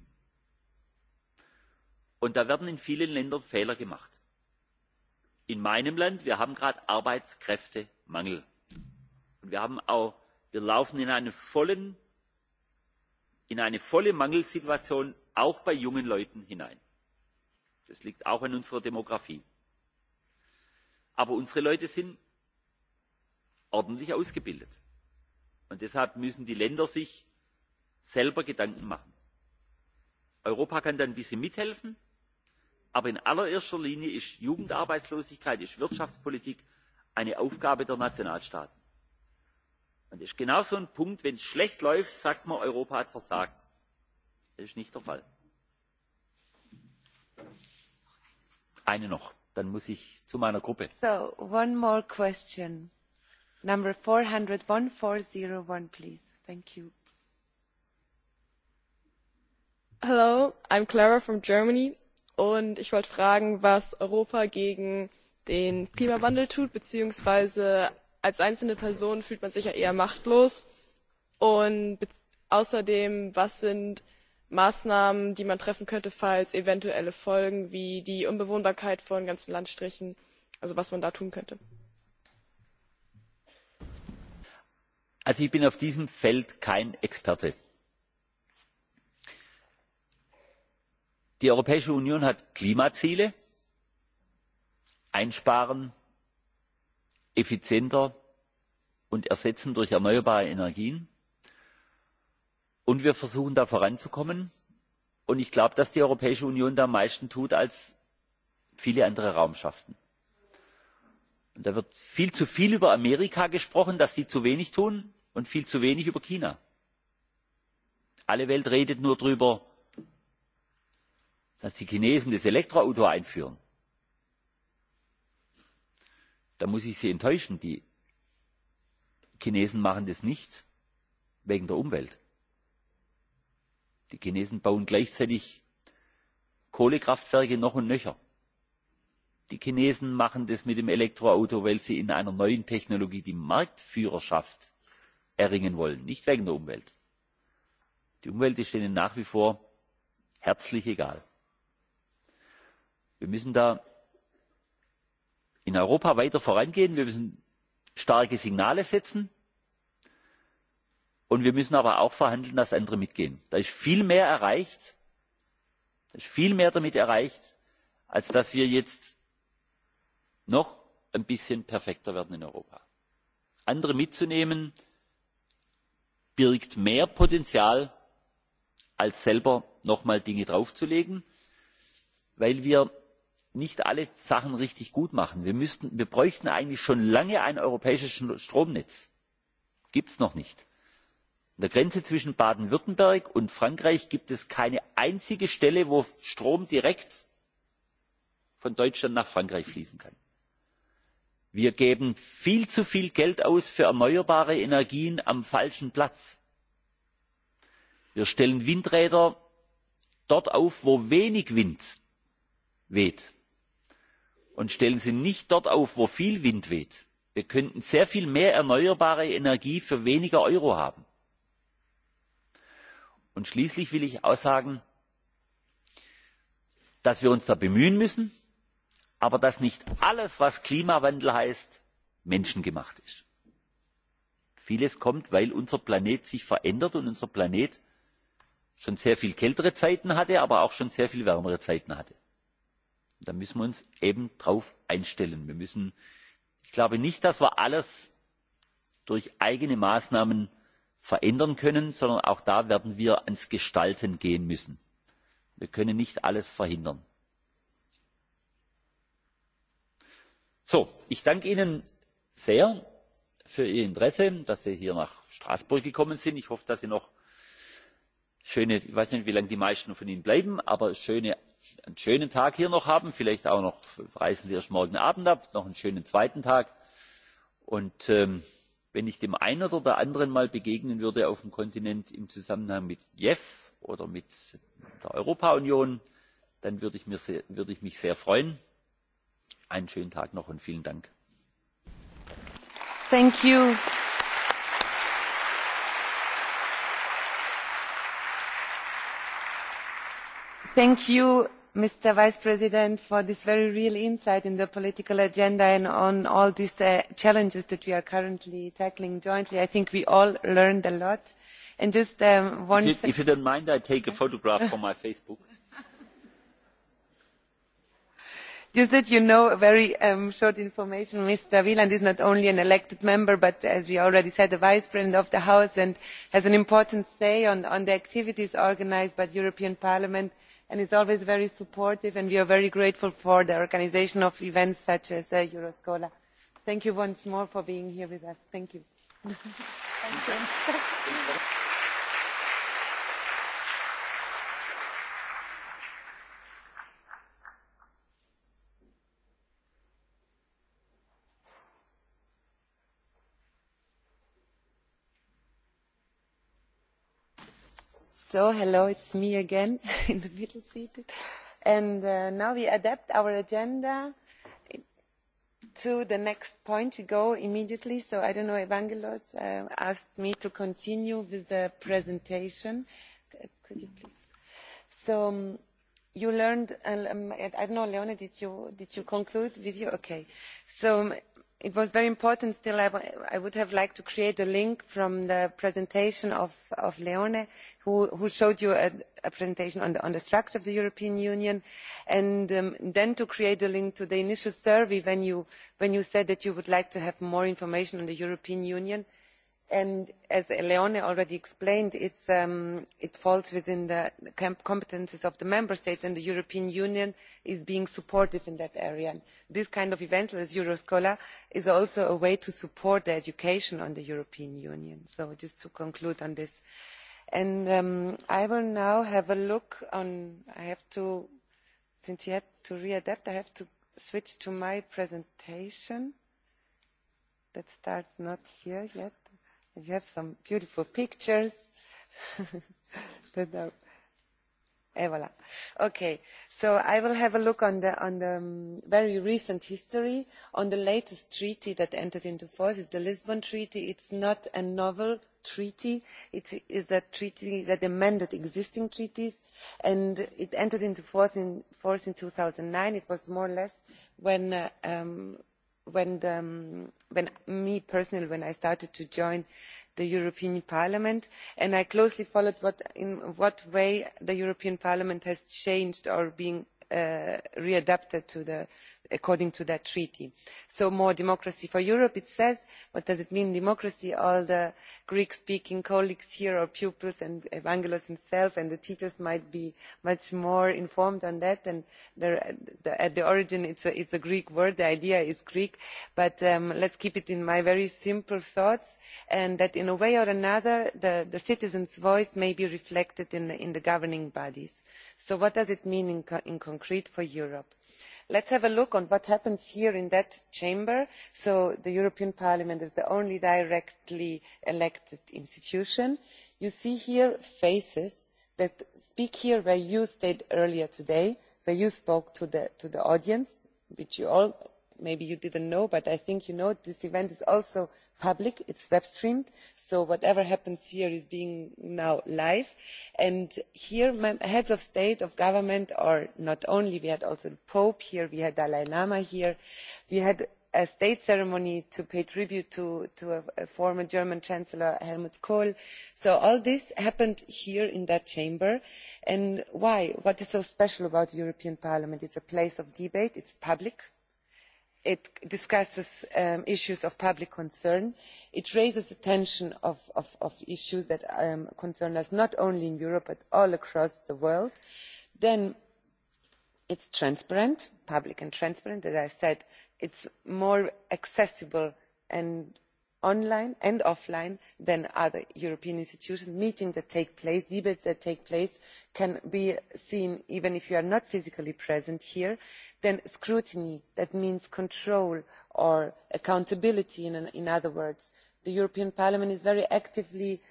und da werden in vielen ländern fehler gemacht. in meinem land wir haben gerade arbeitskräftemangel und wir haben auch wir laufen in eine vollen in eine volle Mangelsituation auch bei jungen Leuten hinein. Das liegt auch an unserer Demografie. Aber unsere Leute sind ordentlich ausgebildet. Und deshalb müssen die Länder sich selber Gedanken machen. Europa kann dann ein bisschen mithelfen, aber in allererster Linie ist Jugendarbeitslosigkeit, ist Wirtschaftspolitik eine Aufgabe der Nationalstaaten. Und das ist genau so ein Punkt, wenn es schlecht läuft, sagt man, Europa hat versagt. Das ist nicht der Fall. Eine noch, dann muss ich zu meiner Gruppe.
So, one more question number four hundred one four zero one please hello i'm clara from germany und ich wollte
fragen was europa gegen den klimawandel tut beziehungsweise als einzelne person fühlt man sich ja eher machtlos und außerdem was sind maßnahmen die man treffen könnte falls eventuelle folgen wie die unbewohnbarkeit von ganzen landstrichen also was man da tun könnte?
also ich bin auf diesem feld kein experte. die europäische union hat klimaziele einsparen effizienter und ersetzen durch erneuerbare energien und wir versuchen da voranzukommen und ich glaube dass die europäische union da am meisten tut als viele andere raumschaften da wird viel zu viel über amerika gesprochen dass sie zu wenig tun und viel zu wenig über china. alle welt redet nur darüber dass die chinesen das elektroauto einführen. da muss ich sie enttäuschen die chinesen machen das nicht wegen der umwelt. die chinesen bauen gleichzeitig kohlekraftwerke noch und nöcher die chinesen machen das mit dem elektroauto weil sie in einer neuen technologie die marktführerschaft erringen wollen nicht wegen der umwelt. die umwelt ist ihnen nach wie vor herzlich egal. wir müssen da in europa weiter vorangehen wir müssen starke signale setzen und wir müssen aber auch verhandeln dass andere mitgehen. da ist viel mehr erreicht da ist viel mehr damit erreicht als dass wir jetzt noch ein bisschen perfekter werden in europa. andere mitzunehmen birgt mehr potenzial als selber noch dinge draufzulegen weil wir nicht alle sachen richtig gut machen. wir bräuchten eigentlich schon lange ein europäisches stromnetz. gibt es noch nicht. an der grenze zwischen baden württemberg und frankreich gibt es keine einzige stelle wo strom direkt von deutschland nach frankreich fließen kann wir geben viel zu viel geld aus für erneuerbare energien am falschen platz. wir stellen windräder dort auf wo wenig wind weht und stellen sie nicht dort auf wo viel wind weht. wir könnten sehr viel mehr erneuerbare energie für weniger euro haben. und schließlich will ich auch sagen dass wir uns da bemühen müssen aber dass nicht alles was klimawandel heißt menschengemacht ist. vieles kommt weil unser planet sich verändert und unser planet schon sehr viel kältere zeiten hatte aber auch schon sehr viel wärmere zeiten hatte. da müssen wir uns eben darauf einstellen. Wir müssen, ich glaube nicht dass wir alles durch eigene maßnahmen verändern können sondern auch da werden wir ans gestalten gehen müssen. wir können nicht alles verhindern. so ich danke ihnen sehr für ihr interesse dass sie hier nach straßburg gekommen sind. ich hoffe dass sie noch schöne ich weiß nicht wie lange die meisten von ihnen bleiben aber einen schönen tag hier noch haben vielleicht auch noch reisen sie erst morgen abend ab noch einen schönen zweiten tag. und wenn ich dem einen oder anderen mal begegnen würde auf dem kontinent im zusammenhang mit jef oder mit der europa union dann würde ich mich sehr freuen. Einen schönen Tag noch und vielen Dank.
Thank
you. Mr. Vice President, for this very real insight in the political agenda and on all these challenges that we are currently tackling jointly. I think we all learned a lot. And just um, one. If if you
don't mind, I take a photograph for my Facebook.
just that you know very short information mr wieland is not only an elected member but as we already said the vice president of the house and has an important say on the activities organised by the european parliament and is always very supportive and we are very grateful for the organisation of events such as euroscola. thank you once more for being here with us. Thank you, so hello it's me again in the middle seat and uh, now we adapt our agenda to the next point we go immediately so i don't know evangelos uh, asked me to continue with the presentation could you please so um, you learned um, i don't know leona did you did you conclude with you okay so um, it was very important still i would have liked to create a link from the presentation of leone who showed you a presentation on the structure of the european union and then to create a link to the initial survey when you said that you would like to have more information on the european union and as leone already explained it falls within the competences of the member states and the european union is being supportive in that area. this kind of event as euroscholar is also a way to support education on the european union so just to conclude on this. i will now have a look on i have to since you had to readapt i have to switch to my presentation that starts not here yet you have some beautiful pictures Et voilà. Okay, so I will have a look on the, on the um, very recent history, on the latest treaty that entered into force. It's the Lisbon Treaty. It's not a novel treaty. It is a treaty that amended existing treaties, and it entered into force in, force in 2009. It was more or less when uh, um, when the when me personally when i started to join the european parliament and i closely followed what in what way the european parliament has changed or been readapted to the according to that treaty. So more democracy for Europe, it says. What does it mean, democracy? All the Greek-speaking colleagues here, or pupils, and Evangelos himself, and the teachers might be much more informed on that. And at the origin, it is it's a Greek word. The idea is Greek. But um, let's keep it in my very simple thoughts, and that in a way or another, the, the citizens' voice may be reflected in the, in the governing bodies. So what does it mean in, co in concrete for Europe? let us have a look at what happens here in that chamber so the european parliament is the only directly elected institution. you see here faces that speak here where you stood earlier today where you spoke to the audience which you all maybe you did not know but i think you know this event is also public it is web streamed so whatever happens here is being now live and here heads of state of government or not only we had also the pope here we had dalai lama here we had a state ceremony to pay tribute to a former german chancellor helmut kohl so all this happened here in that chamber and why? what is so special about the european parliament? it is a place of debate it is public it discusses issues of public concern. It raises the tension of, issues that concern us not only in Europe but all across the world. Then it is transparent, public and transparent. As I said, it is more accessible and online and offline than other european institutions. meetings that take place debates that take place can be seen even if you are not physically present here. then scrutiny that means control or accountability in other words. the european parliament is very actively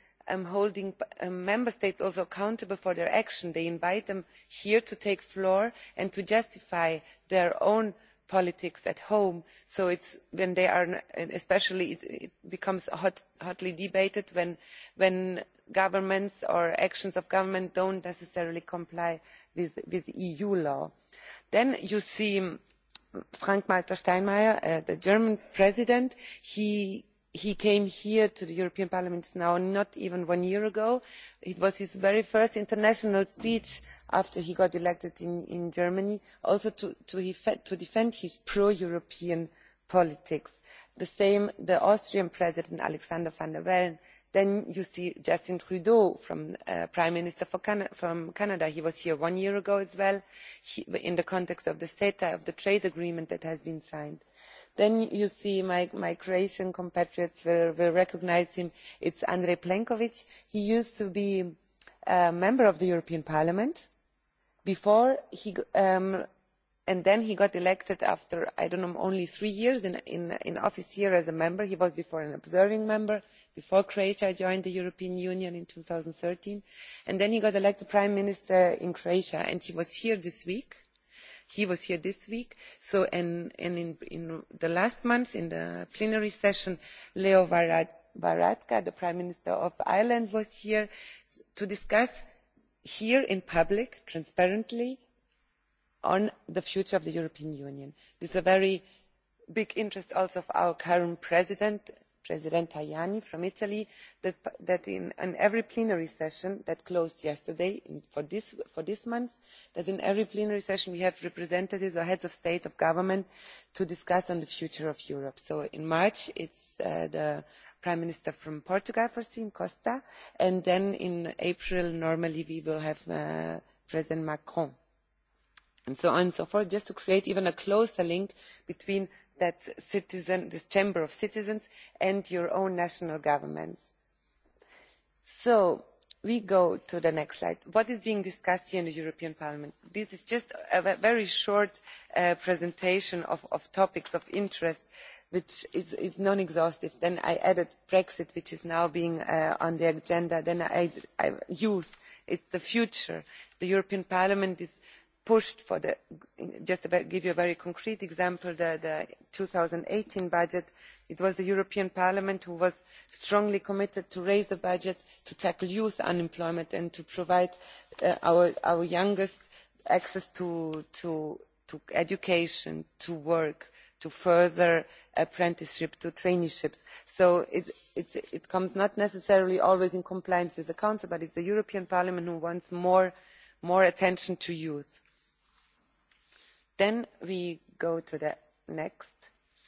holding member states also accountable for their action. they invite them here to take the floor and to justify their own politics at home so it's when they are especially it, it becomes hot, hotly debated when when governments or actions of government don't necessarily comply with, with EU law. Then you see Frank Walter Steinmeier, the German president, he he came here to the european parliament now not even one year ago. it was his very first international speech after he got elected in germany also to defend his pro european politics. the same the austrian president alexander van der bellen. then you see justin trudeau prime minister from canada he was here one year ago as well in the context of the ceta of the trade agreement that has been signed then you see my, my croatian compatriots will, will recognise him it is andrej plenkovic. he used to be a member of the european parliament before he um, and then he got elected after i don't know only three years in, in, in office here as a member he was before an observing member before croatia joined the european union in two thousand and thirteen and then he got elected prime minister in croatia and he was here this week He was here this week. So, and, and in, in the last month, in the plenary session, Leo Varadkar, the Prime Minister of Ireland, was here to discuss here in public, transparently, on the future of the European Union. This is a very big interest also of our current president, president tajani from italy that in every plenary session that closed yesterday for this month that in every plenary session we have representatives or heads of state or government to discuss on the future of europe. so in march it is the prime minister from portugal josn costa and then in april normally we will have president macron and so on and so forth just to create even a closer link between that citizen, this chamber of citizens and your own national governments. So we go to the next slide. What is being discussed here in the European Parliament? This is just a very short uh, presentation of, of topics of interest which is, is non-exhaustive. Then I added Brexit, which is now being uh, on the agenda. Then I, I youth, it's the future. The European Parliament is pushed for the just to give you a very concrete example the the eighteen budget it was the european parliament who was strongly committed to raise the budget to tackle youth unemployment and to provide our our youngest access to education to work to further apprenticeship to traineeships so it it comes not necessarily always in compliance with the council but it's the european parliament who wants more attention to youth then we go to the next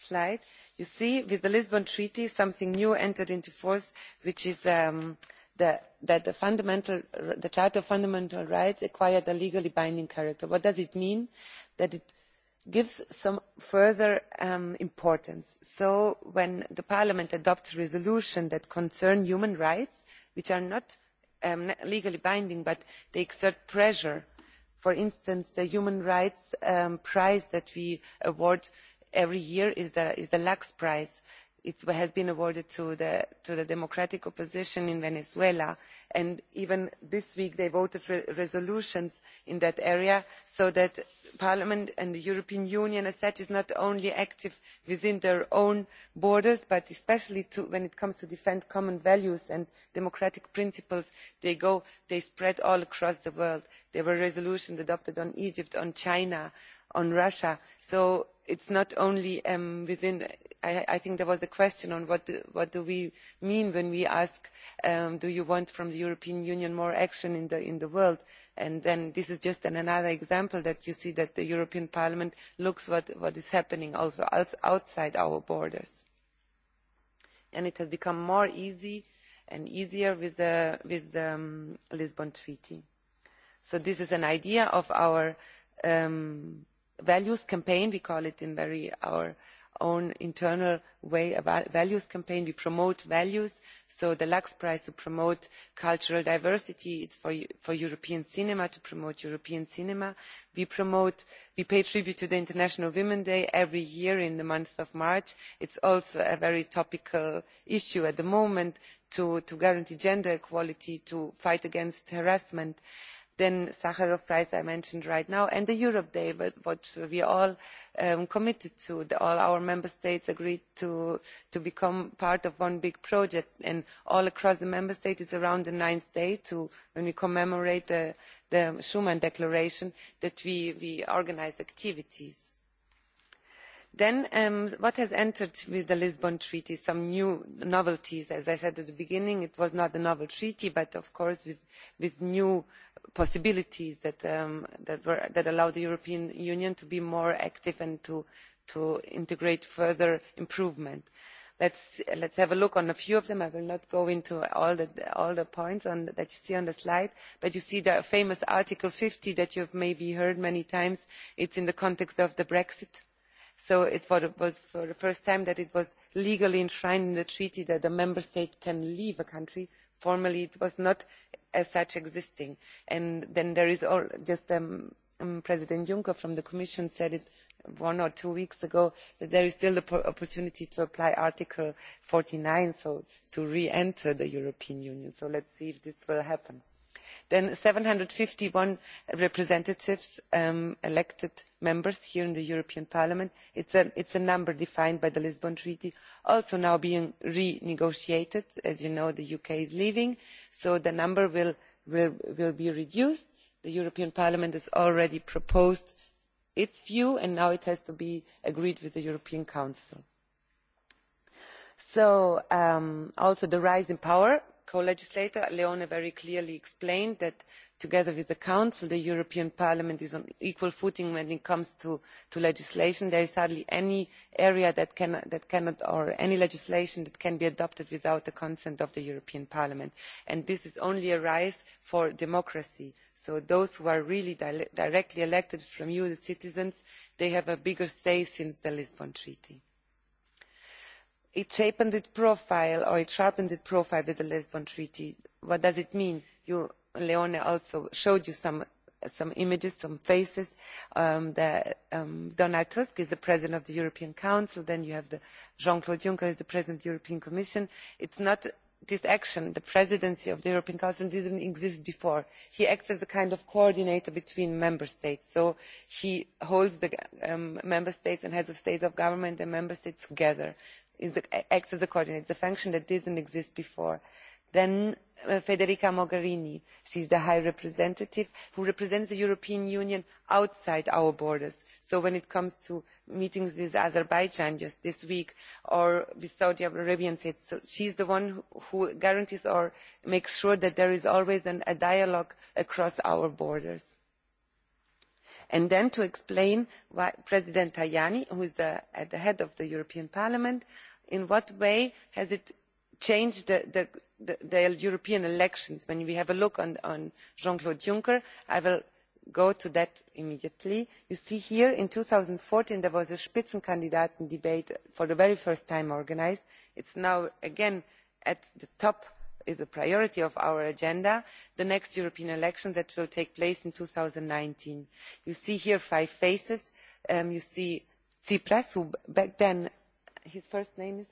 slide. You see, with the Lisbon Treaty, something new entered into force, which is um, the, that the, fundamental, the Charter of Fundamental Rights acquired a legally binding character. What does it mean? That it gives some further importance. So when the Parliament adopts resolutions that concern human rights, which are not legally binding, but they exert pressure for instance the human rights prize that we award every year is the lux prize it has been awarded to the democratic opposition in venezuela and even this week they voted resolutions in that area so that parliament and the european union as such is not only active within their own borders but especially when it comes to defending common values and democratic principles they go they spread all across the world. there were resolutions adopted on egypt on china on russia so it's not only um, within. I, I think there was a question on what do, what do we mean when we ask, um, do you want from the European Union more action in the in the world? And then this is just an, another example that you see that the European Parliament looks what what is happening also outside our borders. And it has become more easy and easier with the with the um, Lisbon Treaty. So this is an idea of our. Um, values campaign we call it in very our own internal way a values campaign we promote values so the lux prize to promote cultural diversity it's for for european cinema to promote european cinema we promote we pay tribute to the international women's day every year in the month of march it's also a very topical issue at the moment to to guarantee gender equality to fight against harassment then the sakharov prize i mentioned right now and the europe day which we all committed to all our member states agreed to become part of one big project and all across the member states it is around the ninth day when we commemorate the schuman declaration that we organise activities then what has entered with the lisbon treaty some new novelties as i said at the beginning it was not a novel treaty but of course with new possibilities that allow the european union to be more active and to integrate further improvement. let us have a look at a few of them. i will not go into all the points that you see on the slide but you see the famous article fifty that you have maybe heard many times. it is in the context of brexit so it was for the first time that it was legally enshrined in the treaty that a member state can leave a country formerly it was not as such existing and then there is just um, president juncker from the commission said it one or two weeks ago that there is still the opportunity to apply article forty nine so to re enter the european union so let us see if this will happen then seven hundred and fifty one representatives elected members here in the european parliament it is a number defined by the lisbon treaty also now being renegotiated as you know the uk is leaving so the number will be reduced. the european parliament has already proposed its view and now it has to be agreed with the european council. also the rise in power co legislator leone very clearly explained that together with the council the european parliament is on equal footing when it comes to legislation. there is hardly any area or any legislation that can be adopted without the consent of the european parliament and this is only a right for democracy so those who are really directly elected from you the citizens they have a bigger say since the lisbon treaty it sharpened its profile or it sharpened its profile with the lisbon treaty what does it mean? you leone also showed you some some images some faces um, the, um, donald tusk is the president of the european council then you have the jean claude juncker is the president of the european commission it's not this action the presidency of the european council did not exist before. he acts as a kind of coordinator between member states so he holds the member states and heads of state of government and member states together is the, acts as a coordinator, a function that didn't exist before. Then Federica Mogherini, she is the High Representative who represents the European Union outside our borders. So when it comes to meetings with Azerbaijan just this week or with Saudi Arabian states, she is the one who guarantees or makes sure that there is always an, a dialogue across our borders and then to explain why President Tajani, who is at the head of the European Parliament, in what way has it changed the, European elections. When we have a look on, Jean-Claude Juncker, I will go to that immediately. You see here in fourteen there was a Spitzenkandidaten debate for the very first time organised. It is now again at the top is a priority of our agenda the next european election that will take place in. two thousand and nineteen you see here five faces you see tsipras who back then his first name is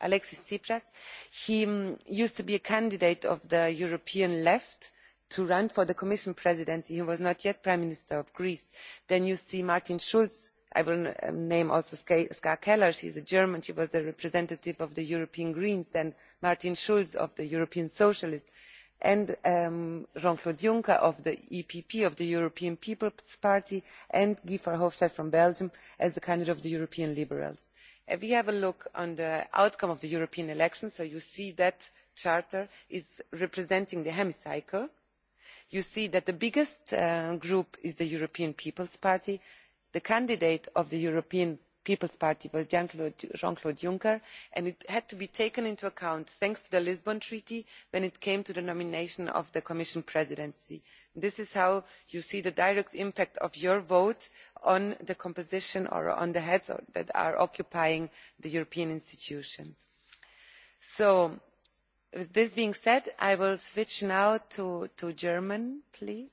alexis tsipras he used to be a candidate of the european left to run for the commission presidency he was not yet prime minister of greece. then you see martin schulz i will name also ska keller she is a german she was the representative of the european greens then martin schulz of the european socialists and jean claude juncker of the epp of the european people's party and guy verhofstadt from belgium as the candidate of the european liberals. if we have a look at the outcome of the european elections you see that charter is representing the hemicycle you see that the biggest group is the european people's party the candidate of the european people's party was jean claude juncker and it had to be taken into account thanks to the lisbon treaty when it came to the nomination of the commission presidency. this is how you see the direct impact of your vote on the composition or on the heads that are occupying the european institutions. so with this being said i will switch now to german please.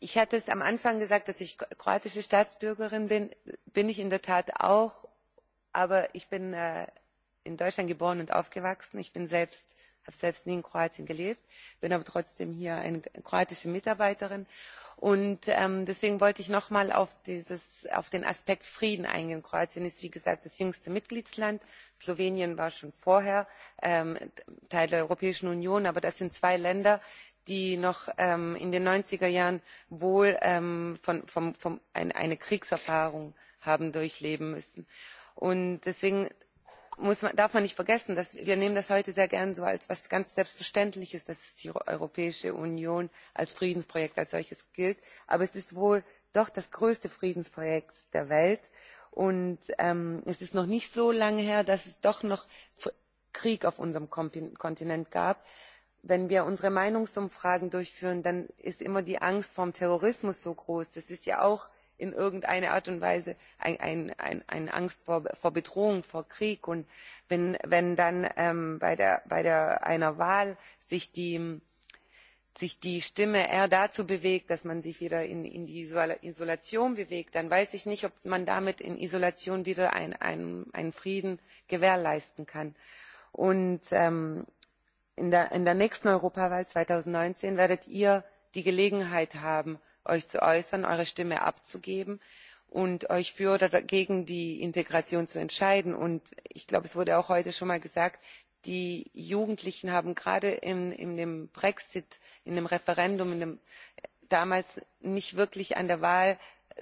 ich hatte es am anfang gesagt dass ich kroatische staatsbürgerin bin bin ich in der tat auch aber ich bin in deutschland geboren und aufgewachsen ich habe selbst nie in kroatien gelebt bin aber trotzdem hier eine kroatische mitarbeiterin und deswegen wollte ich noch dieses auf den aspekt frieden eingehen. kroatien ist wie gesagt das jüngste mitgliedsland slowenien war schon vorher teil der europäischen union aber das sind zwei länder die noch in den 90er Jahren wohl eine Kriegserfahrung haben durchleben müssen. Und deswegen darf man nicht vergessen, dass wir nehmen das heute sehr gern so als etwas ganz Selbstverständliches, dass die Europäische Union als Friedensprojekt als solches gilt. Aber es ist wohl doch das größte Friedensprojekt der Welt. Und es ist noch nicht so lange her, dass es doch noch Krieg auf unserem Kontinent gab wenn wir unsere meinungsumfragen durchführen dann ist immer die angst vor dem terrorismus so groß. das ist ja auch in irgendeiner art und weise eine angst vor bedrohung vor krieg. und wenn sich dann bei einer wahl die stimme eher dazu bewegt dass man sich wieder in die isolation bewegt dann weiß ich nicht ob man damit in isolation wieder einen frieden gewährleisten kann in der nächsten europawahl zweitausendneunzehn werdet ihr die gelegenheit haben euch zu äußern eure stimme abzugeben und euch für oder gegen die integration zu entscheiden. ich glaube es wurde auch heute schon mal gesagt die jugendlichen haben gerade in dem brexit in dem referendum damals nicht wirklich an der wahl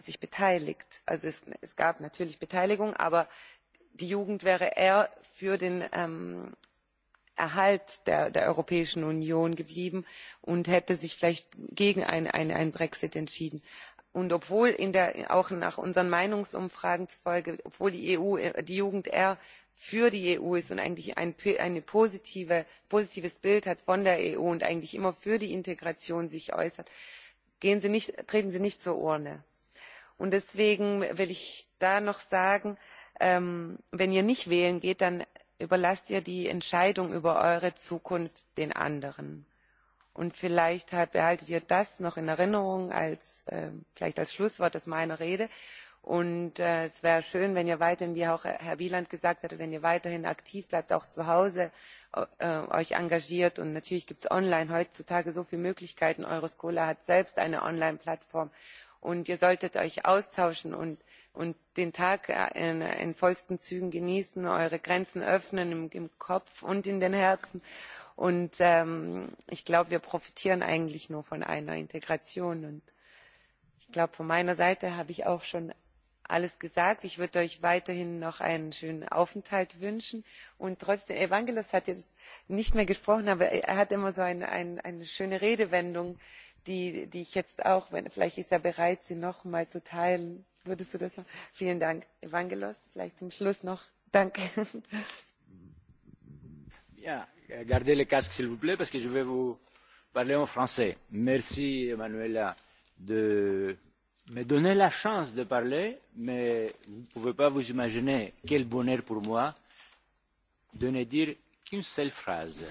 sich beteiligt. also es gab natürlich beteiligung aber die jugend wäre eher für den Erhalt der, der Europäischen Union geblieben und hätte sich vielleicht gegen einen, Brexit entschieden. Und obwohl in der, auch nach unseren Meinungsumfragen zufolge, obwohl die EU, die Jugend eher für die EU ist und eigentlich ein, positive, positives Bild hat von der EU und eigentlich immer für die Integration sich äußert, gehen sie nicht, treten sie nicht zur Urne. Und deswegen will ich da noch sagen, ähm, wenn ihr nicht wählen geht, dann überlasst ihr die Entscheidung über eure Zukunft den anderen. Und vielleicht behaltet ihr das noch in Erinnerung als, äh, vielleicht als Schlusswort aus meiner Rede. Und äh, es wäre schön, wenn ihr weiterhin, wie auch Herr Wieland gesagt hatte, wenn ihr weiterhin aktiv bleibt, auch zu Hause äh, euch engagiert. Und natürlich gibt es online heutzutage so viele Möglichkeiten. Euroscola hat selbst eine Online-Plattform. Und ihr solltet euch austauschen und und den Tag in, vollsten Zügen genießen, eure Grenzen öffnen im, Kopf und in den Herzen. Und ich glaube, wir profitieren eigentlich nur von einer Integration. Und ich glaube, von meiner Seite habe ich auch schon alles gesagt. Ich würde euch weiterhin noch einen schönen Aufenthalt wünschen. Und trotzdem, Evangelos hat jetzt nicht mehr gesprochen, aber er hat immer so eine, eine schöne Redewendung, die, die ich jetzt auch, wenn, vielleicht ist er bereit, sie nochmal zu teilen Würdest du das machen? Vielen Dank. Evangelos, vielleicht zum Schluss noch. Danke.
Ja, gardez le casque s'il vous plaît parce que je vais vous parler en français. Merci Emanuela de me donner la chance de parler, mais
vous ne pouvez pas vous imaginer quel bonheur pour moi de ne dire qu'une seule phrase